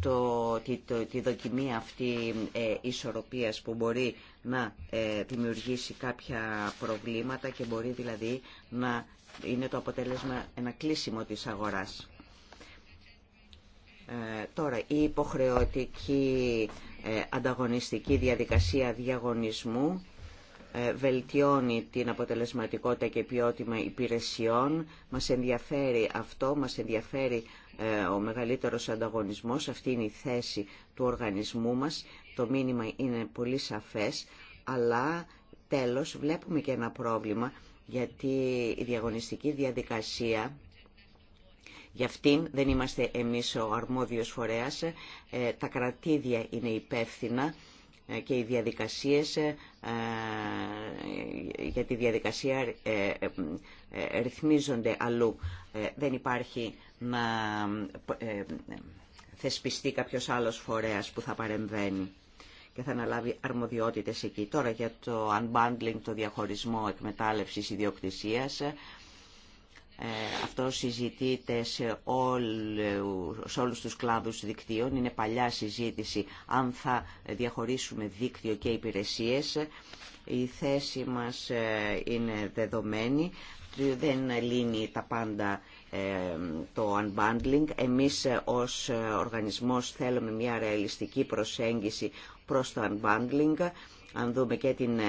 το, τη, το, δοκιμή αυτή ε, ισορροπίας που μπορεί να ε, δημιουργήσει κάποια προβλήματα και μπορεί δηλαδή να είναι το αποτέλεσμα ένα κλείσιμο της αγοράς. Ε, τώρα, η υποχρεωτική ε, ανταγωνιστική διαδικασία διαγωνισμού ε, βελτιώνει την αποτελεσματικότητα και ποιότητα υπηρεσιών. Μας ενδιαφέρει αυτό, μας ενδιαφέρει ο μεγαλύτερος ανταγωνισμός. Αυτή είναι η θέση του οργανισμού μας. Το μήνυμα είναι πολύ σαφές, αλλά τέλος βλέπουμε και ένα πρόβλημα γιατί η διαγωνιστική διαδικασία Γι' αυτήν δεν είμαστε εμείς ο αρμόδιος φορέας. Ε, τα κρατήδια είναι υπεύθυνα ε, και οι διαδικασίες ε, για τη διαδικασία ρυθμίζονται αλλού. Δεν υπάρχει να θεσπιστεί κάποιος άλλος φορέας που θα παρεμβαίνει και θα αναλάβει αρμοδιότητες εκεί. Τώρα για το unbundling, το διαχωρισμό εκμετάλλευσης ιδιοκτησίας, ε, αυτό συζητείται σε, όλου, σε όλους τους κλάδους δικτύων. Είναι παλιά συζήτηση αν θα διαχωρίσουμε δίκτυο και υπηρεσίες. Η θέση μας ε, είναι δεδομένη. Δεν λύνει τα πάντα ε, το unbundling. Εμείς ως οργανισμός θέλουμε μια ρεαλιστική προσέγγιση προς το unbundling. Αν δούμε και την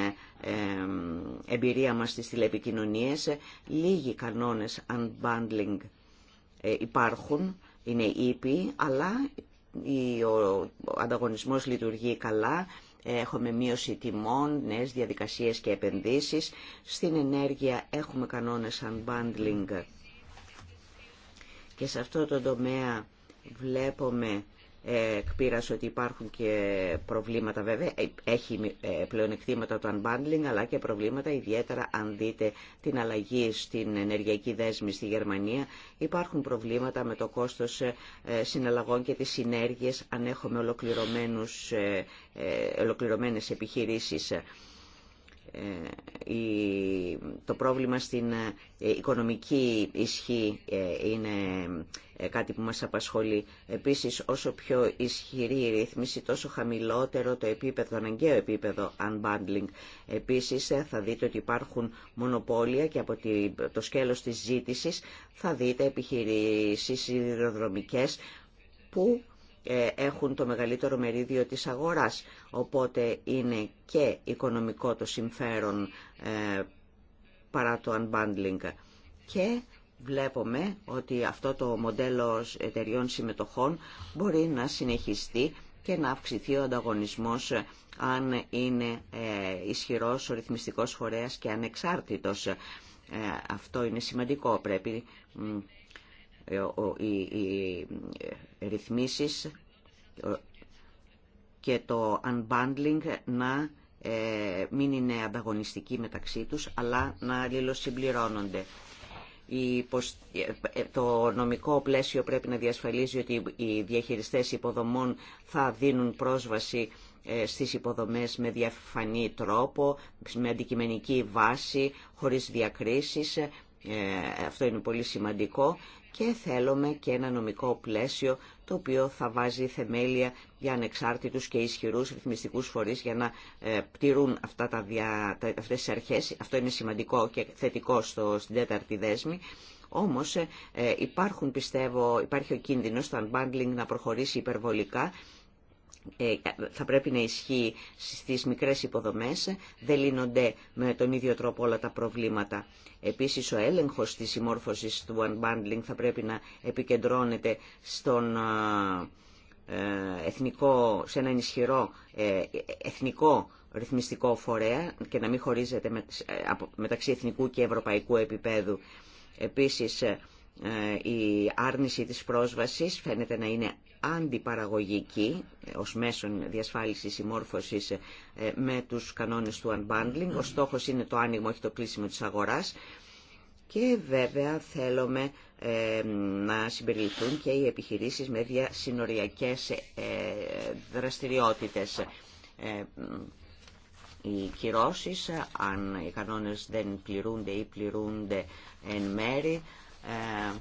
εμπειρία μας στις τηλεπικοινωνίες, λίγοι κανόνες unbundling ε, υπάρχουν, είναι ήπιοι, αλλά ο ανταγωνισμός λειτουργεί καλά, έχουμε μείωση τιμών, νέες διαδικασίες και επενδύσεις. Στην ενέργεια έχουμε κανόνες unbundling και σε αυτό το τομέα βλέπουμε εκπείρας ότι υπάρχουν και προβλήματα βέβαια, ε, έχει ε, πλεονεκτήματα το unbundling αλλά και προβλήματα ιδιαίτερα αν δείτε την αλλαγή στην ενεργειακή δέσμη στη Γερμανία υπάρχουν προβλήματα με το κόστος ε, συναλλαγών και τις συνέργειες αν έχουμε ολοκληρωμένους, ολοκληρωμένες επιχειρήσεις ε, το πρόβλημα στην ε, οικονομική ισχύ ε, είναι κάτι που μας απασχολεί. Επίσης, όσο πιο ισχυρή η ρύθμιση, τόσο χαμηλότερο το επίπεδο, αναγκαίο επίπεδο unbundling. Επίσης, θα δείτε ότι υπάρχουν μονοπόλια και από το σκέλος της ζήτησης θα δείτε επιχειρήσεις σιδηροδρομικές που ε, έχουν το μεγαλύτερο μερίδιο της αγοράς. Οπότε είναι και οικονομικό το συμφέρον ε, παρά το unbundling. Και βλέπουμε ότι αυτό το μοντέλο εταιριών συμμετοχών μπορεί να συνεχιστεί και να αυξηθεί ο ανταγωνισμός ε, αν είναι ισχυρός ο ρυθμιστικός φορέας και ανεξάρτητος. Αυτό είναι σημαντικό. Πρέπει ε, οι ε, ρυθμίσεις ε, και το unbundling να μην είναι ανταγωνιστικοί μεταξύ τους, αλλά να αλληλοσυμπληρώνονται. Το νομικό πλαίσιο πρέπει να διασφαλίζει ότι οι διαχειριστές υποδομών θα δίνουν πρόσβαση στις υποδομές με διαφανή τρόπο, με αντικειμενική βάση, χωρίς διακρίσεις. Αυτό είναι πολύ σημαντικό και θέλουμε και ένα νομικό πλαίσιο το οποίο θα βάζει θεμέλια για ανεξάρτητους και ισχυρούς ρυθμιστικούς φορείς για να ε, πτυρούν αυτά τα δια, αυτές τις αρχές. Αυτό είναι σημαντικό και θετικό στο, στην τέταρτη δέσμη. Όμως ε, ε, υπάρχουν, πιστεύω, υπάρχει ο κίνδυνος το unbundling να προχωρήσει υπερβολικά ε, θα πρέπει να ισχύει στις μικρές υποδομές, δεν λύνονται με τον ίδιο τρόπο όλα τα προβλήματα. Επίσης ο έλεγχος της συμμόρφωσης του unbundling θα πρέπει να επικεντρώνεται στον ε, εθνικό, σε έναν ισχυρό ε, εθνικό ρυθμιστικό φορέα και να μην χωρίζεται μεταξύ εθνικού και ευρωπαϊκού επίπεδου. Επίσης ε, η άρνηση της πρόσβασης φαίνεται να είναι αντιπαραγωγική ε, ως μέσον διασφάλισης συμμόρφωσης ε, με τους κανόνες του unbundling. Ο στόχος είναι το άνοιγμα, όχι το κλείσιμο της αγοράς. Και βέβαια θέλουμε να συμπεριληφθούν και οι επιχειρήσεις με διασυνοριακές δραστηριότητες. Οι κυρώσεις, αν οι κανόνες δεν πληρούνται ή πληρούνται εν μέρη, ε,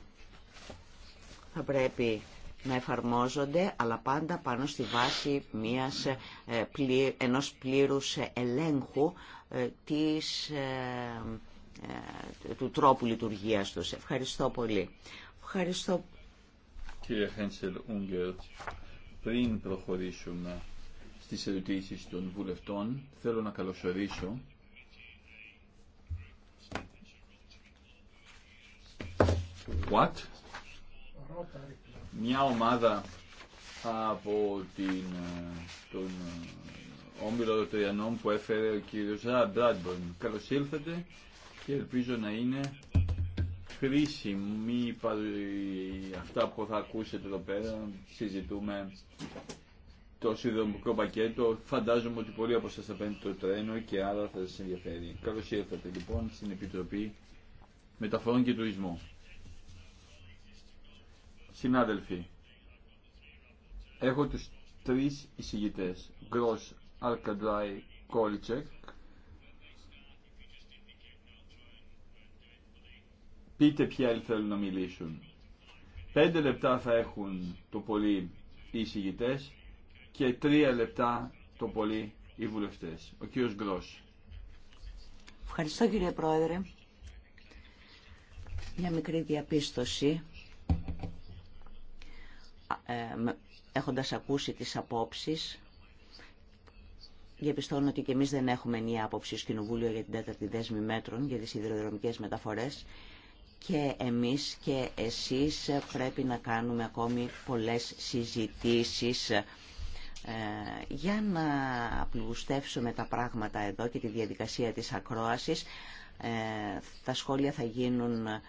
θα πρέπει να εφαρμόζονται, αλλά πάντα πάνω στη βάση μιας, ε, ενός πλήρους ελέγχου ε, της, του τρόπου λειτουργίας τους. Ευχαριστώ πολύ. Ευχαριστώ. Κύριε Χένσελ Ούγκερ, πριν προχωρήσουμε στις ερωτήσεις των βουλευτών, θέλω να καλωσορίσω What? Μια ομάδα από την, ε, τον ε, όμιλο τριανών που έφερε ο κύριος Ραμπράντμπον Καλώς ήλθατε και ελπίζω να είναι χρήσιμη αυτά που θα ακούσετε εδώ πέρα. Συζητούμε το συνδρομικό πακέτο. Φαντάζομαι ότι πολλοί από σας θα παίρνετε το τρένο και άλλα θα σας ενδιαφέρει. Καλώς ήρθατε λοιπόν στην Επιτροπή Μεταφορών και Τουρισμού. Συνάδελφοι, έχω τους τρεις εισηγητές, Γκρός, Αλκαντράι, Κόλτσεκ, Πείτε ποιοι άλλοι θέλουν να μιλήσουν. Πέντε λεπτά θα έχουν το πολύ οι εισηγητές και τρία λεπτά το πολύ οι βουλευτές. Ο κύριος Γκρός. Ευχαριστώ κύριε Πρόεδρε. Μια μικρή διαπίστωση ε, έχοντας ακούσει τις απόψεις, διαπιστώνω ότι και εμείς δεν έχουμε νέα άποψη στο Κοινοβούλιο για την τέταρτη δέσμη μέτρων, για τις ιδεροδρομικές μεταφορές και εμείς και εσείς πρέπει να κάνουμε ακόμη πολλές συζητήσεις ε, για να πλουστεύσουμε τα πράγματα εδώ και τη διαδικασία της ακρόασης ε, τα σχόλια θα γίνουν ε,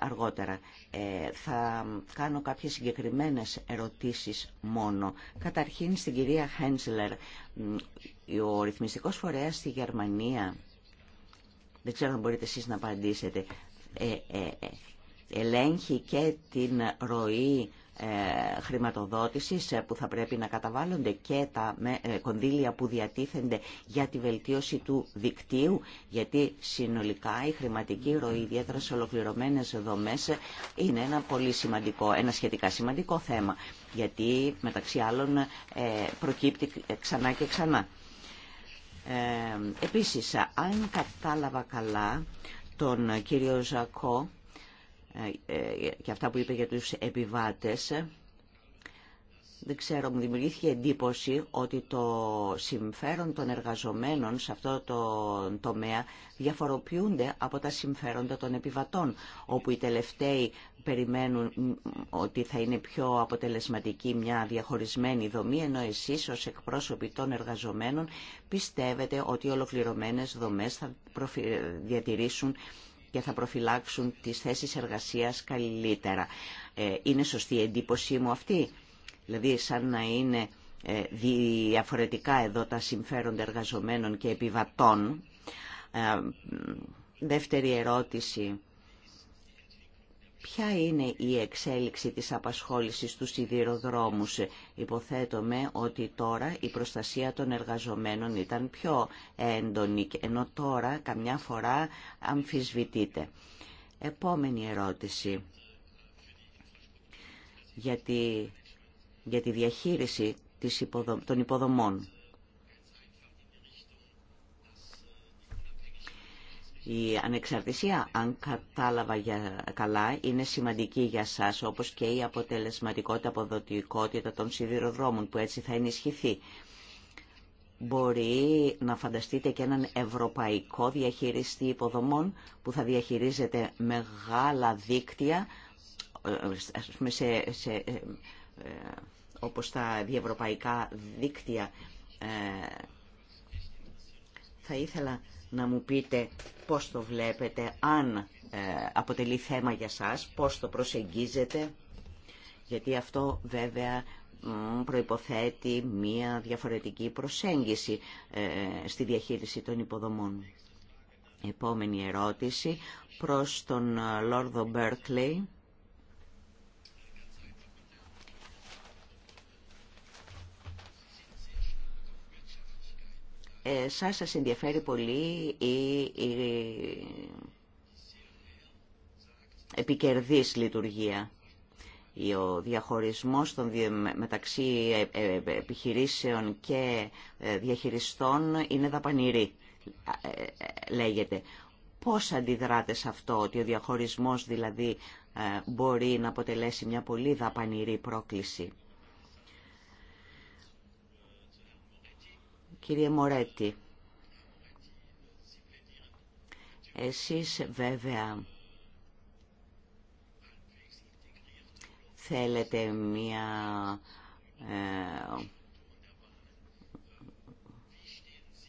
αργότερα. Ε, θα κάνω κάποιες συγκεκριμένες ερωτήσεις μόνο. Καταρχήν στην κυρία Χένσλερ, ο ρυθμιστικός φορέας στη Γερμανία, δεν ξέρω αν μπορείτε εσείς να απαντήσετε, ελέγχει και την ροή ε, χρηματοδότησης ε, που θα πρέπει να καταβάλλονται και τα ε, κονδύλια που διατίθενται για τη βελτίωση του δικτύου γιατί συνολικά η χρηματική ροή ιδιαίτερα σε ολοκληρωμένες δομές είναι ένα πολύ σημαντικό, ένα σχετικά σημαντικό θέμα γιατί μεταξύ άλλων προκύπτει ξανά και ξανά. Ε, επίσης, αν κατάλαβα καλά τον κύριο Ζακό, και αυτά που είπε για τους επιβάτες, δεν ξέρω, μου δημιουργήθηκε εντύπωση ότι το συμφέρον των εργαζομένων σε αυτό το τομέα διαφοροποιούνται από τα συμφέροντα των επιβατών, όπου οι τελευταίοι περιμένουν ότι θα είναι πιο αποτελεσματική μια διαχωρισμένη δομή, ενώ εσείς ως εκπρόσωποι των εργαζομένων πιστεύετε ότι οι ολοκληρωμένες δομές θα διατηρήσουν και θα προφυλάξουν τις θέσεις εργασίας καλύτερα. Ε, είναι σωστή η εντύπωσή μου αυτή, δηλαδή σαν να είναι ε, διαφορετικά εδώ τα συμφέροντα εργαζομένων και επιβατών. Ε, δεύτερη ερώτηση Ποια είναι η εξέλιξη της απασχόλησης του σιδηροδρόμους. Υποθέτομαι ότι τώρα η προστασία των εργαζομένων ήταν πιο έντονη, ενώ τώρα καμιά φορά αμφισβητείται. Επόμενη ερώτηση. Για τη, για τη διαχείριση της των υποδομών. Η ανεξαρτησία, αν κατάλαβα για καλά, είναι σημαντική για σας, όπως και η αποτελεσματικότητα, αποδοτικότητα των σιδηροδρόμων, που έτσι θα ενισχυθεί. Μπορεί να φανταστείτε και έναν ευρωπαϊκό διαχειριστή υποδομών που θα διαχειρίζεται μεγάλα δίκτυα, όπω ε, ε, ε, όπως τα διευρωπαϊκά δίκτυα. θα ήθελα να μου πείτε πώς το βλέπετε, αν ε, αποτελεί θέμα για σας, πώς το προσεγγίζετε, γιατί αυτό βέβαια προϋποθέτει μία διαφορετική προσέγγιση ε, στη διαχείριση των υποδομών. Επόμενη ερώτηση προς τον ε, Λόρδο Μπέρκλεϊ. σάσα ε, σας ενδιαφέρει πολύ η, η επικερδής λειτουργία. Ο διαχωρισμός των, μεταξύ ε, ε, επιχειρήσεων και διαχειριστών είναι δαπανηρή, λέγεται. Πώς αντιδράτε σε αυτό, ότι ο διαχωρισμός δηλαδή μπορεί να αποτελέσει μια πολύ δαπανηρή πρόκληση. Κύριε Μωρέτη, εσείς βέβαια θέλετε μία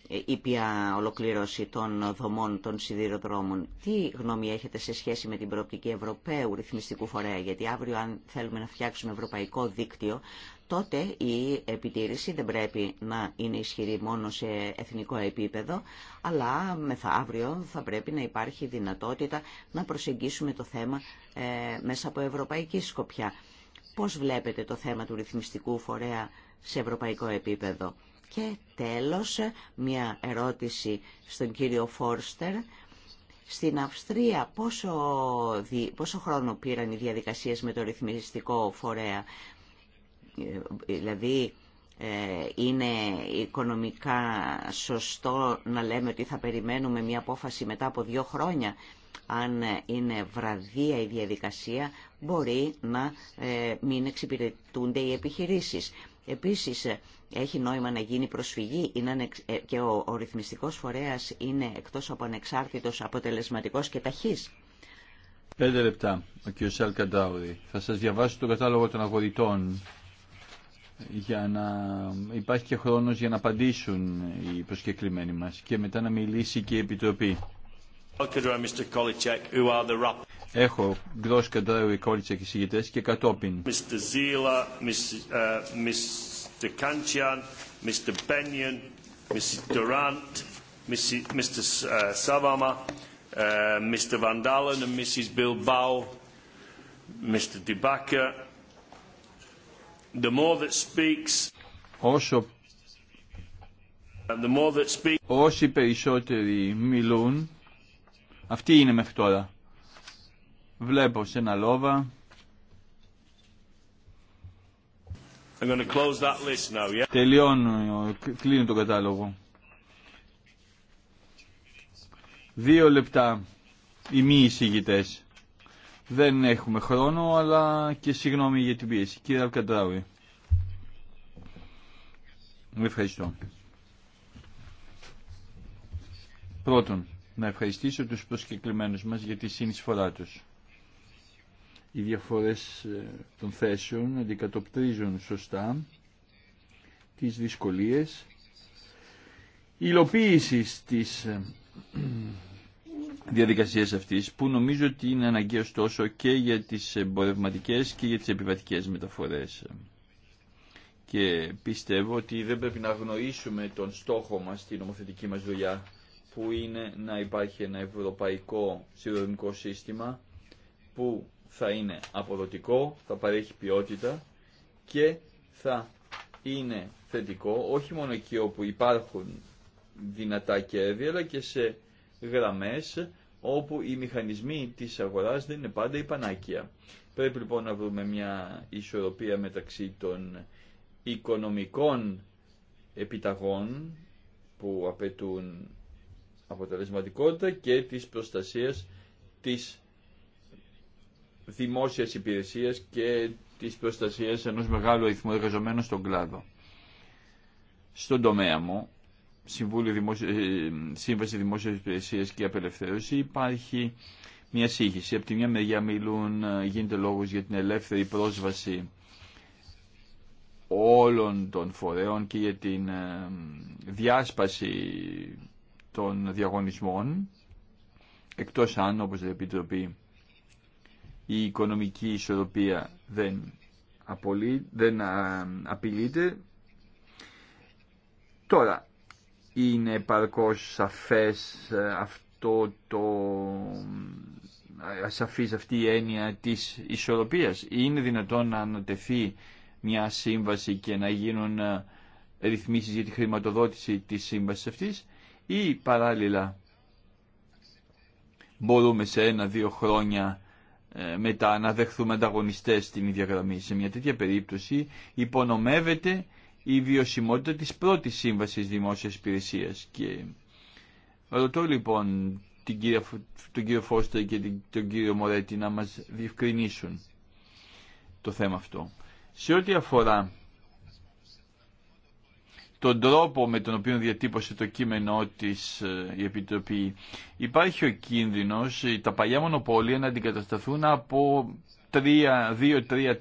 ε, ήπια ολοκλήρωση των δομών των σιδηροδρόμων. Τι γνώμη έχετε σε σχέση με την προοπτική Ευρωπαίου ρυθμιστικού φορέα, γιατί αύριο αν θέλουμε να φτιάξουμε ευρωπαϊκό δίκτυο τότε η επιτήρηση δεν πρέπει να είναι ισχυρή μόνο σε εθνικό επίπεδο, αλλά μεθαύριο θα πρέπει να υπάρχει δυνατότητα να προσεγγίσουμε το θέμα ε, μέσα από ευρωπαϊκή σκοπιά. Πώς βλέπετε το θέμα του ρυθμιστικού φορέα σε ευρωπαϊκό επίπεδο. Και τέλος, μια ερώτηση στον κύριο Φόρστερ. Στην Αυστρία πόσο, πόσο χρόνο πήραν οι διαδικασίες με το ρυθμιστικό φορέα δηλαδή ε, είναι οικονομικά σωστό να λέμε ότι θα περιμένουμε μια απόφαση μετά από δύο χρόνια. Αν είναι βραδία η διαδικασία, μπορεί να ε, μην εξυπηρετούνται οι επιχειρήσεις. Επίσης, ε, έχει νόημα να γίνει προσφυγή είναι και ο, ο ρυθμιστικός φορέας είναι εκτός από ανεξάρτητος, αποτελεσματικός και ταχύς. Πέντε λεπτά, ο κ. Σαλκαντάουδη. Θα σας διαβάσω το κατάλογο των αγορητών για να υπάρχει και χρόνος για να απαντήσουν οι προσκεκλημένοι μας και μετά να μιλήσει και η Επιτροπή. Έχω Γκρός Καντράου, Κόλτσεκ, εισηγητές και κατόπιν. Mr. Zila, Mr. Ε, Kanchian, Mr. Benyon, Mrs. Durant, Mr. Eh, Savama, eh, Mr. Van Dalen and Mrs. Bilbao, Mr. Dibaka, Όσοι περισσότεροι μιλούν, αυτοί είναι μέχρι τώρα. Βλέπω σε ένα λόβα. Τελειώνω, κλείνω τον κατάλογο. Δύο λεπτά οι μη εισηγητές. Δεν έχουμε χρόνο, αλλά και συγγνώμη για την πίεση. Κύριε Αλκαντράουι. Ευχαριστώ. Πρώτον, να ευχαριστήσω τους προσκεκλημένους μας για τη συνεισφορά τους. Οι διαφορές ε, των θέσεων αντικατοπτρίζουν σωστά τις δυσκολίες υλοποίησης της ε, διαδικασίες αυτή που νομίζω ότι είναι αναγκαίο τόσο και για τις εμπορευματικέ και για τις επιβατικέ μεταφορές. Και πιστεύω ότι δεν πρέπει να γνωρίσουμε τον στόχο μας, την νομοθετική μα δουλειά, που είναι να υπάρχει ένα ευρωπαϊκό συνδρομικό σύστημα που θα είναι αποδοτικό, θα παρέχει ποιότητα και θα είναι θετικό όχι μόνο εκεί όπου υπάρχουν δυνατά κέρδη αλλά και σε γραμμές όπου οι μηχανισμοί της αγοράς δεν είναι πάντα υπανάκια. Πρέπει λοιπόν να βρούμε μια ισορροπία μεταξύ των οικονομικών επιταγών που απαιτούν αποτελεσματικότητα και της προστασίας της δημόσιας υπηρεσίας και της προστασίας ενός μεγάλου αριθμού εργαζομένων στον κλάδο. Στον τομέα μου Συμβούλιο ε, Σύμβαση Δημόσιας Υπηρεσίας και Απελευθέρωση υπάρχει μια σύγχυση. Από τη μια μεριά μιλούν, ε, γίνεται λόγος για την ελεύθερη πρόσβαση όλων των φορέων και για την ε, διάσπαση των διαγωνισμών εκτός αν, όπως λέει η Επιτροπή, η οικονομική ισορροπία δεν, απολύ, δεν απειλείται. Τώρα, είναι παρκώς σαφές ε, αυτό το ε, σαφής αυτή η έννοια της ισορροπίας. Είναι δυνατόν να ανατεθεί μια σύμβαση και να γίνουν ε, ρυθμίσεις για τη χρηματοδότηση της σύμβασης αυτής ή παράλληλα μπορούμε σε ένα-δύο χρόνια μετά να δεχθούμε ανταγωνιστές στην ίδια γραμμή. Σε μια τέτοια περίπτωση υπονομεύεται η βιωσιμότητα της πρώτης σύμβασης δημόσιας υπηρεσίας. Και ρωτώ λοιπόν την κυρία, τον κύριο Φώστερ και τον κύριο Μωρέτη να μας διευκρινίσουν το θέμα αυτό. Σε ό,τι αφορά τον τρόπο με τον οποίο διατύπωσε το κείμενό της ε, η Επιτροπή υπάρχει ο κίνδυνος ε, τα παλιά μονοπόλια να αντικατασταθούν από 3, 2, 3,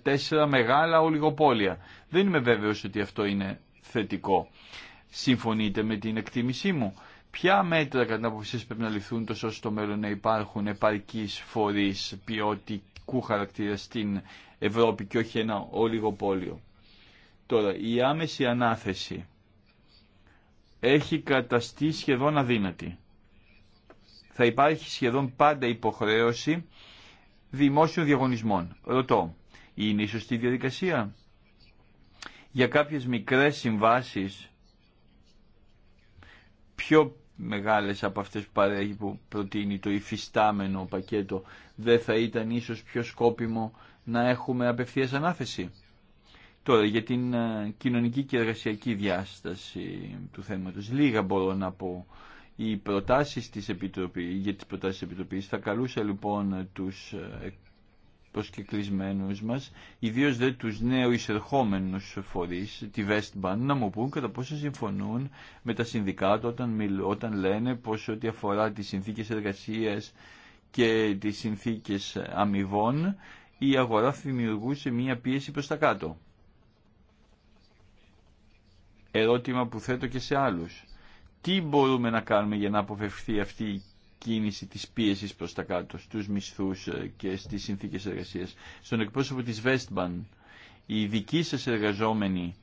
4 μεγάλα ολιγοπόλια. Δεν είμαι βέβαιος ότι αυτό είναι θετικό. Συμφωνείτε με την εκτίμησή μου. Ποια μέτρα κατά την πρέπει να ληφθούν τόσο στο μέλλον να υπάρχουν επαρκείς φορείς ποιοτικού χαρακτήρα στην Ευρώπη και όχι ένα ολιγοπόλιο. Τώρα, η άμεση ανάθεση έχει καταστεί σχεδόν αδύνατη. Θα υπάρχει σχεδόν πάντα υποχρέωση δημόσιων διαγωνισμών. Ρωτώ, είναι η σωστή διαδικασία για κάποιες μικρές συμβάσεις πιο μεγάλες από αυτές που, παρέχει, που προτείνει το υφιστάμενο πακέτο δεν θα ήταν ίσως πιο σκόπιμο να έχουμε απευθείας ανάθεση. Τώρα για την ε, κοινωνική και εργασιακή διάσταση του θέματος λίγα μπορώ να πω. Οι προτάσεις της Επιτροπής, για τις προτάσεις της Επιτροπής θα καλούσα λοιπόν τους ε, προσκεκλισμένους μας, ιδίως δε τους νέου εισερχόμενους φορείς, τη Westbank, να μου πούν κατά πόσο συμφωνούν με τα συνδικάτα όταν, λένε πως ό,τι αφορά τις συνθήκες εργασίας και τις συνθήκες αμοιβών, η αγορά δημιουργούσε μία πίεση προς τα κάτω. Ερώτημα που θέτω και σε άλλους. Τι μπορούμε να κάνουμε για να αποφευθεί αυτή η κίνηση της πίεσης προς τα κάτω, στους μισθούς ε, και στις συνθήκες εργασίας. Στον εκπρόσωπο της Westbank, οι δικοί σας εργαζόμενοι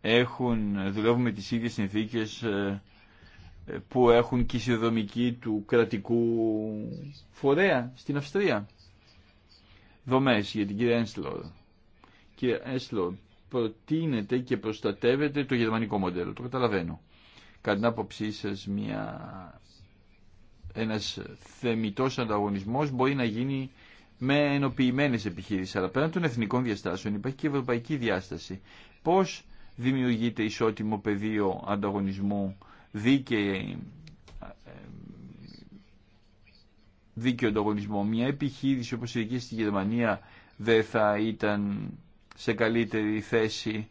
έχουν, δουλεύουν με τις ίδιες συνθήκες ε, ε, που έχουν και οι του κρατικού φορέα στην Αυστρία. Δομές για την κυρία Ένσλορ. Κύριε Ένσλορ, προτείνεται και προστατεύεται το γερμανικό μοντέλο, το καταλαβαίνω. Κατά την άποψή σα μια ένας θεμητός ανταγωνισμός μπορεί να γίνει με ενοποιημένες επιχείρησεις. Αλλά πέραν των εθνικών διαστάσεων υπάρχει και ευρωπαϊκή διάσταση. Πώς δημιουργείται ισότιμο πεδίο ανταγωνισμού, δίκαιο, ε, δίκαιο ανταγωνισμό. Μια επιχείρηση όπως η δική στη Γερμανία δεν θα ήταν σε καλύτερη θέση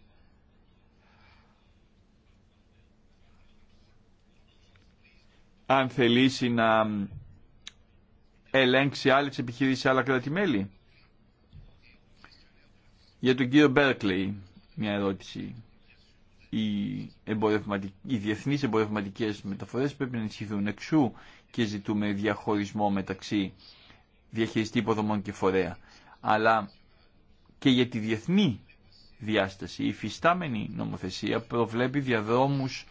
αν θελήσει να ελέγξει άλλες επιχειρήσεις σε άλλα κράτη-μέλη. Για τον κύριο Μπέρκλεϊ μια ερώτηση. Οι, οι διεθνείς εμπορευματικές μεταφορές πρέπει να ενισχυθούν εξού και ζητούμε διαχωρισμό μεταξύ διαχειριστή υποδομών και φορέα. Αλλά και για τη διεθνή διάσταση η φυστάμενη νομοθεσία προβλέπει διαδρόμους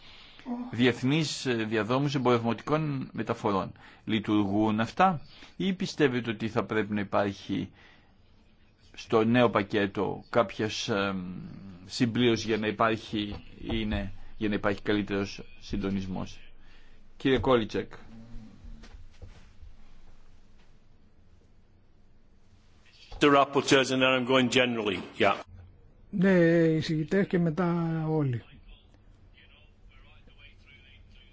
διεθνείς ε, διαδρόμους εμπορευματικών μεταφορών. Λειτουργούν αυτά ή πιστεύετε ότι θα πρέπει να υπάρχει στο νέο πακέτο κάποιας ε, συμπλήρωση για να υπάρχει, είναι, για να υπάρχει καλύτερος συντονισμός. Κύριε Κόλιτσεκ. Ναι, οι και μετά όλοι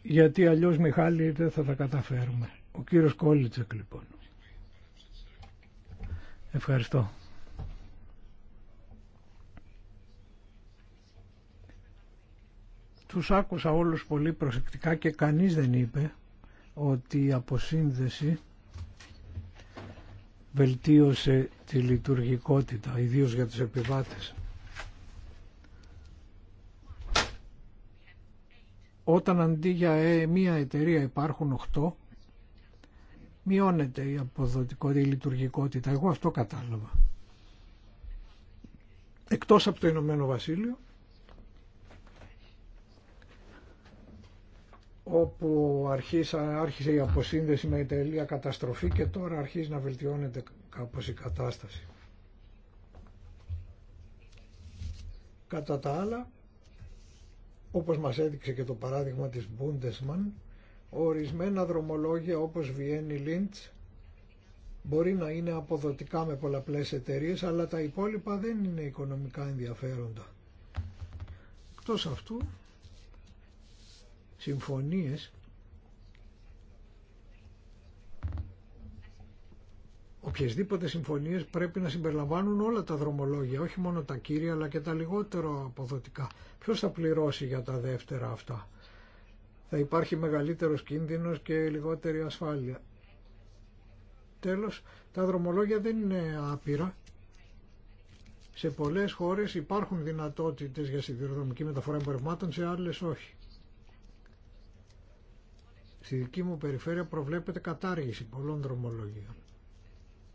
γιατί αλλιώς Μιχάλη δεν θα τα καταφέρουμε. Ο κύριος Κόλιτσεκ λοιπόν. Ευχαριστώ. Τους άκουσα όλους πολύ προσεκτικά και κανείς δεν είπε ότι η αποσύνδεση βελτίωσε τη λειτουργικότητα, ιδίως για τους επιβάτες. όταν αντί για ε, μία εταιρεία υπάρχουν 8, μειώνεται η αποδοτικότητα, η λειτουργικότητα. Εγώ αυτό κατάλαβα. Εκτός από το Ηνωμένο Βασίλειο, όπου αρχίσα, άρχισε η αποσύνδεση με η τελεία καταστροφή και τώρα αρχίζει να βελτιώνεται κάπως η κατάσταση. Κατά τα άλλα, όπως μας έδειξε και το παράδειγμα της Bundesmann, ορισμένα δρομολόγια όπως Βιέννη Λίντς μπορεί να είναι αποδοτικά με πολλαπλές εταιρείε, αλλά τα υπόλοιπα δεν είναι οικονομικά ενδιαφέροντα. Εκτός αυτού, συμφωνίες Οποιασδήποτε συμφωνίες πρέπει να συμπεριλαμβάνουν όλα τα δρομολόγια, όχι μόνο τα κύρια αλλά και τα λιγότερο αποδοτικά. Ποιος θα πληρώσει για τα δεύτερα αυτά. Θα υπάρχει μεγαλύτερος κίνδυνος και λιγότερη ασφάλεια. Τέλος, τα δρομολόγια δεν είναι άπειρα. Σε πολλές χώρες υπάρχουν δυνατότητες για σιδηροδρομική μεταφορά εμπορευμάτων, σε άλλες όχι. Στη δική μου περιφέρεια προβλέπεται κατάργηση πολλών δρομολογίων.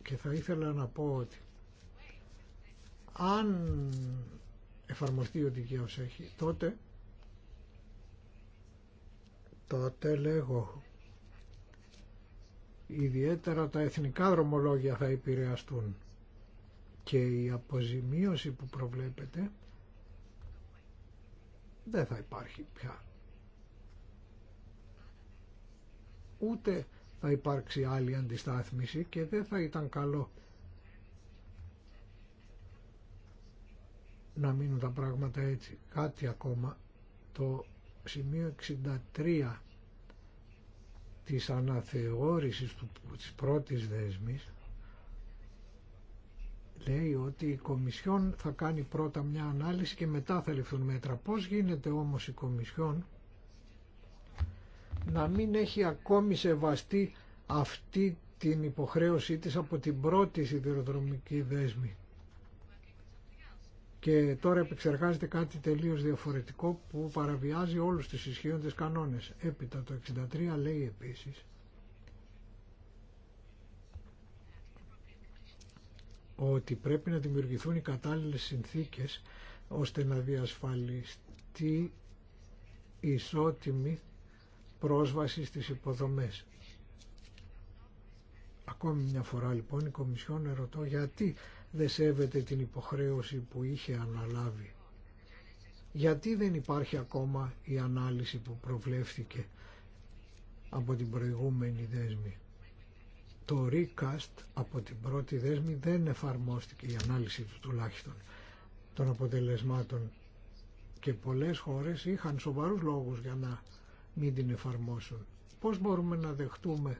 Και θα ήθελα να πω ότι αν εφαρμοστεί ο δικαίος έχει, τότε, τότε λέγω, ιδιαίτερα τα εθνικά δρομολόγια θα επηρεαστούν και η αποζημίωση που προβλέπεται δεν θα υπάρχει πια. Ούτε θα υπάρξει άλλη αντιστάθμιση και δεν θα ήταν καλό να μείνουν τα πράγματα έτσι. Κάτι ακόμα, το σημείο 63 της αναθεώρησης του, της πρώτης δέσμης λέει ότι η Κομισιόν θα κάνει πρώτα μια ανάλυση και μετά θα ληφθούν μέτρα. Πώς γίνεται όμως η Κομισιόν να μην έχει ακόμη σεβαστεί αυτή την υποχρέωσή της από την πρώτη σιδηροδρομική δέσμη. Και τώρα επεξεργάζεται κάτι τελείως διαφορετικό που παραβιάζει όλους τους ισχύοντες κανόνες. Έπειτα το 63 λέει επίσης ότι πρέπει να δημιουργηθούν οι κατάλληλες συνθήκες ώστε να διασφαλιστεί ισότιμη πρόσβαση στις υποδομές. Ακόμη μια φορά λοιπόν η Κομισιόν ερωτώ γιατί δεν σέβεται την υποχρέωση που είχε αναλάβει. Γιατί δεν υπάρχει ακόμα η ανάλυση που προβλέφθηκε από την προηγούμενη δέσμη. Το recast από την πρώτη δέσμη δεν εφαρμόστηκε η ανάλυση του τουλάχιστον των αποτελεσμάτων και πολλές χώρες είχαν σοβαρούς λόγους για να μην την εφαρμόσουν. Πώς μπορούμε να δεχτούμε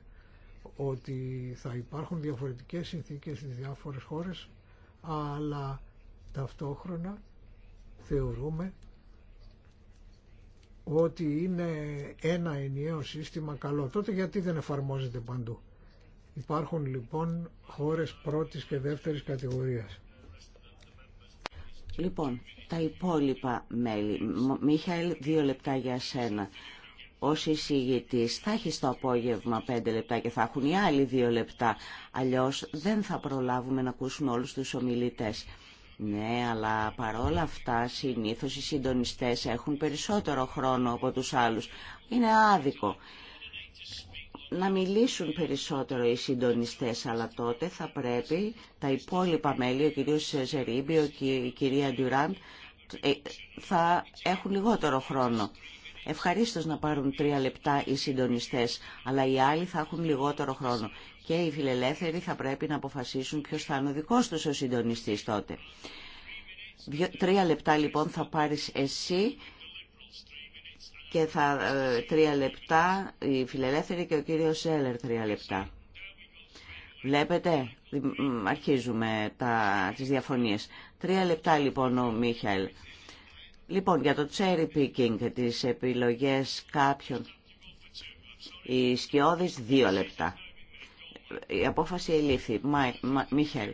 ότι θα υπάρχουν διαφορετικές συνθήκες στις διάφορες χώρες, αλλά ταυτόχρονα θεωρούμε ότι είναι ένα ενιαίο σύστημα καλό. Τότε γιατί δεν εφαρμόζεται παντού. Υπάρχουν λοιπόν χώρες πρώτης και δεύτερης κατηγορίας. Λοιπόν, τα υπόλοιπα μέλη. Μιχαήλ, δύο λεπτά για σένα ως εισηγητής θα έχει το απόγευμα πέντε λεπτά και θα έχουν οι άλλοι δύο λεπτά. Αλλιώς δεν θα προλάβουμε να ακούσουμε όλους τους ομιλητές. Ναι, αλλά παρόλα αυτά συνήθως οι συντονιστές έχουν περισσότερο χρόνο από τους άλλους. Είναι άδικο. Να μιλήσουν περισσότερο οι συντονιστές, αλλά τότε θα πρέπει τα υπόλοιπα μέλη, ο κυρίος και η κυρία Ντουράντ, ε, θα έχουν λιγότερο χρόνο. Ευχαρίστως να πάρουν τρία λεπτά οι συντονιστές, αλλά οι άλλοι θα έχουν λιγότερο χρόνο. Και οι φιλελεύθεροι θα πρέπει να αποφασίσουν ποιος θα είναι ο δικός τους ο συντονιστής τότε. Τρία λεπτά λοιπόν θα πάρεις εσύ και θα ε, τρία λεπτά οι φιλελεύθεροι και ο κύριος Σέλερ τρία λεπτά. Βλέπετε, αρχίζουμε τα, τις διαφωνίες. Τρία λεπτά λοιπόν ο Μίχαελ. Λοιπόν, για το cherry picking, τις επιλογές κάποιων, οι Σκιώδης, δύο λεπτά. Η απόφαση ελήφθη. Μίχελ.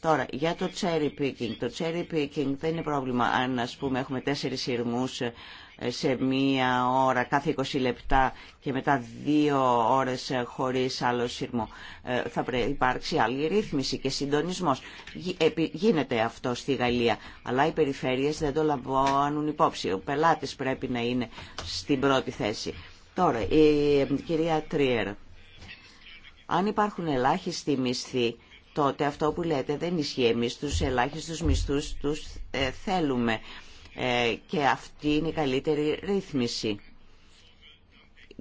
Τώρα, για το cherry picking. Το cherry picking δεν είναι πρόβλημα αν, ας πούμε, έχουμε τέσσερις σειρμούς σε μία ώρα κάθε 20 λεπτά και μετά δύο ώρες χωρίς άλλο σύρμο. Ε, θα υπάρξει άλλη ρύθμιση και συντονισμός. Γίνεται αυτό στη Γαλλία, αλλά οι περιφέρειες δεν το λαμβάνουν υπόψη. Ο πελάτης πρέπει να είναι στην πρώτη θέση. Τώρα, η κυρία Τρίερ. Αν υπάρχουν ελάχιστοι μισθοί, τότε αυτό που λέτε δεν ισχύει. Εμείς τους ελάχιστους μισθούς τους ε, θέλουμε. Ε, και αυτή είναι η καλύτερη ρύθμιση.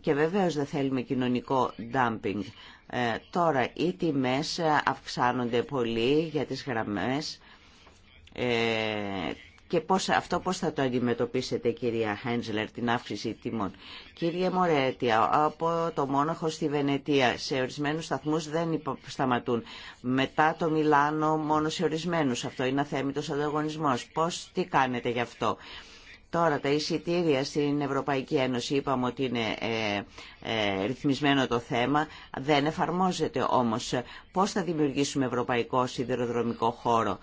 Και βεβαίως δεν θέλουμε κοινωνικό dumping. Ε, τώρα οι τιμές ε, αυξάνονται πολύ για τις γραμμές και πώς, αυτό πώς θα το αντιμετωπίσετε κυρία Χέντζλερ την αύξηση τιμών. Κύριε Μωρέτια, από το Μόναχο στη Βενετία σε ορισμένους σταθμούς δεν σταματούν. Μετά το Μιλάνο μόνο σε ορισμένους. Αυτό είναι αθέμητος ανταγωνισμός. Πώς, τι κάνετε γι' αυτό. Τώρα τα εισιτήρια στην Ευρωπαϊκή Ένωση είπαμε ότι είναι ε, ε, ρυθμισμένο το θέμα, δεν εφαρμόζεται όμως. Πώς θα δημιουργήσουμε ευρωπαϊκό σιδηροδρομικό χώρο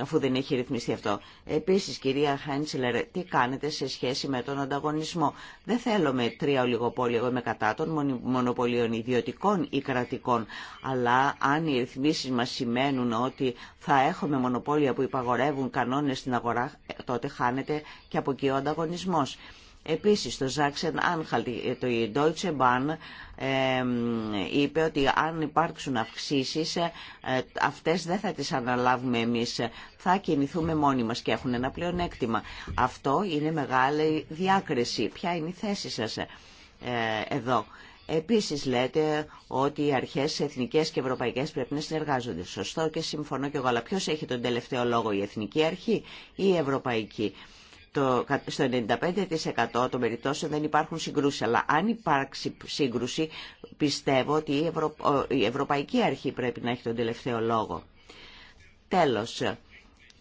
αφού δεν έχει ρυθμιστεί αυτό. Επίσης, κυρία Χάντσιλερ, τι κάνετε σε σχέση με τον ανταγωνισμό. Δεν θέλουμε τρία ολιγοπόλια, εγώ είμαι κατά των μονοπωλίων ιδιωτικών ή κρατικών, αλλά αν οι ρυθμίσεις μας σημαίνουν ότι θα έχουμε μονοπόλια που υπαγορεύουν κανόνες στην αγορά, τότε χάνεται και από εκεί ο ανταγωνισμός. Επίσης το Ζάξεν Άνχαλ, το Deutsche Bahn είπε ότι αν υπάρξουν αυξήσεις ε, αυτές δεν θα τις αναλάβουμε εμείς, θα κινηθούμε μόνοι μας και έχουν ένα πλεονέκτημα. Αυτό είναι μεγάλη διάκριση. Ποια είναι η θέση σας ε, εδώ. Επίσης λέτε ότι οι αρχές εθνικές και ευρωπαϊκές πρέπει να συνεργάζονται. Σωστό και συμφωνώ και εγώ, αλλά ποιος έχει τον τελευταίο λόγο, η εθνική αρχή ή η ευρωπαϊκή το, στο 95% των περιπτώσεων δεν υπάρχουν συγκρούσεις. Αλλά αν υπάρξει σύγκρουση, πιστεύω ότι η, Ευρωπαϊκή Αρχή πρέπει να έχει τον τελευταίο λόγο. Τέλος,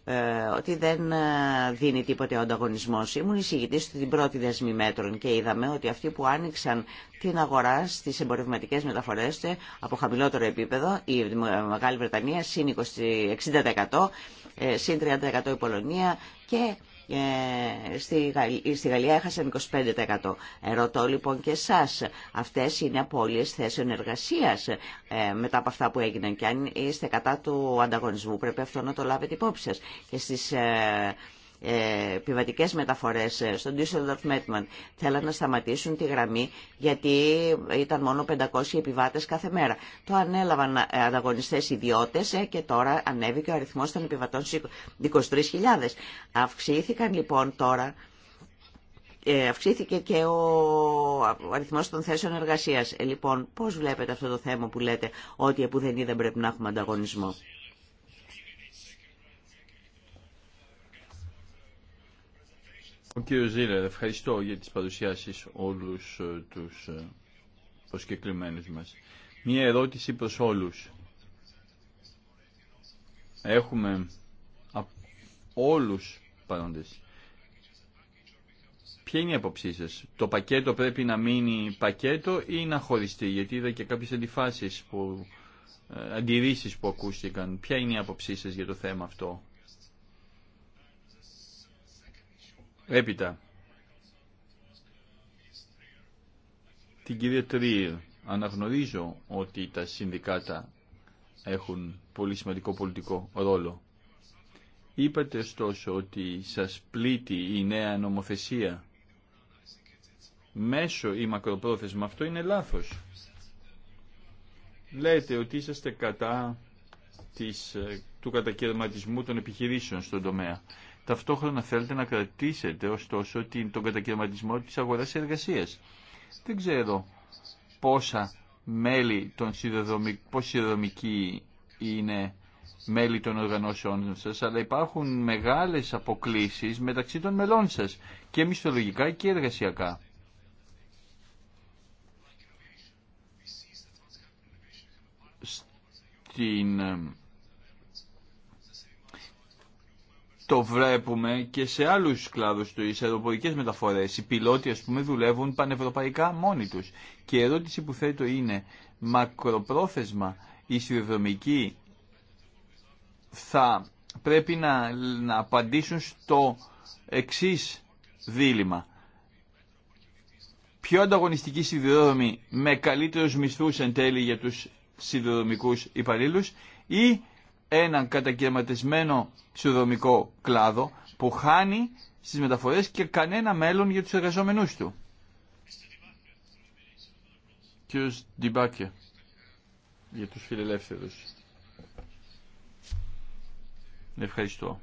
ε, ότι δεν ε, δίνει τίποτε ο ανταγωνισμό. Ήμουν εισηγητή στην πρώτη δεσμή μέτρων και είδαμε ότι αυτοί που άνοιξαν την αγορά στις εμπορευματικέ μεταφορές ε, από χαμηλότερο επίπεδο, η Μεγάλη Βρετανία συν 60%, συν 30% η Πολωνία και ε, στη, Γαλλία, στη Γαλλία έχασαν 25%. Ερωτώ λοιπόν και εσάς, αυτές είναι απώλειες θέσεων εργασίας ε, μετά από αυτά που έγιναν και αν είστε κατά του ανταγωνισμού πρέπει αυτό να το λάβετε υπόψη σας. Και στις ε, ε, επιβατικές μεταφορές ε, στον Düsseldorf Μέτμαν θέλαν να σταματήσουν τη γραμμή γιατί ήταν μόνο 500 επιβάτες κάθε μέρα. Το ανέλαβαν ε, ανταγωνιστές ιδιώτες και τώρα ανέβηκε ο αριθμός των επιβατών στις 23.000. Αυξήθηκαν λοιπόν τώρα αυξήθηκε και ο αριθμός των θέσεων εργασίας. λοιπόν, πώς βλέπετε αυτό το θέμα που λέτε ότι που δεν πρέπει να έχουμε ανταγωνισμό. Ο κύριο Ζήλερ, ευχαριστώ για τις παρουσιάσεις όλους ε, τους ε, προσκεκλημένους μας. Μία ερώτηση προς όλους. Έχουμε όλους παρόντες. Ποια είναι η αποψή σας. Το πακέτο πρέπει να μείνει πακέτο ή να χωριστεί. Γιατί είδα και κάποιες αντιφάσεις που ε, αντιρρήσεις που ακούστηκαν. Ποια είναι η άποψή σας για το θέμα αυτό. Έπειτα, την κυρία Τρίρ, αναγνωρίζω ότι τα συνδικάτα έχουν πολύ σημαντικό πολιτικό ρόλο. Είπατε ωστόσο ότι σας πλήττει η νέα νομοθεσία. μέσω ή μακροπρόθεσμα αυτό είναι λάθος. Λέτε ότι είσαστε κατά της, ε, του κατακαιρματισμού των επιχειρήσεων στον τομέα. Ταυτόχρονα θέλετε να κρατήσετε ωστόσο τον κατακαιρματισμό της αγοράς εργασίας. Δεν ξέρω πόσα μέλη των σιδεδομικοί είναι μέλη των οργανώσεών σας, αλλά υπάρχουν μεγάλες αποκλίσεις μεταξύ των μελών σας και μισθολογικά και εργασιακά. Στην το βλέπουμε και σε άλλους κλάδους του, σε αεροπορικές μεταφορές. Οι πιλότοι, ας πούμε, δουλεύουν πανευρωπαϊκά μόνοι τους. Και η ερώτηση που θέτω είναι, μακροπρόθεσμα η σιδηροδρομικοί θα πρέπει να, απαντήσουν στο εξή δίλημα. Πιο ανταγωνιστική σιδηρόδρομη με καλύτερους μισθούς εν τέλει για τους σιδηροδρομικούς υπαλλήλους ή έναν κατακαιρματισμένο ψηδομικό κλάδο που χάνει στις μεταφορές και κανένα μέλλον για τους εργαζόμενούς του. Κύριος Ντιμπάκε, για τους φιλελεύθερους. Ευχαριστώ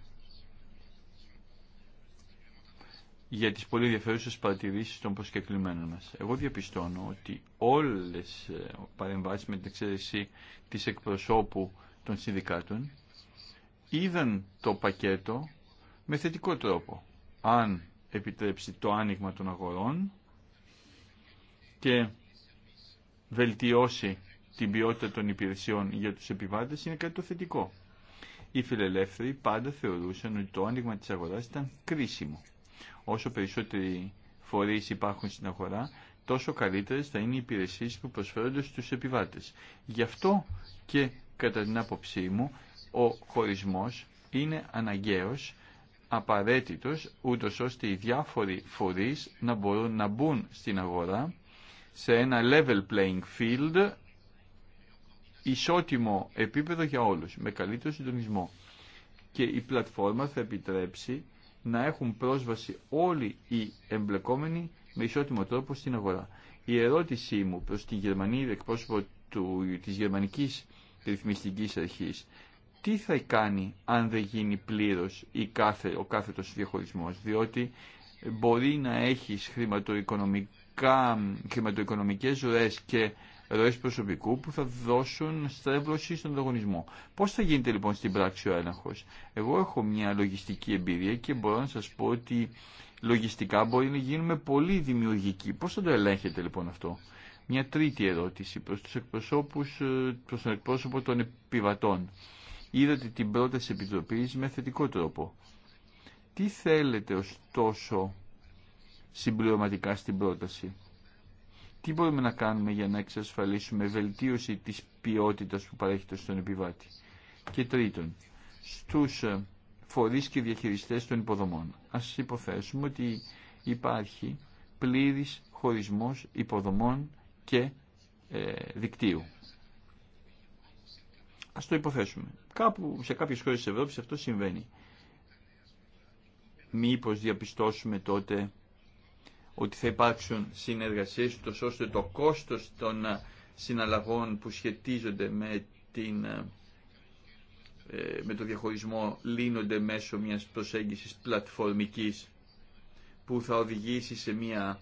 για τις πολύ ενδιαφέρουσε παρατηρήσεις των προσκεκλημένων μας. Εγώ διαπιστώνω ότι όλες ε, παρεμβάσεις με την εξαίρεση της εκπροσώπου των συνδικάτων είδαν το πακέτο με θετικό τρόπο. Αν επιτρέψει το άνοιγμα των αγορών και βελτιώσει την ποιότητα των υπηρεσιών για τους επιβάτες είναι κάτι το θετικό. Οι φιλελεύθεροι πάντα θεωρούσαν ότι το άνοιγμα της αγοράς ήταν κρίσιμο. Όσο περισσότεροι φορείς υπάρχουν στην αγορά, τόσο καλύτερες θα είναι οι υπηρεσίες που προσφέρονται στους επιβάτες. Γι' αυτό και κατά την άποψή μου, ο χωρισμός είναι αναγκαίος, απαραίτητος, ούτως ώστε οι διάφοροι φορείς να μπορούν να μπουν στην αγορά σε ένα level playing field ισότιμο επίπεδο για όλους, με καλύτερο συντονισμό. Και η πλατφόρμα θα επιτρέψει να έχουν πρόσβαση όλοι οι εμπλεκόμενοι με ισότιμο τρόπο στην αγορά. Η ερώτησή μου προς τη Γερμανία, εκπρόσωπο του, της γερμανικής ρυθμιστική αρχή, Τι θα κάνει αν δεν γίνει πλήρω κάθε, ο κάθετος διαχωρισμό, διότι μπορεί να έχει χρηματοοικονομικέ χρηματοοικονομικές και ροέ προσωπικού που θα δώσουν στρέβλωση στον ανταγωνισμό. Πώ θα γίνεται λοιπόν στην πράξη ο έλεγχο. Εγώ έχω μια λογιστική εμπειρία και μπορώ να σα πω ότι λογιστικά μπορεί να γίνουμε πολύ δημιουργικοί. Πώ θα το ελέγχετε λοιπόν αυτό. Μια τρίτη ερώτηση προς, τους ε, προς τον εκπρόσωπο των επιβατών. Είδατε την πρόταση επιτροπής με θετικό τρόπο. Τι θέλετε ωστόσο συμπληρωματικά στην πρόταση. Τι μπορούμε να κάνουμε για να εξασφαλίσουμε βελτίωση της ποιότητας που παρέχεται στον επιβάτη. Και τρίτον, στους ε, φορείς και διαχειριστές των υποδομών. Ας υποθέσουμε ότι υπάρχει πλήρης χωρισμός υποδομών και ε, δικτύου. Α το υποθέσουμε. Κάπου σε κάποιες χώρες τη Ευρώπη αυτό συμβαίνει. Μήπως διαπιστώσουμε τότε ότι θα υπάρξουν συνεργασίες τους ώστε το κόστος των ε, συναλλαγών που σχετίζονται με, την, ε, ε, με το διαχωρισμό λύνονται μέσω μιας προσέγγισης πλατφορμικής που θα οδηγήσει σε μια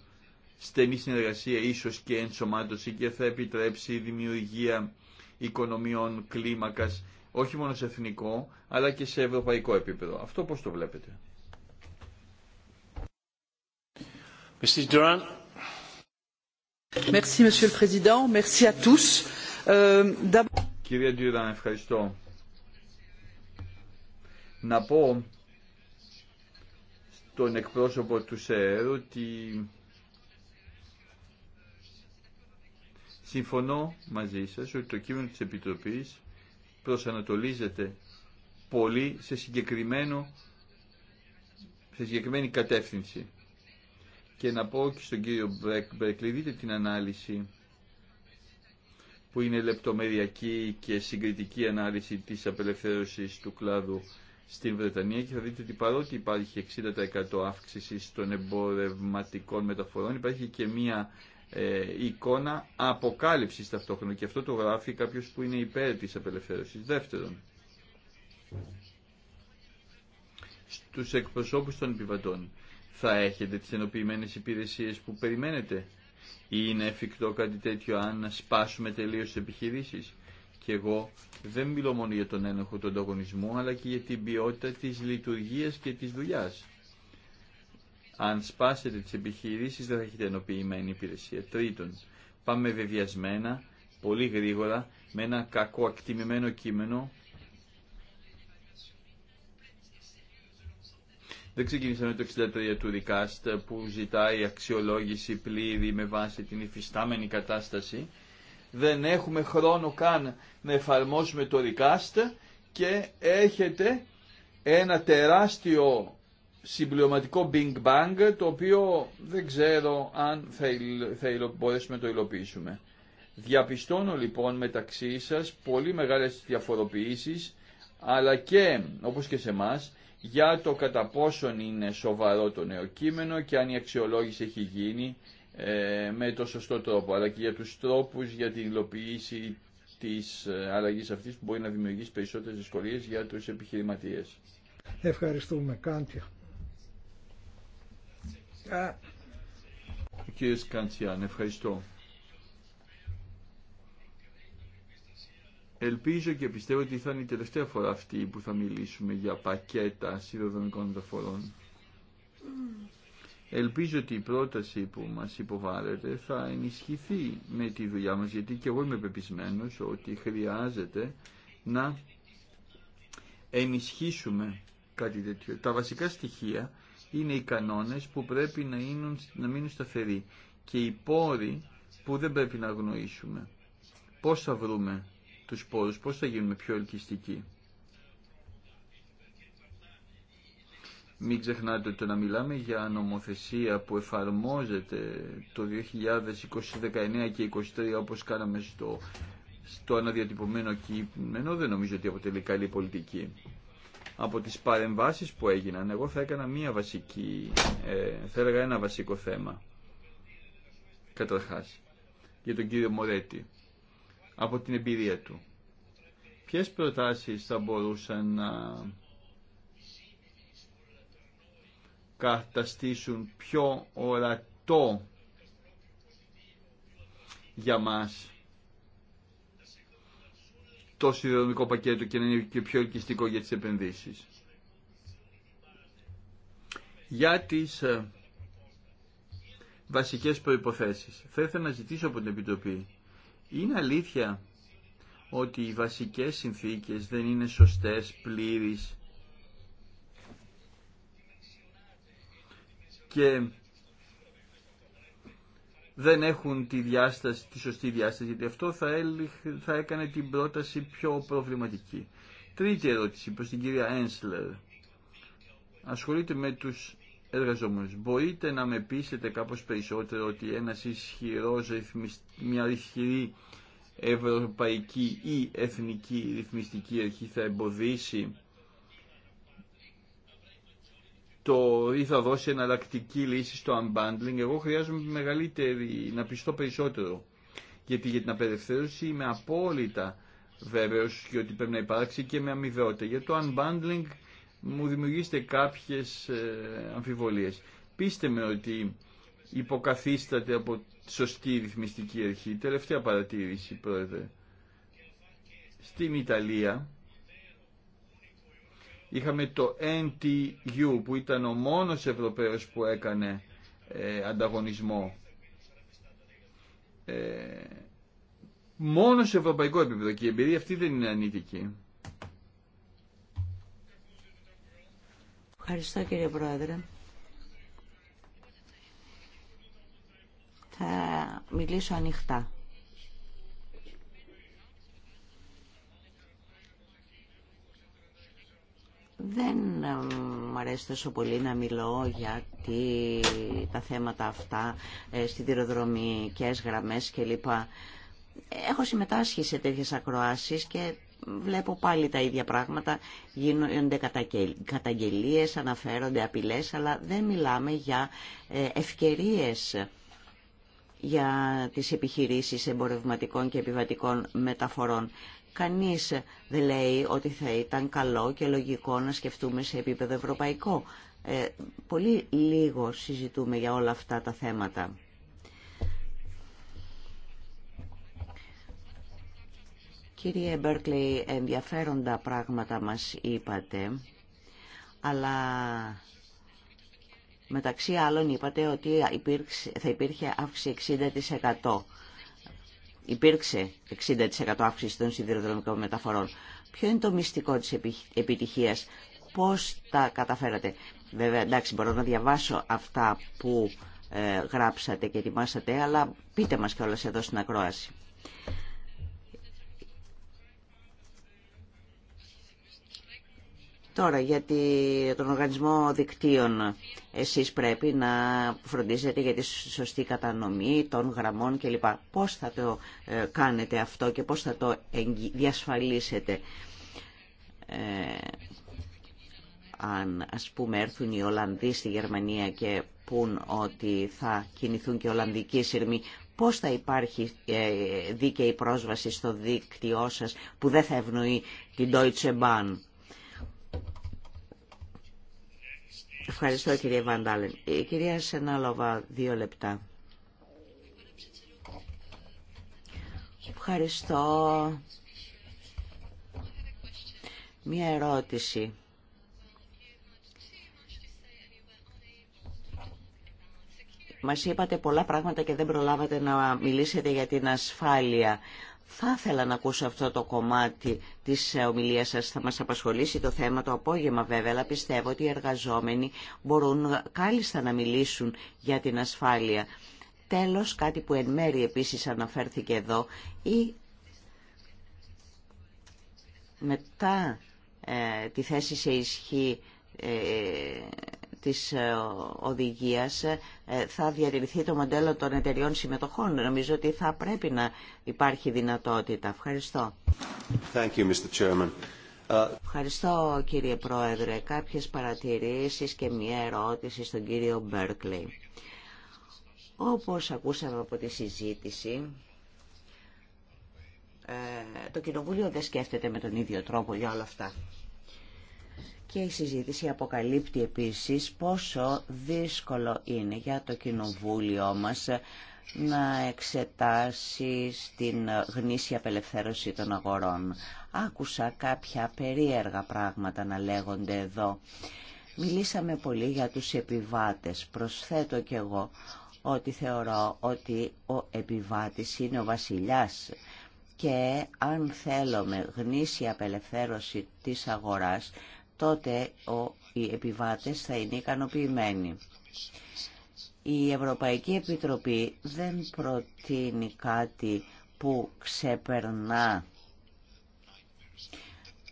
στενή συνεργασία ίσως και ενσωμάτωση και θα επιτρέψει η δημιουργία οικονομιών κλίμακας όχι μόνο σε εθνικό αλλά και σε ευρωπαϊκό επίπεδο. Αυτό πώς το βλέπετε. Euh, Κυρία Ντουράν, ευχαριστώ. Να πω στον εκπρόσωπο του ΣΕΡ ότι Συμφωνώ μαζί σας ότι το κείμενο της Επιτροπής προσανατολίζεται πολύ σε, συγκεκριμένο, σε συγκεκριμένη κατεύθυνση. Και να πω και στον κύριο Μπρέκ, δείτε την ανάλυση που είναι λεπτομεριακή και συγκριτική ανάλυση της απελευθέρωσης του κλάδου στην Βρετανία και θα δείτε ότι παρότι υπάρχει 60% αύξηση των εμπορευματικών μεταφορών υπάρχει και μία ε, εικόνα αποκάλυψης ταυτόχρονα και αυτό το γράφει κάποιο που είναι υπέρ τη απελευθέρωση Δεύτερον, Στου εκπροσώπους των επιβατών θα έχετε τι ενοποιημένες υπηρεσίε που περιμένετε ή είναι εφικτό κάτι τέτοιο αν σπάσουμε τελείως τις επιχειρήσεις. Και εγώ δεν μιλώ μόνο για τον έλεγχο του ανταγωνισμού αλλά και για την ποιότητα τη λειτουργία και τη δουλειά. Αν σπάσετε τι επιχείρησει δεν θα έχετε ενοποιημένη υπηρεσία. Τρίτον, πάμε βεβιασμένα, πολύ γρήγορα, με ένα κακό ακτιμημένο κείμενο. Δεν ξεκινήσαμε το 63 του Recast που ζητάει αξιολόγηση πλήρη με βάση την υφιστάμενη κατάσταση. Δεν έχουμε χρόνο καν να εφαρμόσουμε το Recast και έχετε ένα τεράστιο συμπληρωματικό Big Bang το οποίο δεν ξέρω αν θα, θα μπορέσουμε να το υλοποιήσουμε. Διαπιστώνω λοιπόν μεταξύ σας πολύ μεγάλες διαφοροποιήσεις αλλά και όπως και σε εμά για το κατά πόσον είναι σοβαρό το νέο κείμενο και αν η αξιολόγηση έχει γίνει ε, με το σωστό τρόπο αλλά και για τους τρόπους για την υλοποίηση της ε, αλλαγής αυτής που μπορεί να δημιουργήσει περισσότερες δυσκολίες για τους επιχειρηματίες. Ευχαριστούμε. Κάντια. Κύριε Σκαντσιάν, ευχαριστώ. Ελπίζω και πιστεύω ότι θα είναι η τελευταία φορά αυτή που θα μιλήσουμε για πακέτα σιδηροδρομικών μεταφορών. Ελπίζω ότι η πρόταση που μας υποβάλλεται θα ενισχυθεί με τη δουλειά μας, γιατί και εγώ είμαι πεπισμένος ότι χρειάζεται να ενισχύσουμε κάτι τέτοιο. Τα βασικά στοιχεία είναι οι κανόνες που πρέπει να, είναι, να μείνουν σταθεροί και οι πόροι που δεν πρέπει να αγνοήσουμε. Πώς θα βρούμε τους πόρους, πώς θα γίνουμε πιο ελκυστικοί. Μην ξεχνάτε ότι το να μιλάμε για νομοθεσία που εφαρμόζεται το 2019 και 2023 όπως κάναμε στο, στο αναδιατυπωμένο κείμενο δεν νομίζω ότι αποτελεί καλή πολιτική από τις παρεμβάσεις που έγιναν, εγώ θα έκανα μία βασική, ε, θα έλεγα ένα βασικό θέμα. Καταρχάς, για τον κύριο Μωρέτη, από την εμπειρία του. Ποιες προτάσεις θα μπορούσαν να καταστήσουν πιο ορατό για μας το συνδεδομικό πακέτο και να είναι και πιο ελκυστικό για τις επενδύσεις. Για τις ε, βασικές προϋποθέσεις. Θα ήθελα να ζητήσω από την Επιτροπή. Είναι αλήθεια ότι οι βασικές συνθήκες δεν είναι σωστές, πλήρεις και δεν έχουν τη, διάσταση, τη σωστή διάσταση, γιατί αυτό θα, θα έκανε την πρόταση πιο προβληματική. Τρίτη ερώτηση προς την κυρία Ένσλερ. Ασχολείται με τους εργαζόμενους. Μπορείτε να με πείσετε κάπως περισσότερο ότι ένας ισχυρός, μια ισχυρή ευρωπαϊκή ή εθνική ρυθμιστική αρχή θα εμποδίσει το ή θα δώσει εναλλακτική λύση στο unbundling. Εγώ χρειάζομαι μεγαλύτερη, να πιστώ περισσότερο. Γιατί για την απελευθέρωση είμαι απόλυτα βέβαιο και ότι πρέπει να υπάρξει και με αμοιβαιότητα. Για το unbundling μου δημιουργήσετε κάποιες ε, αμφιβολίε. Πείστε με ότι υποκαθίσταται από σωστή ρυθμιστική αρχή. Τελευταία παρατήρηση, πρόεδρε. Στην Ιταλία Είχαμε το NTU που ήταν ο μόνος Ευρωπαίος που έκανε ε, ανταγωνισμό. Ε, μόνο σε ευρωπαϊκό επίπεδο και η εμπειρία αυτή δεν είναι ανήθικη. Ευχαριστώ κύριε Πρόεδρε. Θα μιλήσω ανοιχτά. Δεν ε, μου αρέσει τόσο πολύ να μιλώ για τα θέματα αυτά, ε, στη και γραμμές κλπ. Έχω συμμετάσχει σε τέτοιες ακροάσεις και βλέπω πάλι τα ίδια πράγματα. Γίνονται καταγγελίες, αναφέρονται απειλές, αλλά δεν μιλάμε για ε, ευκαιρίες για τις επιχειρήσεις εμπορευματικών και επιβατικών μεταφορών. Κανείς δεν λέει ότι θα ήταν καλό και λογικό να σκεφτούμε σε επίπεδο ευρωπαϊκό. Ε, πολύ λίγο συζητούμε για όλα αυτά τα θέματα. Κύριε Μπέρκλεϊ, ενδιαφέροντα πράγματα μας είπατε, αλλά μεταξύ άλλων είπατε ότι θα υπήρχε αύξηση 60% υπήρξε 60% αύξηση των σιδηροδρομικών μεταφορών. Ποιο είναι το μυστικό της επιτυχίας, πώς τα καταφέρατε. Βέβαια, εντάξει, μπορώ να διαβάσω αυτά που ε, γράψατε και ετοιμάσατε, αλλά πείτε μας κιόλας εδώ στην ακρόαση. Τώρα για τον οργανισμό δικτύων εσείς πρέπει να φροντίζετε για τη σωστή κατανομή των γραμμών κλπ. Πώς θα το ε, κάνετε αυτό και πώς θα το διασφαλίσετε. Ε, αν ας πούμε έρθουν οι Ολλανδοί στη Γερμανία και πούν ότι θα κινηθούν και Ολλανδικοί σύρμοι, πώς θα υπάρχει ε, δίκαιη πρόσβαση στο δίκτυό σας που δεν θα ευνοεί την Deutsche Bahn. Ευχαριστώ κύριε Βαντάλεν. Η ε, κυρία Σενάλοβα, δύο λεπτά. Ευχαριστώ. Μία ερώτηση. Μας είπατε πολλά πράγματα και δεν προλάβατε να μιλήσετε για την ασφάλεια. Θα ήθελα να ακούσω αυτό το κομμάτι της ε, ομιλίας σας. Θα μας απασχολήσει το θέμα το απόγευμα βέβαια, αλλά πιστεύω ότι οι εργαζόμενοι μπορούν ε, κάλλιστα να μιλήσουν για την ασφάλεια. Τέλος, κάτι που εν μέρη επίσης αναφέρθηκε εδώ, η μετά ε, τη θέση σε ισχύ της ε, οδηγίας ε, θα διατηρηθεί το μοντέλο των εταιριών συμμετοχών. Νομίζω ότι θα πρέπει να υπάρχει δυνατότητα. Ευχαριστώ. Thank you, Mr. Chairman. Uh, Ευχαριστώ κύριε Πρόεδρε. Κάποιες παρατηρήσεις και μία ερώτηση στον κύριο Μπέρκλη. Όπως ακούσαμε από τη συζήτηση, ε, το Κοινοβούλιο δεν σκέφτεται με τον ίδιο τρόπο για όλα αυτά. Και η συζήτηση αποκαλύπτει επίσης πόσο δύσκολο είναι για το κοινοβούλιο μας να εξετάσει την γνήσια απελευθέρωση των αγορών. Άκουσα κάποια περίεργα πράγματα να λέγονται εδώ. Μιλήσαμε πολύ για τους επιβάτες. Προσθέτω κι εγώ ότι θεωρώ ότι ο επιβάτης είναι ο βασιλιάς και αν θέλουμε γνήσια απελευθέρωση της αγοράς τότε οι επιβάτες θα είναι ικανοποιημένοι. Η Ευρωπαϊκή Επιτροπή δεν προτείνει κάτι που ξεπερνά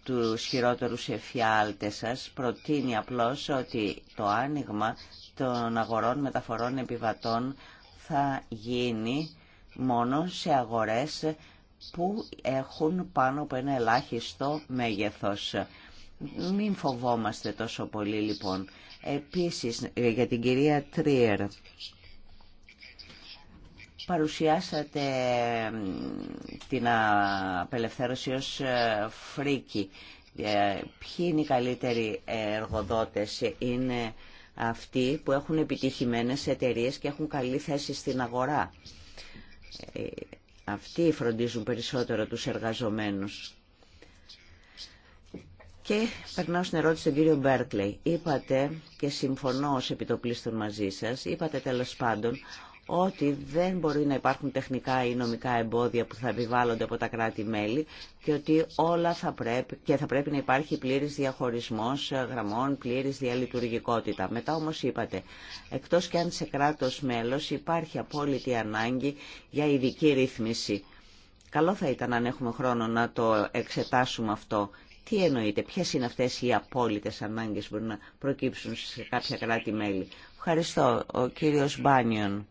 του χειρότερους εφιάλτες σας. Προτείνει απλώς ότι το άνοιγμα των αγορών μεταφορών επιβατών θα γίνει μόνο σε αγορές που έχουν πάνω από ένα ελάχιστο μέγεθος. Μην φοβόμαστε τόσο πολύ λοιπόν. Επίσης ε, για την κυρία Τρίερ παρουσιάσατε την απελευθέρωση ως ε, φρίκη. Ε, ποιοι είναι οι καλύτεροι εργοδότες είναι αυτοί που έχουν επιτυχημένες εταιρείες και έχουν καλή θέση στην αγορά. Αυτοί φροντίζουν περισσότερο τους εργαζομένους. Και περνάω στην ερώτηση του κύριο Μπέρκλεϊ. Είπατε, και συμφωνώ ως επιτοπλίστων μαζί σας, είπατε τέλος πάντων ότι δεν μπορεί να υπάρχουν τεχνικά ή νομικά εμπόδια που θα επιβάλλονται από τα κράτη-μέλη και ότι όλα θα πρέπει και θα πρέπει να υπάρχει πλήρης διαχωρισμός γραμμών, πλήρης διαλειτουργικότητα. Μετά όμως είπατε, εκτός και αν σε κράτος μέλος υπάρχει απόλυτη ανάγκη για ειδική ρύθμιση. Καλό θα ήταν αν έχουμε χρόνο να το εξετάσουμε αυτό τι εννοείται, ποιες είναι αυτές οι απόλυτες ανάγκες που μπορούν να προκύψουν σε κάποια κράτη-μέλη. Ευχαριστώ. Ο κύριος Μπάνιον.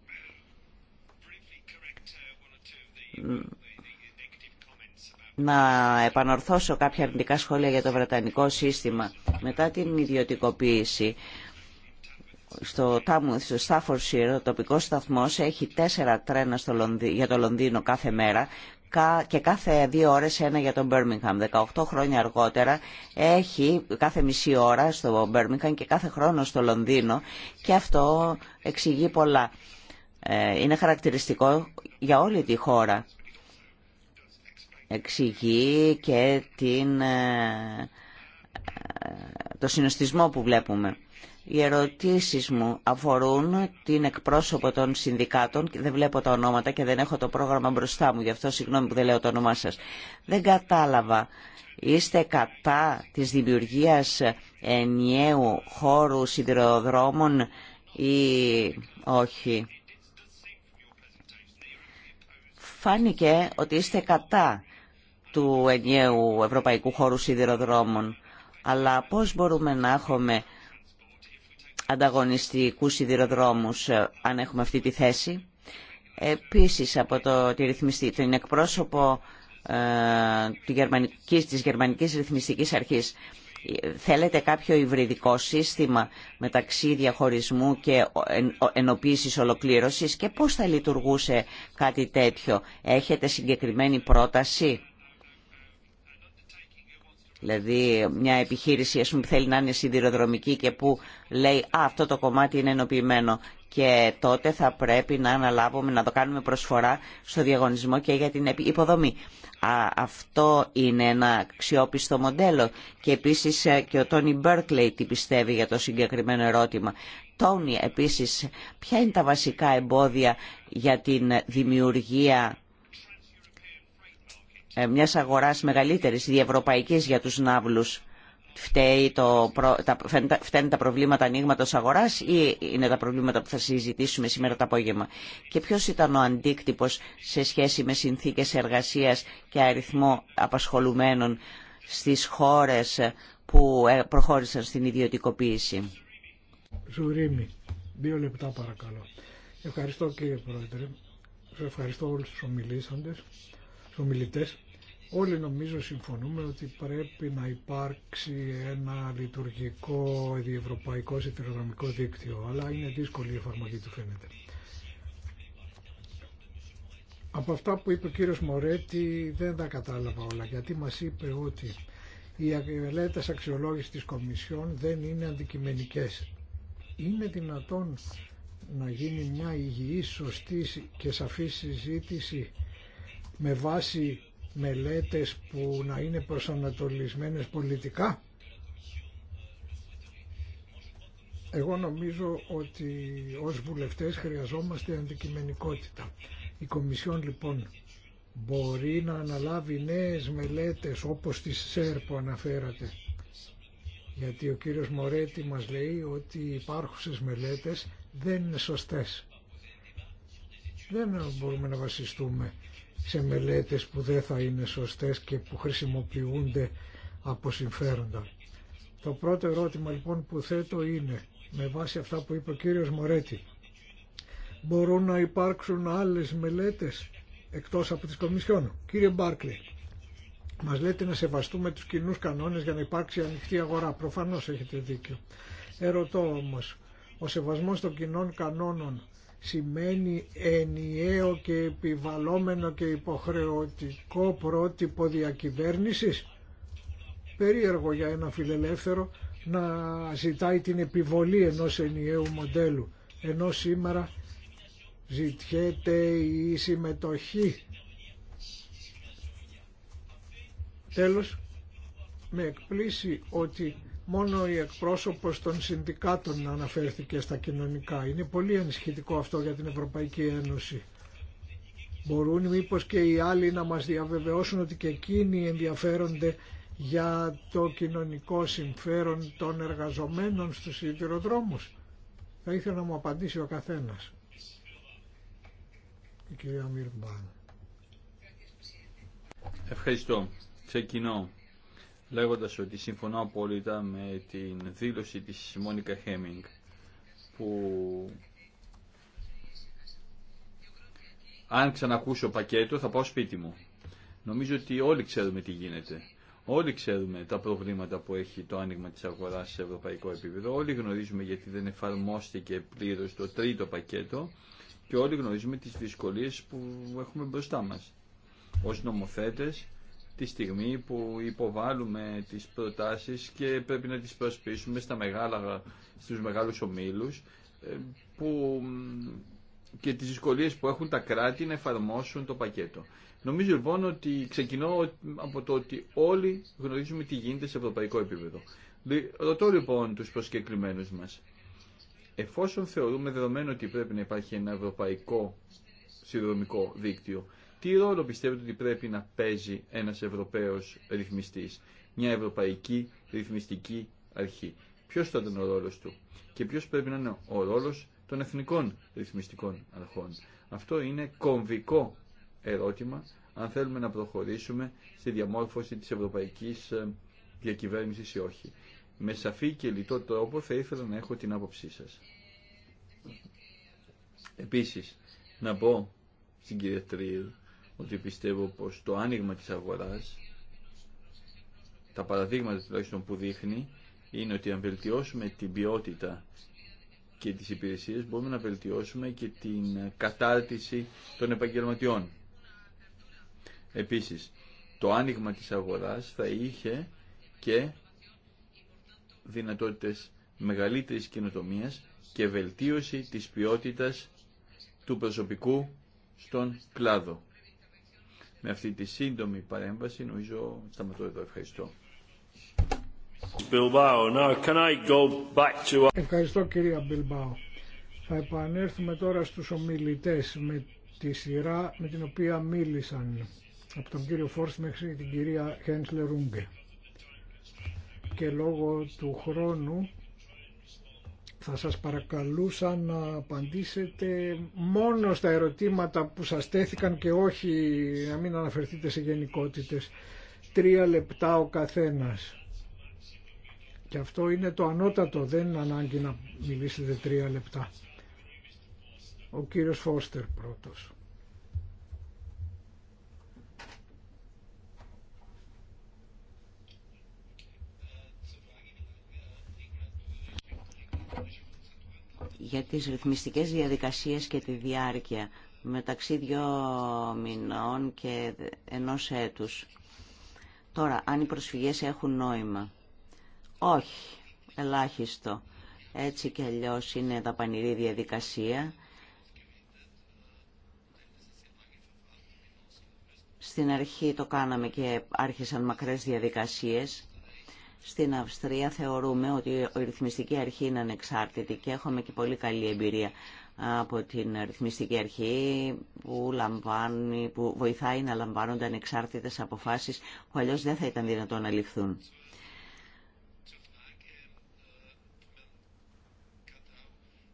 Να επανορθώσω κάποια αρνητικά σχόλια για το βρετανικό σύστημα. Μετά την ιδιωτικοποίηση, στο, στο Στάφορσιρ, ο τοπικός σταθμός έχει τέσσερα τρένα για το Λονδίνο κάθε μέρα και κάθε δύο ώρες ένα για τον Birmingham. 18 χρόνια αργότερα έχει κάθε μισή ώρα στο Birmingham και κάθε χρόνο στο Λονδίνο και αυτό εξηγεί πολλά. Ε, είναι χαρακτηριστικό για όλη τη χώρα. Εξηγεί και την, ε, ε, το συνοστισμό που βλέπουμε. Οι ερωτήσεις μου αφορούν την εκπρόσωπο των συνδικάτων, και δεν βλέπω τα ονόματα και δεν έχω το πρόγραμμα μπροστά μου, γι' αυτό συγγνώμη που δεν λέω το όνομά σας. Δεν κατάλαβα, είστε κατά της δημιουργίας ενιαίου χώρου σιδηροδρόμων ή όχι. Φάνηκε ότι είστε κατά του ενιαίου ευρωπαϊκού χώρου σιδηροδρόμων. Αλλά πώς μπορούμε να έχουμε ανταγωνιστικούς σιδηροδρόμους ε, αν έχουμε αυτή τη θέση. Επίσης από το, τη ρυθμιστή, την εκπρόσωπο ε, γερμανικής, της Γερμανικής Ρυθμιστικής Αρχής θέλετε κάποιο υβριδικό σύστημα μεταξύ διαχωρισμού και ενοποίησης ολοκλήρωσης και πώς θα λειτουργούσε κάτι τέτοιο. Έχετε συγκεκριμένη πρόταση. Δηλαδή μια επιχείρηση θέλει να είναι σιδηροδρομική και που λέει αυτό το κομμάτι είναι ενοποιημένο» και τότε θα πρέπει να αναλάβουμε, να το κάνουμε προσφορά στο διαγωνισμό και για την υποδομή. Α, αυτό είναι ένα αξιόπιστο μοντέλο. Και επίσης ε, και ο Τόνι Μπέρκλεϊ τι πιστεύει για το συγκεκριμένο ερώτημα. Τόνι, επίσης, ποια είναι τα βασικά εμπόδια για την δημιουργία ε, μια αγοράς μεγαλύτερης, διευρωπαϊκή για τους Ναύλου, Φταίει το, τα, φταίνουν τα προβλήματα ανοίγματο αγορά ή είναι τα προβλήματα που θα συζητήσουμε σήμερα το απόγευμα. Και ποιο ήταν ο αντίκτυπο σε σχέση με συνθήκε εργασία και αριθμό απασχολουμένων στι χώρε που ε, προχώρησαν στην ιδιωτικοποίηση. Ζουρίμι, δύο λεπτά παρακαλώ. Ευχαριστώ κύριε Πρόεδρε. ευχαριστώ όλους τους ομιλήσαντες ομιλητές, όλοι νομίζω συμφωνούμε ότι πρέπει να υπάρξει ένα λειτουργικό διευρωπαϊκό σιδηροδρομικό δίκτυο, αλλά είναι δύσκολη η εφαρμογή του φαίνεται. Από αυτά που είπε ο κύριος Μωρέτη δεν τα κατάλαβα όλα, γιατί μας είπε ότι οι μελέτες αξιολόγηση της Κομισιόν δεν είναι αντικειμενικές. Είναι δυνατόν να γίνει μια υγιή, σωστή και σαφή συζήτηση με βάση μελέτες που να είναι προσανατολισμένες πολιτικά. Εγώ νομίζω ότι ως βουλευτές χρειαζόμαστε αντικειμενικότητα. Η Κομισιόν λοιπόν μπορεί να αναλάβει νέες μελέτες όπως τη ΣΕΡ που αναφέρατε. Γιατί ο κύριος Μωρέτη μας λέει ότι οι υπάρχουσες μελέτες δεν είναι σωστές. Δεν μπορούμε να βασιστούμε σε μελέτες που δεν θα είναι σωστές και που χρησιμοποιούνται από συμφέροντα. Το πρώτο ερώτημα λοιπόν που θέτω είναι, με βάση αυτά που είπε ο κύριος Μωρέτη, μπορούν να υπάρξουν άλλες μελέτες εκτός από τις Κομισιόν. Κύριε Μπάρκλη, μας λέτε να σεβαστούμε τους κοινούς κανόνες για να υπάρξει ανοιχτή αγορά. Προφανώς έχετε δίκιο. Ερωτώ όμως, ο σεβασμός των κοινών κανόνων σημαίνει ενιαίο και επιβαλόμενο και υποχρεωτικό πρότυπο διακυβέρνησης. Περίεργο για ένα φιλελεύθερο να ζητάει την επιβολή ενός ενιαίου μοντέλου, ενώ σήμερα ζητιέται η συμμετοχή. Τέλος, με εκπλήσει ότι μόνο η εκπρόσωπος των συνδικάτων αναφέρθηκε στα κοινωνικά. Είναι πολύ ενισχυτικό αυτό για την Ευρωπαϊκή Ένωση. Μπορούν μήπως και οι άλλοι να μας διαβεβαιώσουν ότι και εκείνοι ενδιαφέρονται για το κοινωνικό συμφέρον των εργαζομένων στους σιδηροδρόμους. Θα ήθελα να μου απαντήσει ο καθένας. Ευχαριστώ. Ξεκινώ λέγοντας ότι συμφωνώ απόλυτα με την δήλωση της Μόνικα Χέμινγκ που αν ξανακούσω πακέτο θα πάω σπίτι μου. Νομίζω ότι όλοι ξέρουμε τι γίνεται. Όλοι ξέρουμε τα προβλήματα που έχει το άνοιγμα της αγοράς σε ευρωπαϊκό επίπεδο. Όλοι γνωρίζουμε γιατί δεν εφαρμόστηκε πλήρως το τρίτο πακέτο και όλοι γνωρίζουμε τις δυσκολίες που έχουμε μπροστά μας. Ως νομοθέτες τη στιγμή που υποβάλλουμε τις προτάσεις και πρέπει να τις προσπίσουμε στα μεγάλα, στους μεγάλους ομίλους ε, που, και τις δυσκολίε που έχουν τα κράτη να εφαρμόσουν το πακέτο. Νομίζω λοιπόν ότι ξεκινώ από το ότι όλοι γνωρίζουμε τι γίνεται σε ευρωπαϊκό επίπεδο. Ρωτώ λοιπόν τους προσκεκλημένους μας. Εφόσον θεωρούμε δεδομένο ότι πρέπει να υπάρχει ένα ευρωπαϊκό συνδρομικό δίκτυο, τι ρόλο πιστεύετε ότι πρέπει να παίζει ένας Ευρωπαίος ρυθμιστής, μια Ευρωπαϊκή ρυθμιστική αρχή. Ποιος θα ήταν ο ρόλος του και ποιος πρέπει να είναι ο ρόλος των εθνικών ρυθμιστικών αρχών. Αυτό είναι κομβικό ερώτημα αν θέλουμε να προχωρήσουμε στη διαμόρφωση της ευρωπαϊκής ε, διακυβέρνησης ή όχι. Με σαφή και λιτό τρόπο θα ήθελα να έχω την άποψή σας. Επίσης, να πω στην κυρία Τρίλ ότι πιστεύω πως το άνοιγμα της αγοράς, τα παραδείγματα τουλάχιστον που δείχνει, είναι ότι αν βελτιώσουμε την ποιότητα και τις υπηρεσίες, μπορούμε να βελτιώσουμε και την κατάρτιση των επαγγελματιών. Επίσης, το άνοιγμα της αγοράς θα είχε και δυνατότητες μεγαλύτερης καινοτομίας και βελτίωση της ποιότητας του προσωπικού στον κλάδο. Με αυτή τη σύντομη παρέμβαση νομίζω σταματώ εδώ. Ευχαριστώ. Ευχαριστώ κυρία Μπιλμπάο. Θα επανέλθουμε τώρα στους ομιλητές με τη σειρά με την οποία μίλησαν από τον κύριο Φόρς μέχρι την κυρία Χένσλε Ρούγκε. Και λόγω του χρόνου θα σας παρακαλούσα να απαντήσετε μόνο στα ερωτήματα που σας τέθηκαν και όχι να μην αναφερθείτε σε γενικότητες. Τρία λεπτά ο καθένας. Και αυτό είναι το ανώτατο, δεν είναι ανάγκη να μιλήσετε τρία λεπτά. Ο κύριος Φώστερ πρώτος. για τις ρυθμιστικές διαδικασίες και τη διάρκεια μεταξύ δύο μηνών και ενός έτους. Τώρα, αν οι προσφυγές έχουν νόημα. Όχι, ελάχιστο. Έτσι κι αλλιώς είναι δαπανηρή διαδικασία. Στην αρχή το κάναμε και άρχισαν μακρές διαδικασίες. Στην Αυστρία θεωρούμε ότι η ρυθμιστική αρχή είναι ανεξάρτητη και έχουμε και πολύ καλή εμπειρία από την ρυθμιστική αρχή που, λαμβάνει, που βοηθάει να λαμβάνονται ανεξάρτητες αποφάσεις που αλλιώ δεν θα ήταν δυνατόν να ληφθούν.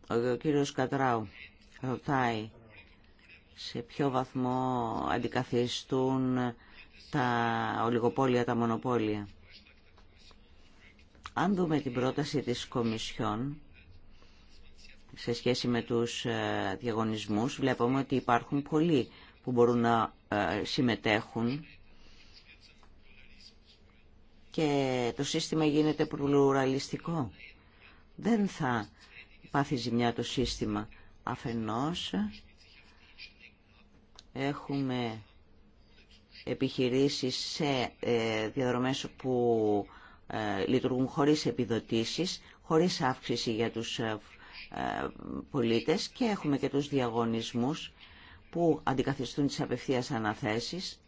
Ο κύριος Κατράου ρωτάει σε ποιο βαθμό αντικαθιστούν τα ολιγοπόλια, τα μονοπόλια. Αν δούμε την πρόταση της Κομισιόν σε σχέση με τους ε, διαγωνισμούς, βλέπουμε ότι υπάρχουν πολλοί που μπορούν να ε, συμμετέχουν και το σύστημα γίνεται πλουραλιστικό. Δεν θα πάθει ζημιά το σύστημα. Αφενός έχουμε επιχειρήσεις σε ε, διαδρομές που ε, λειτουργούν χωρίς επιδοτήσεις, χωρίς αύξηση για τους ε, ε, πολίτες και έχουμε και τους διαγωνισμούς που αντικαθιστούν τις απευθείας αναθέσεις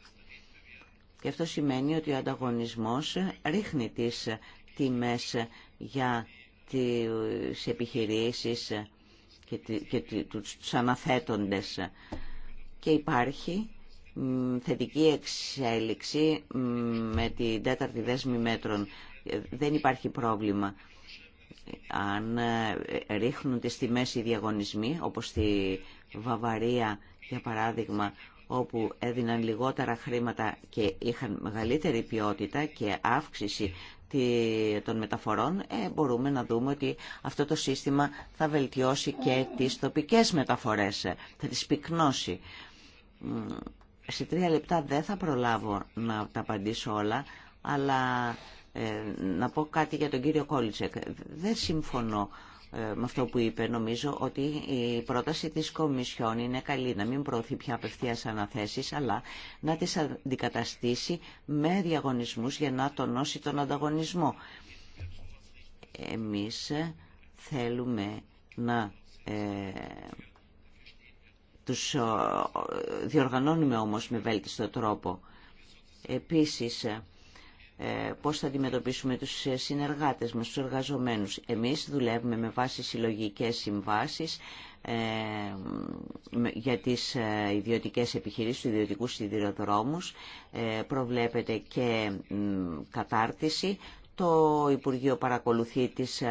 και αυτό σημαίνει ότι ο ανταγωνισμός ρίχνει τις τιμές για τις επιχειρήσεις και τους αναθέτοντες και υπάρχει θετική εξέλιξη με την τέταρτη δέσμη μέτρων δεν υπάρχει πρόβλημα. Αν ε, ρίχνουν στη μέση οι διαγωνισμοί, όπως στη Βαβαρία, για παράδειγμα, όπου έδιναν λιγότερα χρήματα και είχαν μεγαλύτερη ποιότητα και αύξηση των μεταφορών, ε, μπορούμε να δούμε ότι αυτό το σύστημα θα βελτιώσει και τις τοπικές μεταφορές, θα τις πυκνώσει. Σε τρία λεπτά δεν θα προλάβω να τα απαντήσω όλα, αλλά ε, να πω κάτι για τον κύριο Κόλιτσεκ. Δεν συμφωνώ ε, με αυτό που είπε. Νομίζω ότι η πρόταση της Κομισιόν είναι καλή να μην προωθεί πια απευθεία αναθέσεις, αλλά να τις αντικαταστήσει με διαγωνισμούς για να τονώσει τον ανταγωνισμό. Εμείς ε, θέλουμε να ε, τους διοργανώνουμε όμως με βέλτιστο τρόπο. Επίσης, ε, πώς θα αντιμετωπίσουμε τους ε, συνεργάτες μας, τους εργαζομένους. Εμείς δουλεύουμε με βάση συλλογικές συμβάσεις ε, για τις ιδιωτικές επιχειρήσεις, του ιδιωτικού σιδηροδρόμους. Προβλέπεται και κατάρτιση. Το Υπουργείο παρακολουθεί τις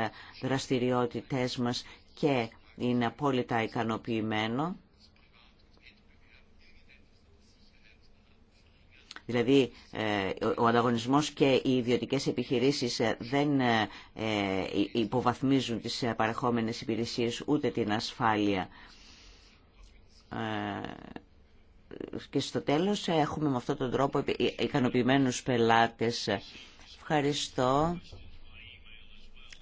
δραστηριότητές μας και είναι απόλυτα ικανοποιημένο Δηλαδή ε, ο ανταγωνισμός και οι ιδιωτικές επιχειρήσεις ε, δεν ε, υποβαθμίζουν τις παρεχόμενες υπηρεσίες ούτε την ασφάλεια. Και στο τέλος έχουμε με αυτόν τον τρόπο ικανοποιημένους πελάτες. Ευχαριστώ.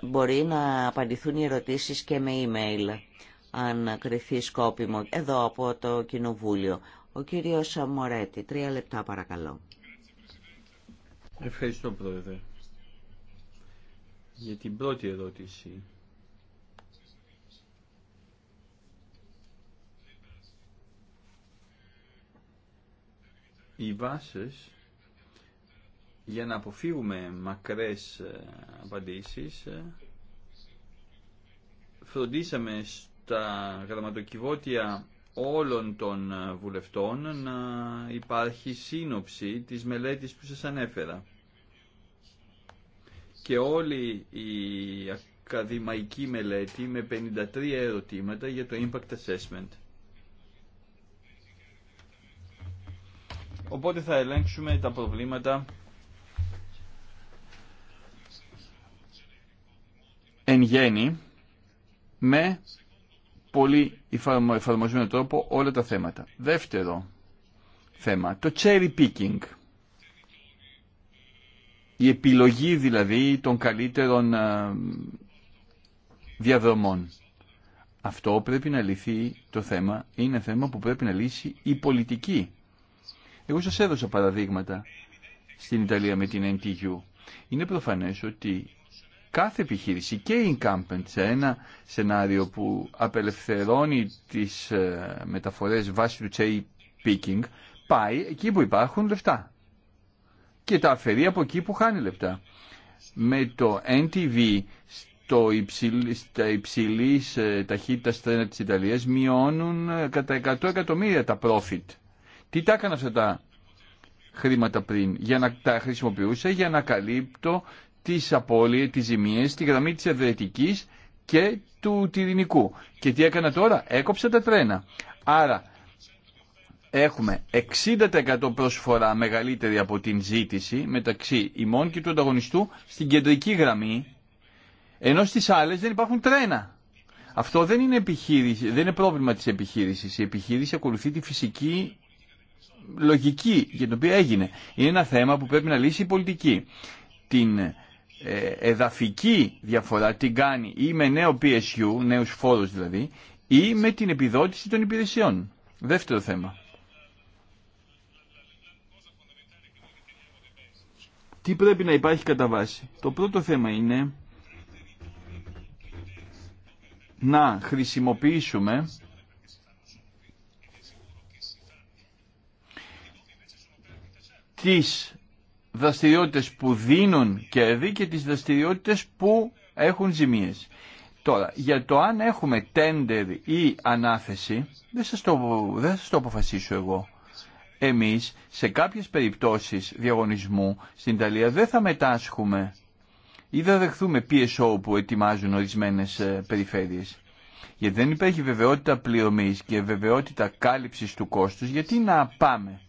Μπορεί να απαντηθούν οι ερωτήσεις και με email αν κρυθεί σκόπιμο εδώ από το Κοινοβούλιο. Ο κύριος Μωρέτη, τρία λεπτά παρακαλώ. Ευχαριστώ πρόεδρε. Για την πρώτη ερώτηση. Οι βάσεις για να αποφύγουμε μακρές ε, απαντήσεις ε, φροντίσαμε στα γραμματοκιβώτια όλων των ε, βουλευτών να υπάρχει σύνοψη της μελέτης που σας ανέφερα. Και όλη η ακαδημαϊκή μελέτη με 53 ερωτήματα για το impact assessment. Οπότε θα ελέγξουμε τα προβλήματα εν γέννη με πολύ εφαρμοσμένο τρόπο όλα τα θέματα. Δεύτερο θέμα, το cherry picking. Η επιλογή δηλαδή των καλύτερων ε, διαδρομών. Αυτό πρέπει να λυθεί το θέμα, είναι θέμα που πρέπει να λύσει η πολιτική. Εγώ σας έδωσα παραδείγματα στην Ιταλία με την NTU. Είναι προφανές ότι κάθε επιχείρηση και η incumbent σε ένα σενάριο που απελευθερώνει τις ε, μεταφορές βάσει του cherry picking πάει εκεί που υπάρχουν λεφτά και τα αφαιρεί από εκεί που χάνει λεπτά. Με το NTV στο στα υψηλής ε, ταχύτητα στρένα της Ιταλίας μειώνουν ε, κατά 100 εκατομμύρια τα profit. Τι τα έκανα αυτά τα χρήματα πριν για να τα χρησιμοποιούσα για να καλύπτω τις απώλειες, τις ζημίες στη γραμμή της Ευρετικής και του Τυρινικού. Και τι έκανα τώρα, έκοψα τα τρένα. Άρα έχουμε 60% προσφορά μεγαλύτερη από την ζήτηση μεταξύ ημών και του ανταγωνιστού στην κεντρική γραμμή, ενώ στις άλλες δεν υπάρχουν τρένα. Αυτό δεν είναι, επιχείρηση, δεν είναι πρόβλημα της επιχείρησης. Η επιχείρηση ακολουθεί τη φυσική λογική για την οποία έγινε. Είναι ένα θέμα που πρέπει να λύσει η πολιτική. Την ε, εδαφική διαφορά την κάνει ή με νέο PSU, νέους φόρους δηλαδή, ή με την επιδότηση των υπηρεσιών. Δεύτερο θέμα. Τι πρέπει να υπάρχει κατά βάση. Το πρώτο θέμα είναι να χρησιμοποιήσουμε τις δραστηριότητες που δίνουν κέρδη και τις δραστηριότητες που έχουν ζημίες. Τώρα, για το αν έχουμε τέντερ ή ανάθεση, δεν σας το, δεν σας το αποφασίσω εγώ. Εμείς σε κάποιες περιπτώσεις διαγωνισμού στην Ιταλία δεν θα μετάσχουμε ή δεν δεχθούμε PSO που ετοιμάζουν ορισμένες ε, περιφέρειες. Γιατί δεν υπάρχει βεβαιότητα πληρωμής και βεβαιότητα κάλυψης του κόστου γιατί να πάμε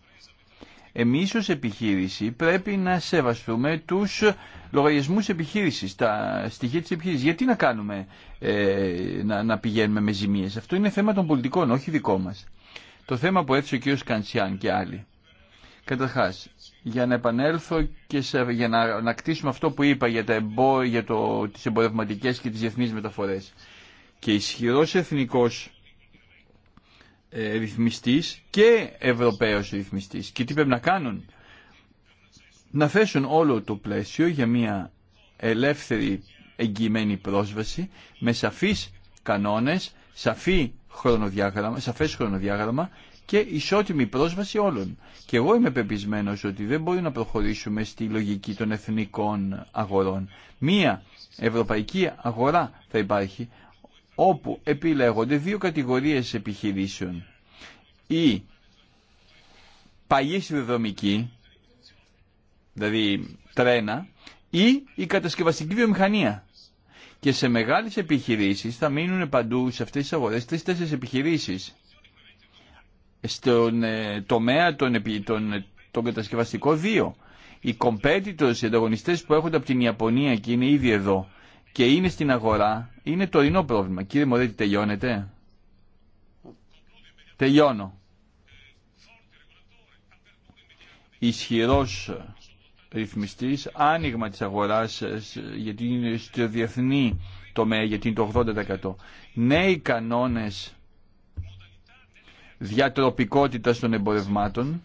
εμείς ως επιχείρηση πρέπει να σεβαστούμε τους λογαριασμούς επιχείρησης, τα στοιχεία της επιχείρησης. Γιατί να κάνουμε ε, να, να πηγαίνουμε με ζημίες. Αυτό είναι θέμα των πολιτικών, όχι δικό μας. Το θέμα που έθεσε ο κ. Κανσιάν και άλλοι. Καταρχά, για να επανέλθω και σε, για να, να κτίσουμε αυτό που είπα για, τα εμπο, το, τις εμπορευματικές και τις διεθνείς μεταφορές. Και ισχυρός εθνικός ε, ρυθμιστής και Ευρωπαίος ρυθμιστή Και τι πρέπει να κάνουν. Να θέσουν όλο το πλαίσιο για μια ελεύθερη εγγυημένη πρόσβαση με σαφείς κανόνες, σαφή χρονοδιάγραμμα, σαφές χρονοδιάγραμμα και ισότιμη πρόσβαση όλων. Και εγώ είμαι πεπισμένος ότι δεν μπορεί να προχωρήσουμε στη λογική των εθνικών αγορών. Μία ευρωπαϊκή αγορά θα υπάρχει, όπου επιλέγονται δύο κατηγορίες επιχειρήσεων. Η παλιή συνδεδομική, δηλαδή τρένα, ή η κατασκευαστική βιομηχανία. Και σε μεγάλες επιχειρήσεις θα μείνουν παντού σε αυτές τις αγορές τρεις-τέσσερις επιχειρήσεις. Στον ε, τομέα των, των, των κατασκευαστικών δύο. Οι competitors, οι ανταγωνιστές που έρχονται από την Ιαπωνία και είναι ήδη εδώ, και είναι στην αγορά, είναι το τωρινό πρόβλημα. Κύριε Μωρέτη, τελειώνετε. Τελειώνω. Ισχυρός ρυθμιστής, άνοιγμα της αγοράς γιατί είναι στο διεθνή τομέα, γιατί είναι το 80%. Νέοι κανόνες διατροπικότητας των εμπορευμάτων,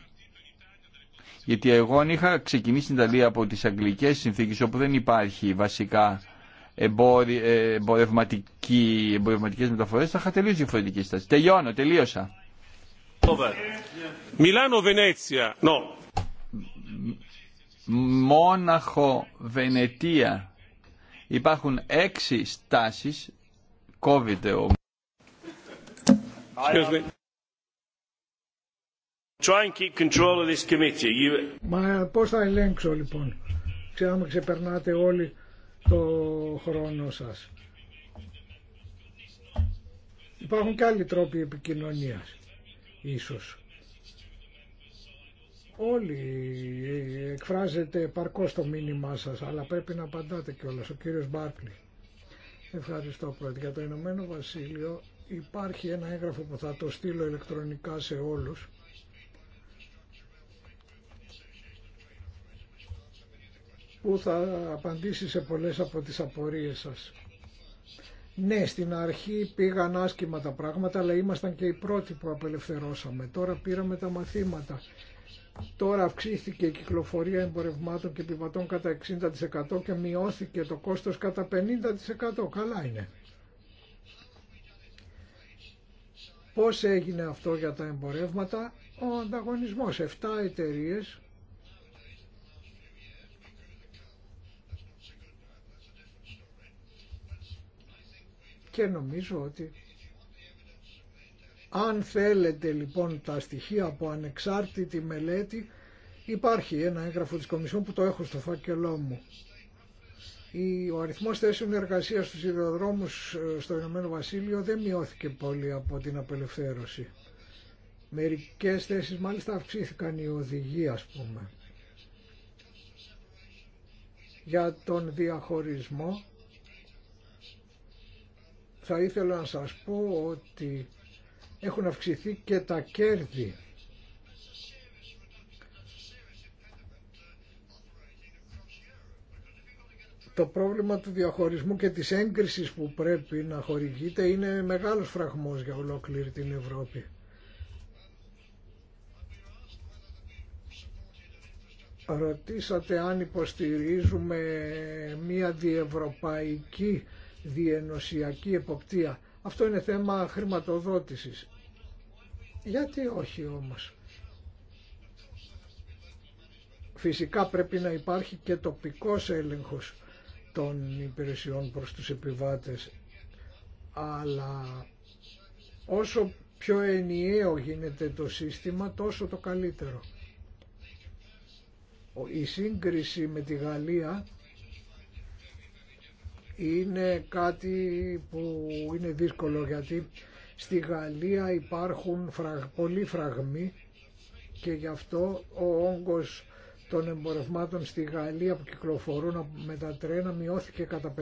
γιατί εγώ αν είχα ξεκινήσει στην Ιταλία από τις αγγλικές συνθήκες όπου δεν υπάρχει βασικά ε, εμπορευματικές μεταφορές θα είχα τελείως διαφορετική στάση. Τελειώνω, τελείωσα. Μιλάνο, Βενέτσια. No. Μόναχο, Βενετία. Υπάρχουν έξι στάσεις. Κόβεται ο... Try and keep control of this committee. You... Μα πώς θα ελέγξω λοιπόν. Ξέρω αν ξεπερνάτε όλοι το χρόνο σας. Υπάρχουν και άλλοι τρόποι επικοινωνίας, ίσως. Όλοι ε, εκφράζετε επαρκώς το μήνυμά σας, αλλά πρέπει να απαντάτε κιόλας. Ο κύριος Μπάρκλη. Ευχαριστώ πρώτα. Για το Ηνωμένο Βασίλειο υπάρχει ένα έγγραφο που θα το στείλω ηλεκτρονικά σε όλους που θα απαντήσει σε πολλές από τις απορίες σας. Ναι, στην αρχή πήγαν άσχημα τα πράγματα, αλλά ήμασταν και οι πρώτοι που απελευθερώσαμε. Τώρα πήραμε τα μαθήματα. Τώρα αυξήθηκε η κυκλοφορία εμπορευμάτων και επιβατών κατά 60% και μειώθηκε το κόστος κατά 50%. Καλά είναι. Πώς έγινε αυτό για τα εμπορεύματα, ο ανταγωνισμός. 7 εταιρείες Και νομίζω ότι αν θέλετε λοιπόν τα στοιχεία από ανεξάρτητη μελέτη υπάρχει ένα έγγραφο της Κομισιόν που το έχω στο φάκελό μου. Ο αριθμός θέσεων εργασίας στους ιδεοδρόμους ε, στο Ηνωμένο Βασίλειο δεν μειώθηκε πολύ από την απελευθέρωση. Μερικές θέσεις μάλιστα αυξήθηκαν οι οδηγοί ας πούμε. Για τον διαχωρισμό θα ήθελα να σας πω ότι έχουν αυξηθεί και τα κέρδη. Το πρόβλημα του διαχωρισμού και της έγκρισης που πρέπει να χορηγείται είναι μεγάλος φραγμός για ολόκληρη την Ευρώπη. Ρωτήσατε αν υποστηρίζουμε μία διευρωπαϊκή διενοσιακή εποπτεία. Αυτό είναι θέμα χρηματοδότησης. Γιατί όχι όμως. Φυσικά πρέπει να υπάρχει και τοπικός έλεγχος των υπηρεσιών προς τους επιβάτες. Αλλά όσο πιο ενιαίο γίνεται το σύστημα τόσο το καλύτερο. Η σύγκριση με τη Γαλλία είναι κάτι που είναι δύσκολο γιατί στη Γαλλία υπάρχουν πολλοί φραγμοί και γι' αυτό ο όγκος των εμπορευμάτων στη Γαλλία που κυκλοφορούν με τα τρένα μειώθηκε κατά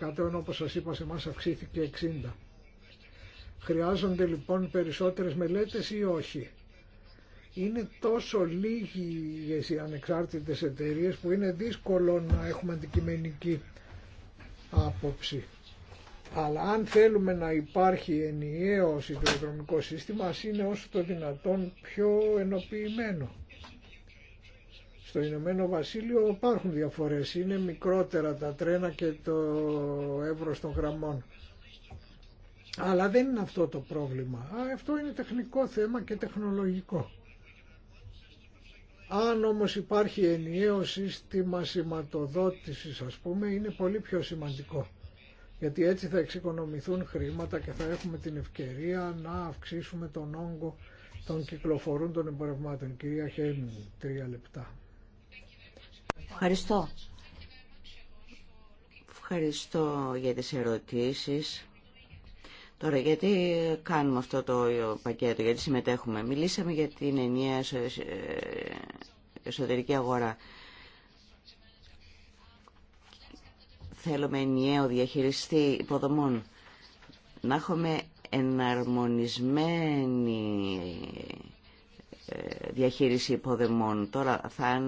50% ενώ όπως σας είπα σε εμάς αυξήθηκε 60%. Χρειάζονται λοιπόν περισσότερες μελέτες ή όχι. Είναι τόσο λίγοι οι ανεξάρτητες εταιρείες που είναι δύσκολο να έχουμε αντικειμενική άποψη. Αλλά αν θέλουμε να υπάρχει ενιαίο σιδηροδρομικό σύστημα, ας είναι όσο το δυνατόν πιο ενοποιημένο. Στο Ηνωμένο Βασίλειο υπάρχουν διαφορές, είναι μικρότερα τα τρένα και το εύρος των γραμμών. Αλλά δεν είναι αυτό το πρόβλημα. αυτό είναι τεχνικό θέμα και τεχνολογικό. Αν όμως υπάρχει ενιαίο σύστημα σηματοδότησης ας πούμε είναι πολύ πιο σημαντικό γιατί έτσι θα εξοικονομηθούν χρήματα και θα έχουμε την ευκαιρία να αυξήσουμε τον όγκο των κυκλοφορούν των εμπορευμάτων. Κυρία Χέμιν, τρία λεπτά. Ευχαριστώ. Ευχαριστώ για τις ερωτήσεις. Τώρα, γιατί κάνουμε αυτό το πακέτο, γιατί συμμετέχουμε. Μιλήσαμε για την ενιαία ε, εσωτερική αγορά. Θέλουμε ενιαίο διαχειριστή υποδομών. Να έχουμε εναρμονισμένη ε, διαχείριση υποδομών. Τώρα,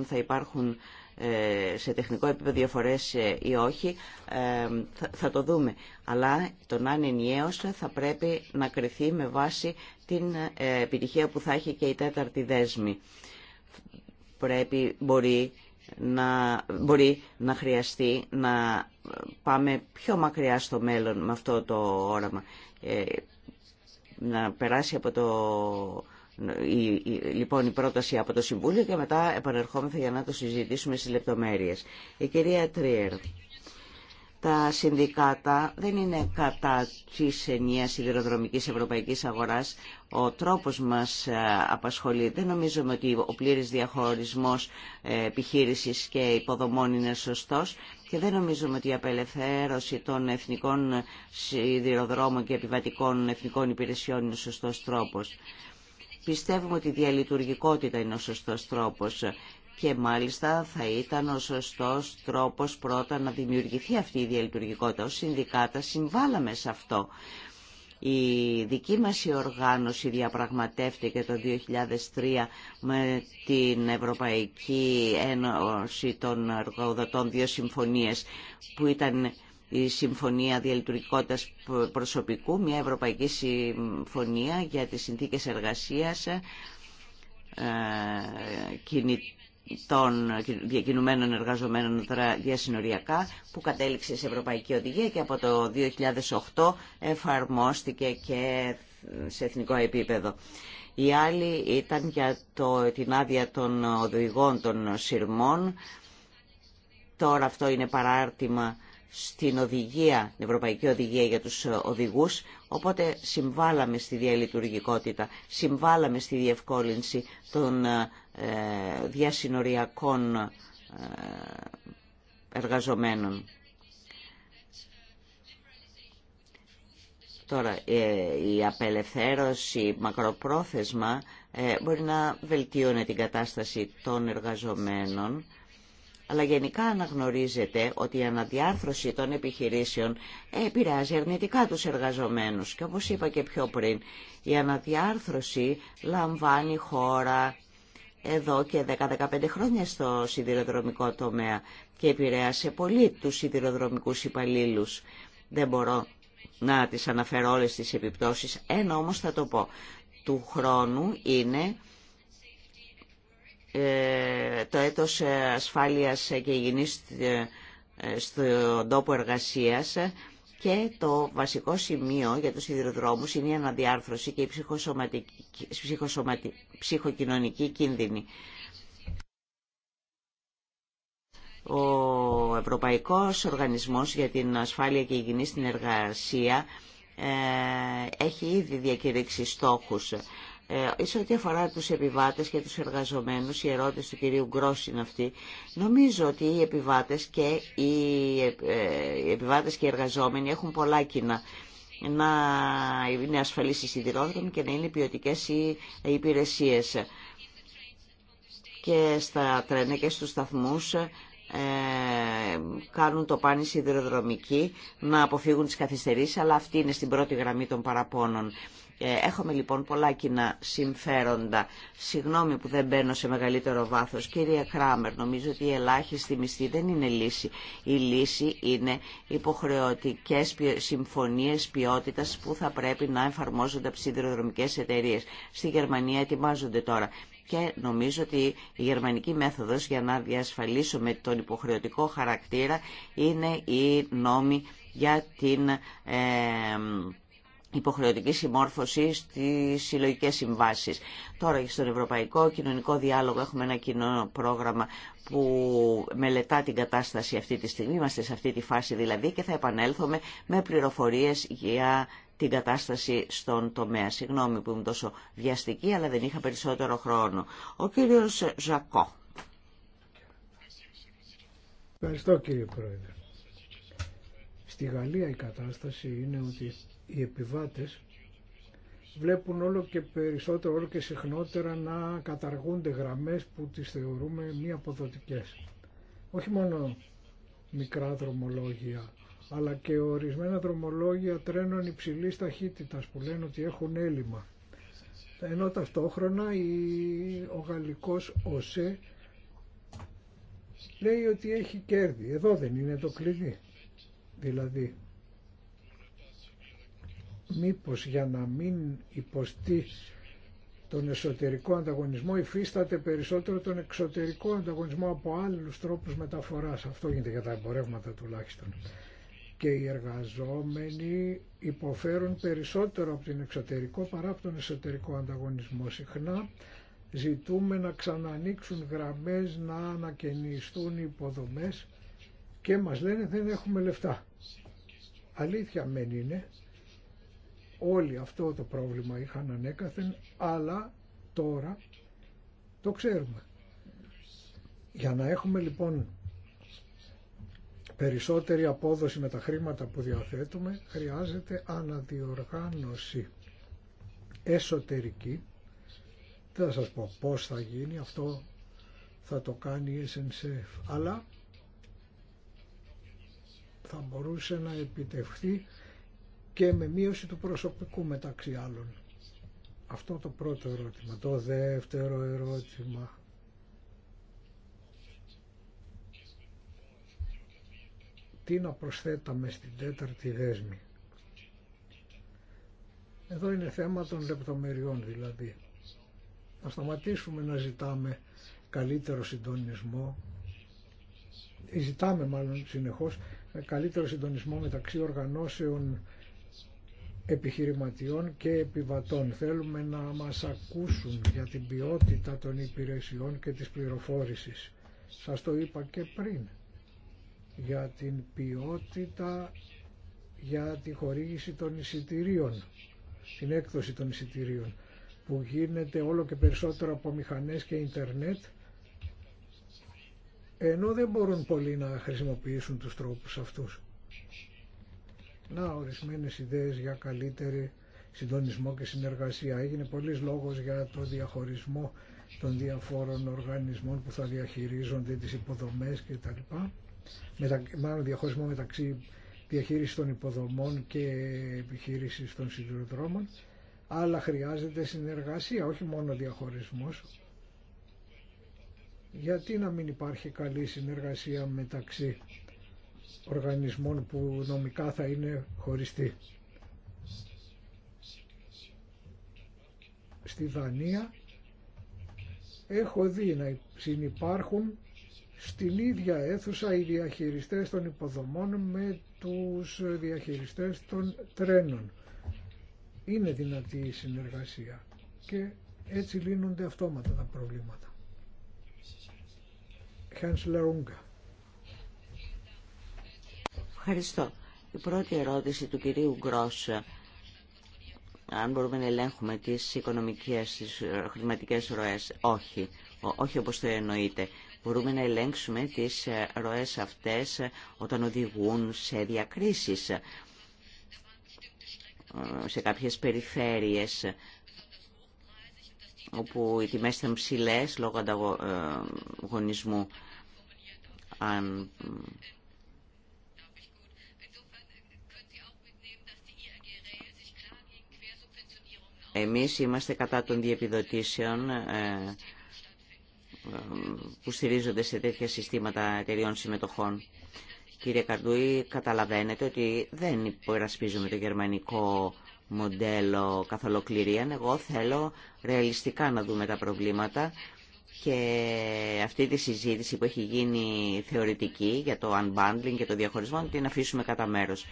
θα υπάρχουν ε, σε τεχνικό επίπεδο διαφορές ε, ή όχι, ε, θα το δούμε. Αλλά τον αν ενιαίος θα πρέπει να κρυθεί με βάση την επιτυχία που θα έχει και η τέταρτη δέσμη. Πρέπει, μπορεί να, μπορεί να χρειαστεί να πάμε πιο μακριά στο μέλλον με αυτό το όραμα. να περάσει από το λοιπόν η πρόταση από το Συμβούλιο και μετά επανερχόμεθα για να το συζητήσουμε στις λεπτομέρειες. Η κυρία Τρίερ. Τα συνδικάτα δεν είναι κατά της ενιαίας σιδηροδρομικής ευρωπαϊκής αγοράς. Ο τρόπος μας ε, απασχολεί. Δεν νομίζουμε ότι ο πλήρης διαχωρισμός ε, επιχείρησης και υποδομών είναι σωστός και δεν νομίζουμε ότι η απελευθέρωση των εθνικών σιδηροδρόμων και επιβατικών εθνικών υπηρεσιών είναι σωστός τρόπος. Πιστεύουμε ότι η διαλειτουργικότητα είναι ο σωστός τρόπος και μάλιστα θα ήταν ο σωστός τρόπος πρώτα να δημιουργηθεί αυτή η διαλειτουργικότητα. Ως συνδικάτα συμβάλαμε σε αυτό. Η δική μας οργάνωση διαπραγματεύτηκε το 2003 με την Ευρωπαϊκή Ένωση των Εργοδοτών δύο συμφωνίες που ήταν η Συμφωνία Διαλειτουργικότητας Προσωπικού, μια Ευρωπαϊκή Συμφωνία για τις συνθήκες εργασίας ε, των διακινουμένων εργαζομένων διασυνοριακά που κατέληξε σε Ευρωπαϊκή Οδηγία και από το 2008 εφαρμόστηκε και σε εθνικό επίπεδο. Η άλλη ήταν για το, την άδεια των οδηγών των σειρμών. Τώρα αυτό είναι παράρτημα στην οδηγία, την Ευρωπαϊκή Οδηγία για τους ε, οδηγούς, οπότε συμβάλαμε στη διαλειτουργικότητα, συμβάλαμε στη διευκόλυνση των ε, ε, διασυνοριακών εργαζομένων. Τώρα, η απελευθέρωση μακροπρόθεσμα μπορεί να βελτίωνε την κατάσταση των εργαζομένων αλλά γενικά αναγνωρίζεται ότι η αναδιάρθρωση των επιχειρήσεων επηρεάζει αρνητικά τους εργαζομένους. Και όπως είπα και πιο πριν, η αναδιάρθρωση λαμβάνει χώρα εδώ και 10-15 χρόνια στο σιδηροδρομικό τομέα και επηρέασε πολύ τους σιδηροδρομικούς υπαλλήλου. Δεν μπορώ να τις αναφέρω όλες τις επιπτώσεις, ένα όμως θα το πω. Του χρόνου είναι ε, το έτος ε, ασφάλειας ε, και υγιεινής στον τόπο εργασίας και το βασικό σημείο για τους σιδηροδρόμους είναι η αναδιάρθρωση και η ψυχοκοινωνική κίνδυνη. Ο Ευρωπαϊκός Οργανισμός για την Ασφάλεια και Υγιεινή στην Εργασία έχει ήδη διακηρύξει στόχους ε, ό,τι αφορά τους επιβάτες και τους εργαζομένους, η ερώτηση του κυρίου Γκρός είναι αυτή. Νομίζω ότι οι επιβάτες και οι, ε, ε, επιβάτες και εργαζόμενοι έχουν πολλά κοινά να είναι ασφαλείς οι σιδηρόδρομοι και να είναι ποιοτικέ οι υπηρεσίες. Και στα τρένα και στους σταθμούς ε, κάνουν το πάνι σιδηροδρομική να αποφύγουν τις καθυστερήσεις, αλλά αυτή είναι στην πρώτη γραμμή των παραπώνων. Ε, έχουμε λοιπόν πολλά κοινά συμφέροντα. Συγγνώμη που δεν μπαίνω σε μεγαλύτερο βάθος. Κύριε Κράμερ, νομίζω ότι η ελάχιστη μισθή δεν είναι λύση. Η λύση είναι υποχρεωτικές συμφωνίες ποιότητας που θα πρέπει να εφαρμόζονται από τις σιδηροδρομικές εταιρείες. Στη Γερμανία ετοιμάζονται τώρα και νομίζω ότι η γερμανική μέθοδος για να διασφαλίσουμε τον υποχρεωτικό χαρακτήρα είναι η νόμοι για την ε, υποχρεωτική συμμόρφωση στι συλλογικέ συμβάσει. Τώρα στον Ευρωπαϊκό Κοινωνικό Διάλογο έχουμε ένα κοινό πρόγραμμα που μελετά την κατάσταση αυτή τη στιγμή, είμαστε σε αυτή τη φάση δηλαδή και θα επανέλθουμε με πληροφορίε για την κατάσταση στον τομέα. Συγγνώμη που είμαι τόσο βιαστική, αλλά δεν είχα περισσότερο χρόνο. Ο κύριος Ζακό. Ευχαριστώ κύριε Πρόεδρε. Στη Γαλλία η κατάσταση είναι ότι οι επιβάτες βλέπουν όλο και περισσότερο, όλο και συχνότερα να καταργούνται γραμμές που τις θεωρούμε μη αποδοτικές. Όχι μόνο μικρά δρομολόγια, αλλά και ορισμένα δρομολόγια τρένων υψηλή ταχύτητας που λένε ότι έχουν έλλειμμα. Ενώ ταυτόχρονα η, ο γαλλικός ΟΣΕ λέει ότι έχει κέρδη. Εδώ δεν είναι το κλειδί. Δηλαδή, μήπως για να μην υποστεί τον εσωτερικό ανταγωνισμό υφίσταται περισσότερο τον εξωτερικό ανταγωνισμό από άλλους τρόπους μεταφοράς. Αυτό γίνεται για τα εμπορεύματα τουλάχιστον. Και οι εργαζόμενοι υποφέρουν περισσότερο από την εξωτερικό παρά από τον εσωτερικό ανταγωνισμό. Συχνά ζητούμε να ξανανοίξουν γραμμές, να ανακαινιστούν οι υποδομές και μας λένε δεν έχουμε λεφτά. Αλήθεια μεν είναι, όλοι αυτό το πρόβλημα είχαν ανέκαθεν, αλλά τώρα το ξέρουμε. Για να έχουμε λοιπόν περισσότερη απόδοση με τα χρήματα που διαθέτουμε, χρειάζεται αναδιοργάνωση εσωτερική. Δεν θα σας πω πώς θα γίνει, αυτό θα το κάνει η SNCF, αλλά θα μπορούσε να επιτευχθεί και με μείωση του προσωπικού μεταξύ άλλων. Αυτό το πρώτο ερώτημα. Το δεύτερο ερώτημα. Τι να προσθέταμε στην τέταρτη δέσμη. Εδώ είναι θέμα των λεπτομεριών δηλαδή. Να σταματήσουμε να ζητάμε καλύτερο συντονισμό. Ζητάμε μάλλον συνεχώς ε, καλύτερο συντονισμό μεταξύ οργανώσεων επιχειρηματιών και επιβατών. Θέλουμε να μας ακούσουν για την ποιότητα των υπηρεσιών και της πληροφόρησης. Σας το είπα και πριν. Για την ποιότητα για τη χορήγηση των εισιτηρίων, την έκδοση των εισιτηρίων που γίνεται όλο και περισσότερο από μηχανές και ίντερνετ ενώ δεν μπορούν πολλοί να χρησιμοποιήσουν τους τρόπους αυτούς. Να, ορισμένες ιδέες για καλύτερη συντονισμό και συνεργασία. Έγινε πολλής λόγος για το διαχωρισμό των διαφόρων οργανισμών που θα διαχειρίζονται τις υποδομές κτλ. Μετα, μάλλον διαχωρισμό μεταξύ διαχείρισης των υποδομών και επιχείρησης των σιδηροδρόμων. Αλλά χρειάζεται συνεργασία, όχι μόνο διαχωρισμός, γιατί να μην υπάρχει καλή συνεργασία μεταξύ οργανισμών που νομικά θα είναι χωριστή. Στη Δανία έχω δει να συνυπάρχουν στην ίδια αίθουσα οι διαχειριστές των υποδομών με τους διαχειριστές των τρένων. Είναι δυνατή η συνεργασία και έτσι λύνονται αυτόματα τα προβλήματα. Ευχαριστώ. Η πρώτη ερώτηση του κυρίου Γκρός, αν μπορούμε να ελέγχουμε τις οικονομικές, τις χρηματικές ροές, όχι, όχι όπως το εννοείται. Μπορούμε να ελέγξουμε τις ε, ροές αυτές ε, όταν οδηγούν σε διακρίσεις ε, σε κάποιες περιφέρειες όπου οι τιμές ήταν ψηλέ λόγω ανταγωνισμού. Αν... Εμείς είμαστε κατά των διεπιδοτήσεων ε, που στηρίζονται σε τέτοια συστήματα εταιριών συμμετοχών. Κύριε Καρδούη, καταλαβαίνετε ότι δεν υπερασπίζουμε το γερμανικό μοντέλο καθ' ολοκληρίαν. Ναι, εγώ θέλω ρεαλιστικά να δούμε τα προβλήματα και αυτή τη συζήτηση που έχει γίνει θεωρητική για το unbundling και το διαχωρισμό να την αφήσουμε κατά μέρος.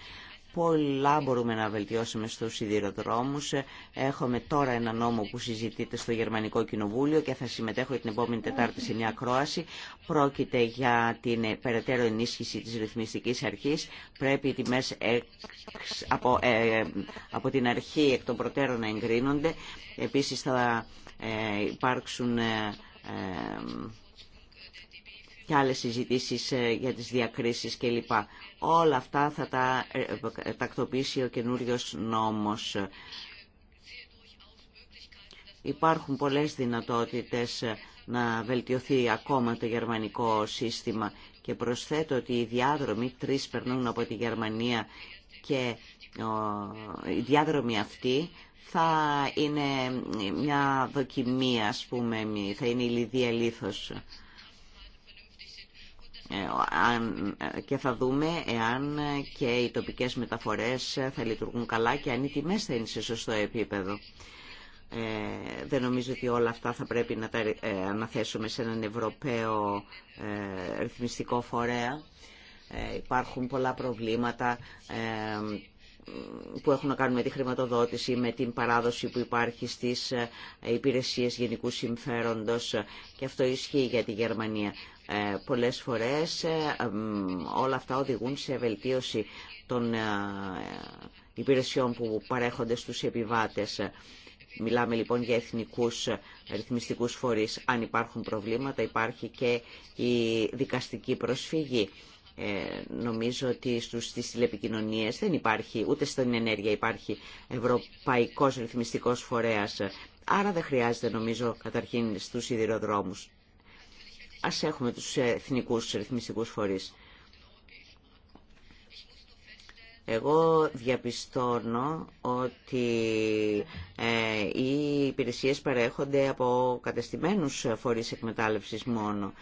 Πολλά μπορούμε να βελτιώσουμε στους σιδηροδρόμους. Έχουμε τώρα ένα νόμο που συζητείται στο Γερμανικό Κοινοβούλιο και θα συμμετέχω την επόμενη Τετάρτη σε μια ακρόαση. Πρόκειται για την περαιτέρω ενίσχυση της ρυθμιστικής αρχής. Πρέπει οι τιμές από, ε, από την αρχή εκ των προτέρων να εγκρίνονται. Επίσης θα ε, υπάρξουν... Ε, και άλλες συζητήσεις ε, για τις διακρίσεις κλπ. Όλα αυτά θα τα ε, ε, τακτοποιήσει ο καινούριο νόμος. Υπάρχουν πολλές δυνατότητες να βελτιωθεί ακόμα το γερμανικό σύστημα και προσθέτω ότι οι διάδρομοι, τρεις περνούν από τη Γερμανία και οι διάδρομοι αυτοί θα είναι μια δοκιμία ας πούμε, θα είναι η Λιδία και θα δούμε εάν και οι τοπικές μεταφορές θα λειτουργούν καλά και αν οι τιμές θα είναι σε σωστό επίπεδο. Ε, δεν νομίζω ότι όλα αυτά θα πρέπει να τα ε, αναθέσουμε σε έναν Ευρωπαίο ε, ρυθμιστικό φορέα. Ε, υπάρχουν πολλά προβλήματα που έχουν να κάνουν με τη χρηματοδότηση, με την παράδοση που υπάρχει στις ε, υπηρεσίες γενικού συμφέροντος και αυτό ισχύει για τη Γερμανία. Ε, πολλές φορές ε, όλα αυτά οδηγούν σε βελτίωση των υπηρεσιών που παρέχονται στους επιβάτες. Μιλάμε λοιπόν για εθνικούς ρυθμιστικούς φορείς. Αν υπάρχουν προβλήματα υπάρχει και η δικαστική προσφυγή. Ε, νομίζω ότι στους, στις τηλεπικοινωνίες δεν υπάρχει, ούτε στην ενέργεια υπάρχει ευρωπαϊκός ρυθμιστικός φορέας. Άρα δεν χρειάζεται νομίζω καταρχήν στους σιδηροδρόμους. Ας έχουμε τους εθνικούς ρυθμιστικούς φορείς. Εγώ διαπιστώνω ότι ε, οι υπηρεσίες παρέχονται από κατεστημένους φορείς εκμετάλλευσης μόνο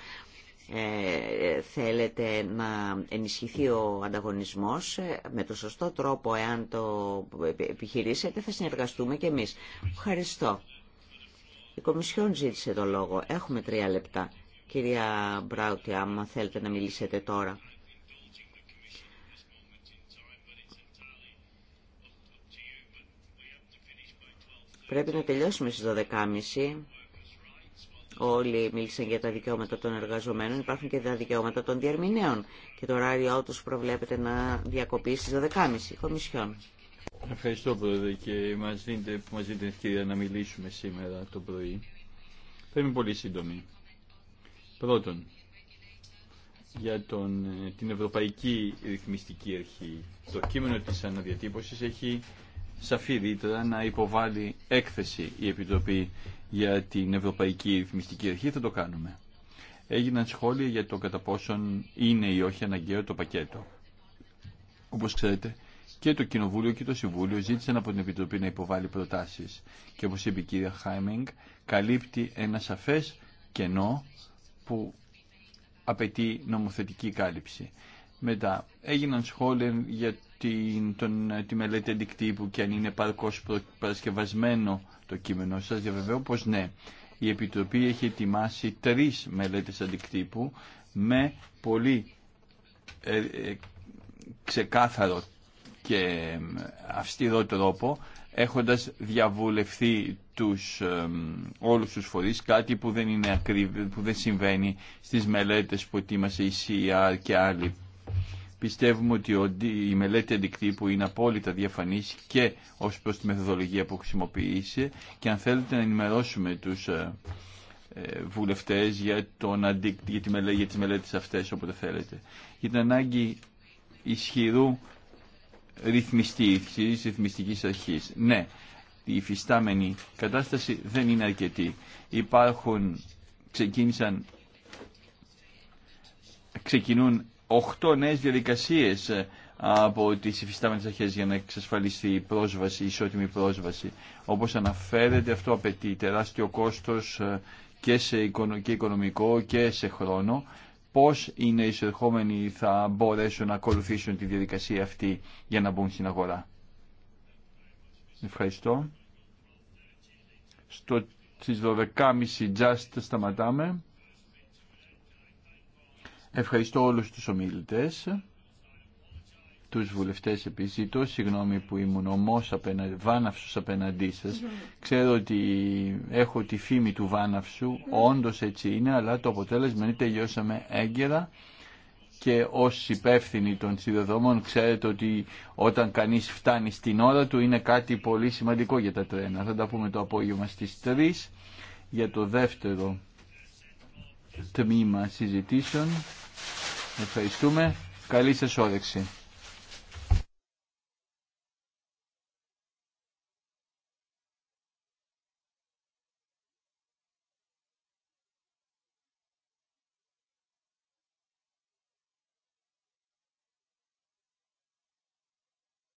ε, θέλετε να ενισχυθεί ο ανταγωνισμός ε, με το σωστό τρόπο εάν το επιχειρήσετε θα συνεργαστούμε και εμείς. Ευχαριστώ. Η Κομισιόν ζήτησε το λόγο. Έχουμε τρία λεπτά. Κυρία Μπράουτη, άμα θέλετε να μιλήσετε τώρα. Πρέπει να τελειώσουμε στις 12.30. Όλοι μίλησαν για τα δικαιώματα των εργαζομένων, υπάρχουν και τα δικαιώματα των διαρμηνέων Και το ωράριό του προβλέπεται να διακοπεί στι 12.30 Κομισιόν. Ευχαριστώ Πρόεδρε και μα δίνετε, που μας δίνετε την ευκαιρία να μιλήσουμε σήμερα το πρωί. Θα είμαι πολύ σύντομη. Πρώτον, για τον, ε, την Ευρωπαϊκή Ρυθμιστική Αρχή. Το κείμενο της αναδιατύπωσης έχει σαφή ρήτρα να υποβάλει έκθεση η Επιτροπή για την Ευρωπαϊκή Ρυθμιστική Αρχή, θα το κάνουμε. Έγιναν σχόλια για το κατά πόσον είναι ή όχι αναγκαίο το πακέτο. Όπως ξέρετε, και το Κοινοβούλιο και το Συμβούλιο ζήτησαν από την Επιτροπή να υποβάλει προτάσεις και όπως είπε η κυρία Χάιμινγκ, καλύπτει ένα σαφές κενό που απαιτεί νομοθετική κάλυψη. Μετά έγιναν σχόλια για την, τον, τη μελέτη αντικτύπου και αν είναι παρκώς παρασκευασμένο το κείμενο. Σας διαβεβαιώ πως ναι. Η Επιτροπή έχει ετοιμάσει τρεις μελέτες αντικτύπου με πολύ ε, ε, ξεκάθαρο και ε, αυστηρό τρόπο έχοντας διαβουλευθεί τους, ε, όλους τους φορείς, κάτι που δεν, είναι ακρίβη, που δεν συμβαίνει στις μελέτες που ετοίμασε η CER και άλλοι Πιστεύουμε ότι η μελέτη αντικτύπου είναι απόλυτα διαφανής και ως προς τη μεθοδολογία που χρησιμοποιήσει, και αν θέλετε να ενημερώσουμε τους ε, ε, βουλευτές για, τον αντικ... για, τη μελέτη για τις μελέτες αυτές όποτε θέλετε. Για την ανάγκη ισχυρού ρυθμιστή, ρυθμιστική ρυθμιστικής αρχής. Ναι, η υφιστάμενη κατάσταση δεν είναι αρκετή. Υπάρχουν, ξεκίνησαν, ξεκινούν Οχτώ νέε διαδικασίε ε, από τι υφιστάμενε αρχέ για να εξασφαλιστεί η πρόσβαση, η ισότιμη πρόσβαση. Όπως αναφέρεται αυτό απαιτεί τεράστιο κόστο ε, και, σε, οικονομικό και σε χρόνο. Πώς οι νέοι εισερχόμενοι θα μπορέσουν να ακολουθήσουν τη διαδικασία αυτή για να μπουν στην αγορά. Ευχαριστώ. Στο, στις 12.30 just σταματάμε. Ευχαριστώ όλους τους ομιλητές, τους βουλευτές επίσης. Ζητώ συγγνώμη που ήμουν ομός απέναντι, βάναυσος απέναντί σας. Ξέρω ότι έχω τη φήμη του βάναυσου, όντως έτσι είναι, αλλά το αποτέλεσμα είναι τελειώσαμε έγκαιρα και ως υπεύθυνοι των σιδεδόμων ξέρετε ότι όταν κανείς φτάνει στην ώρα του είναι κάτι πολύ σημαντικό για τα τρένα. Θα τα πούμε το απόγευμα στις 3 για το δεύτερο τμήμα συζητήσεων. Ευχαριστούμε. Καλή σας όρεξη.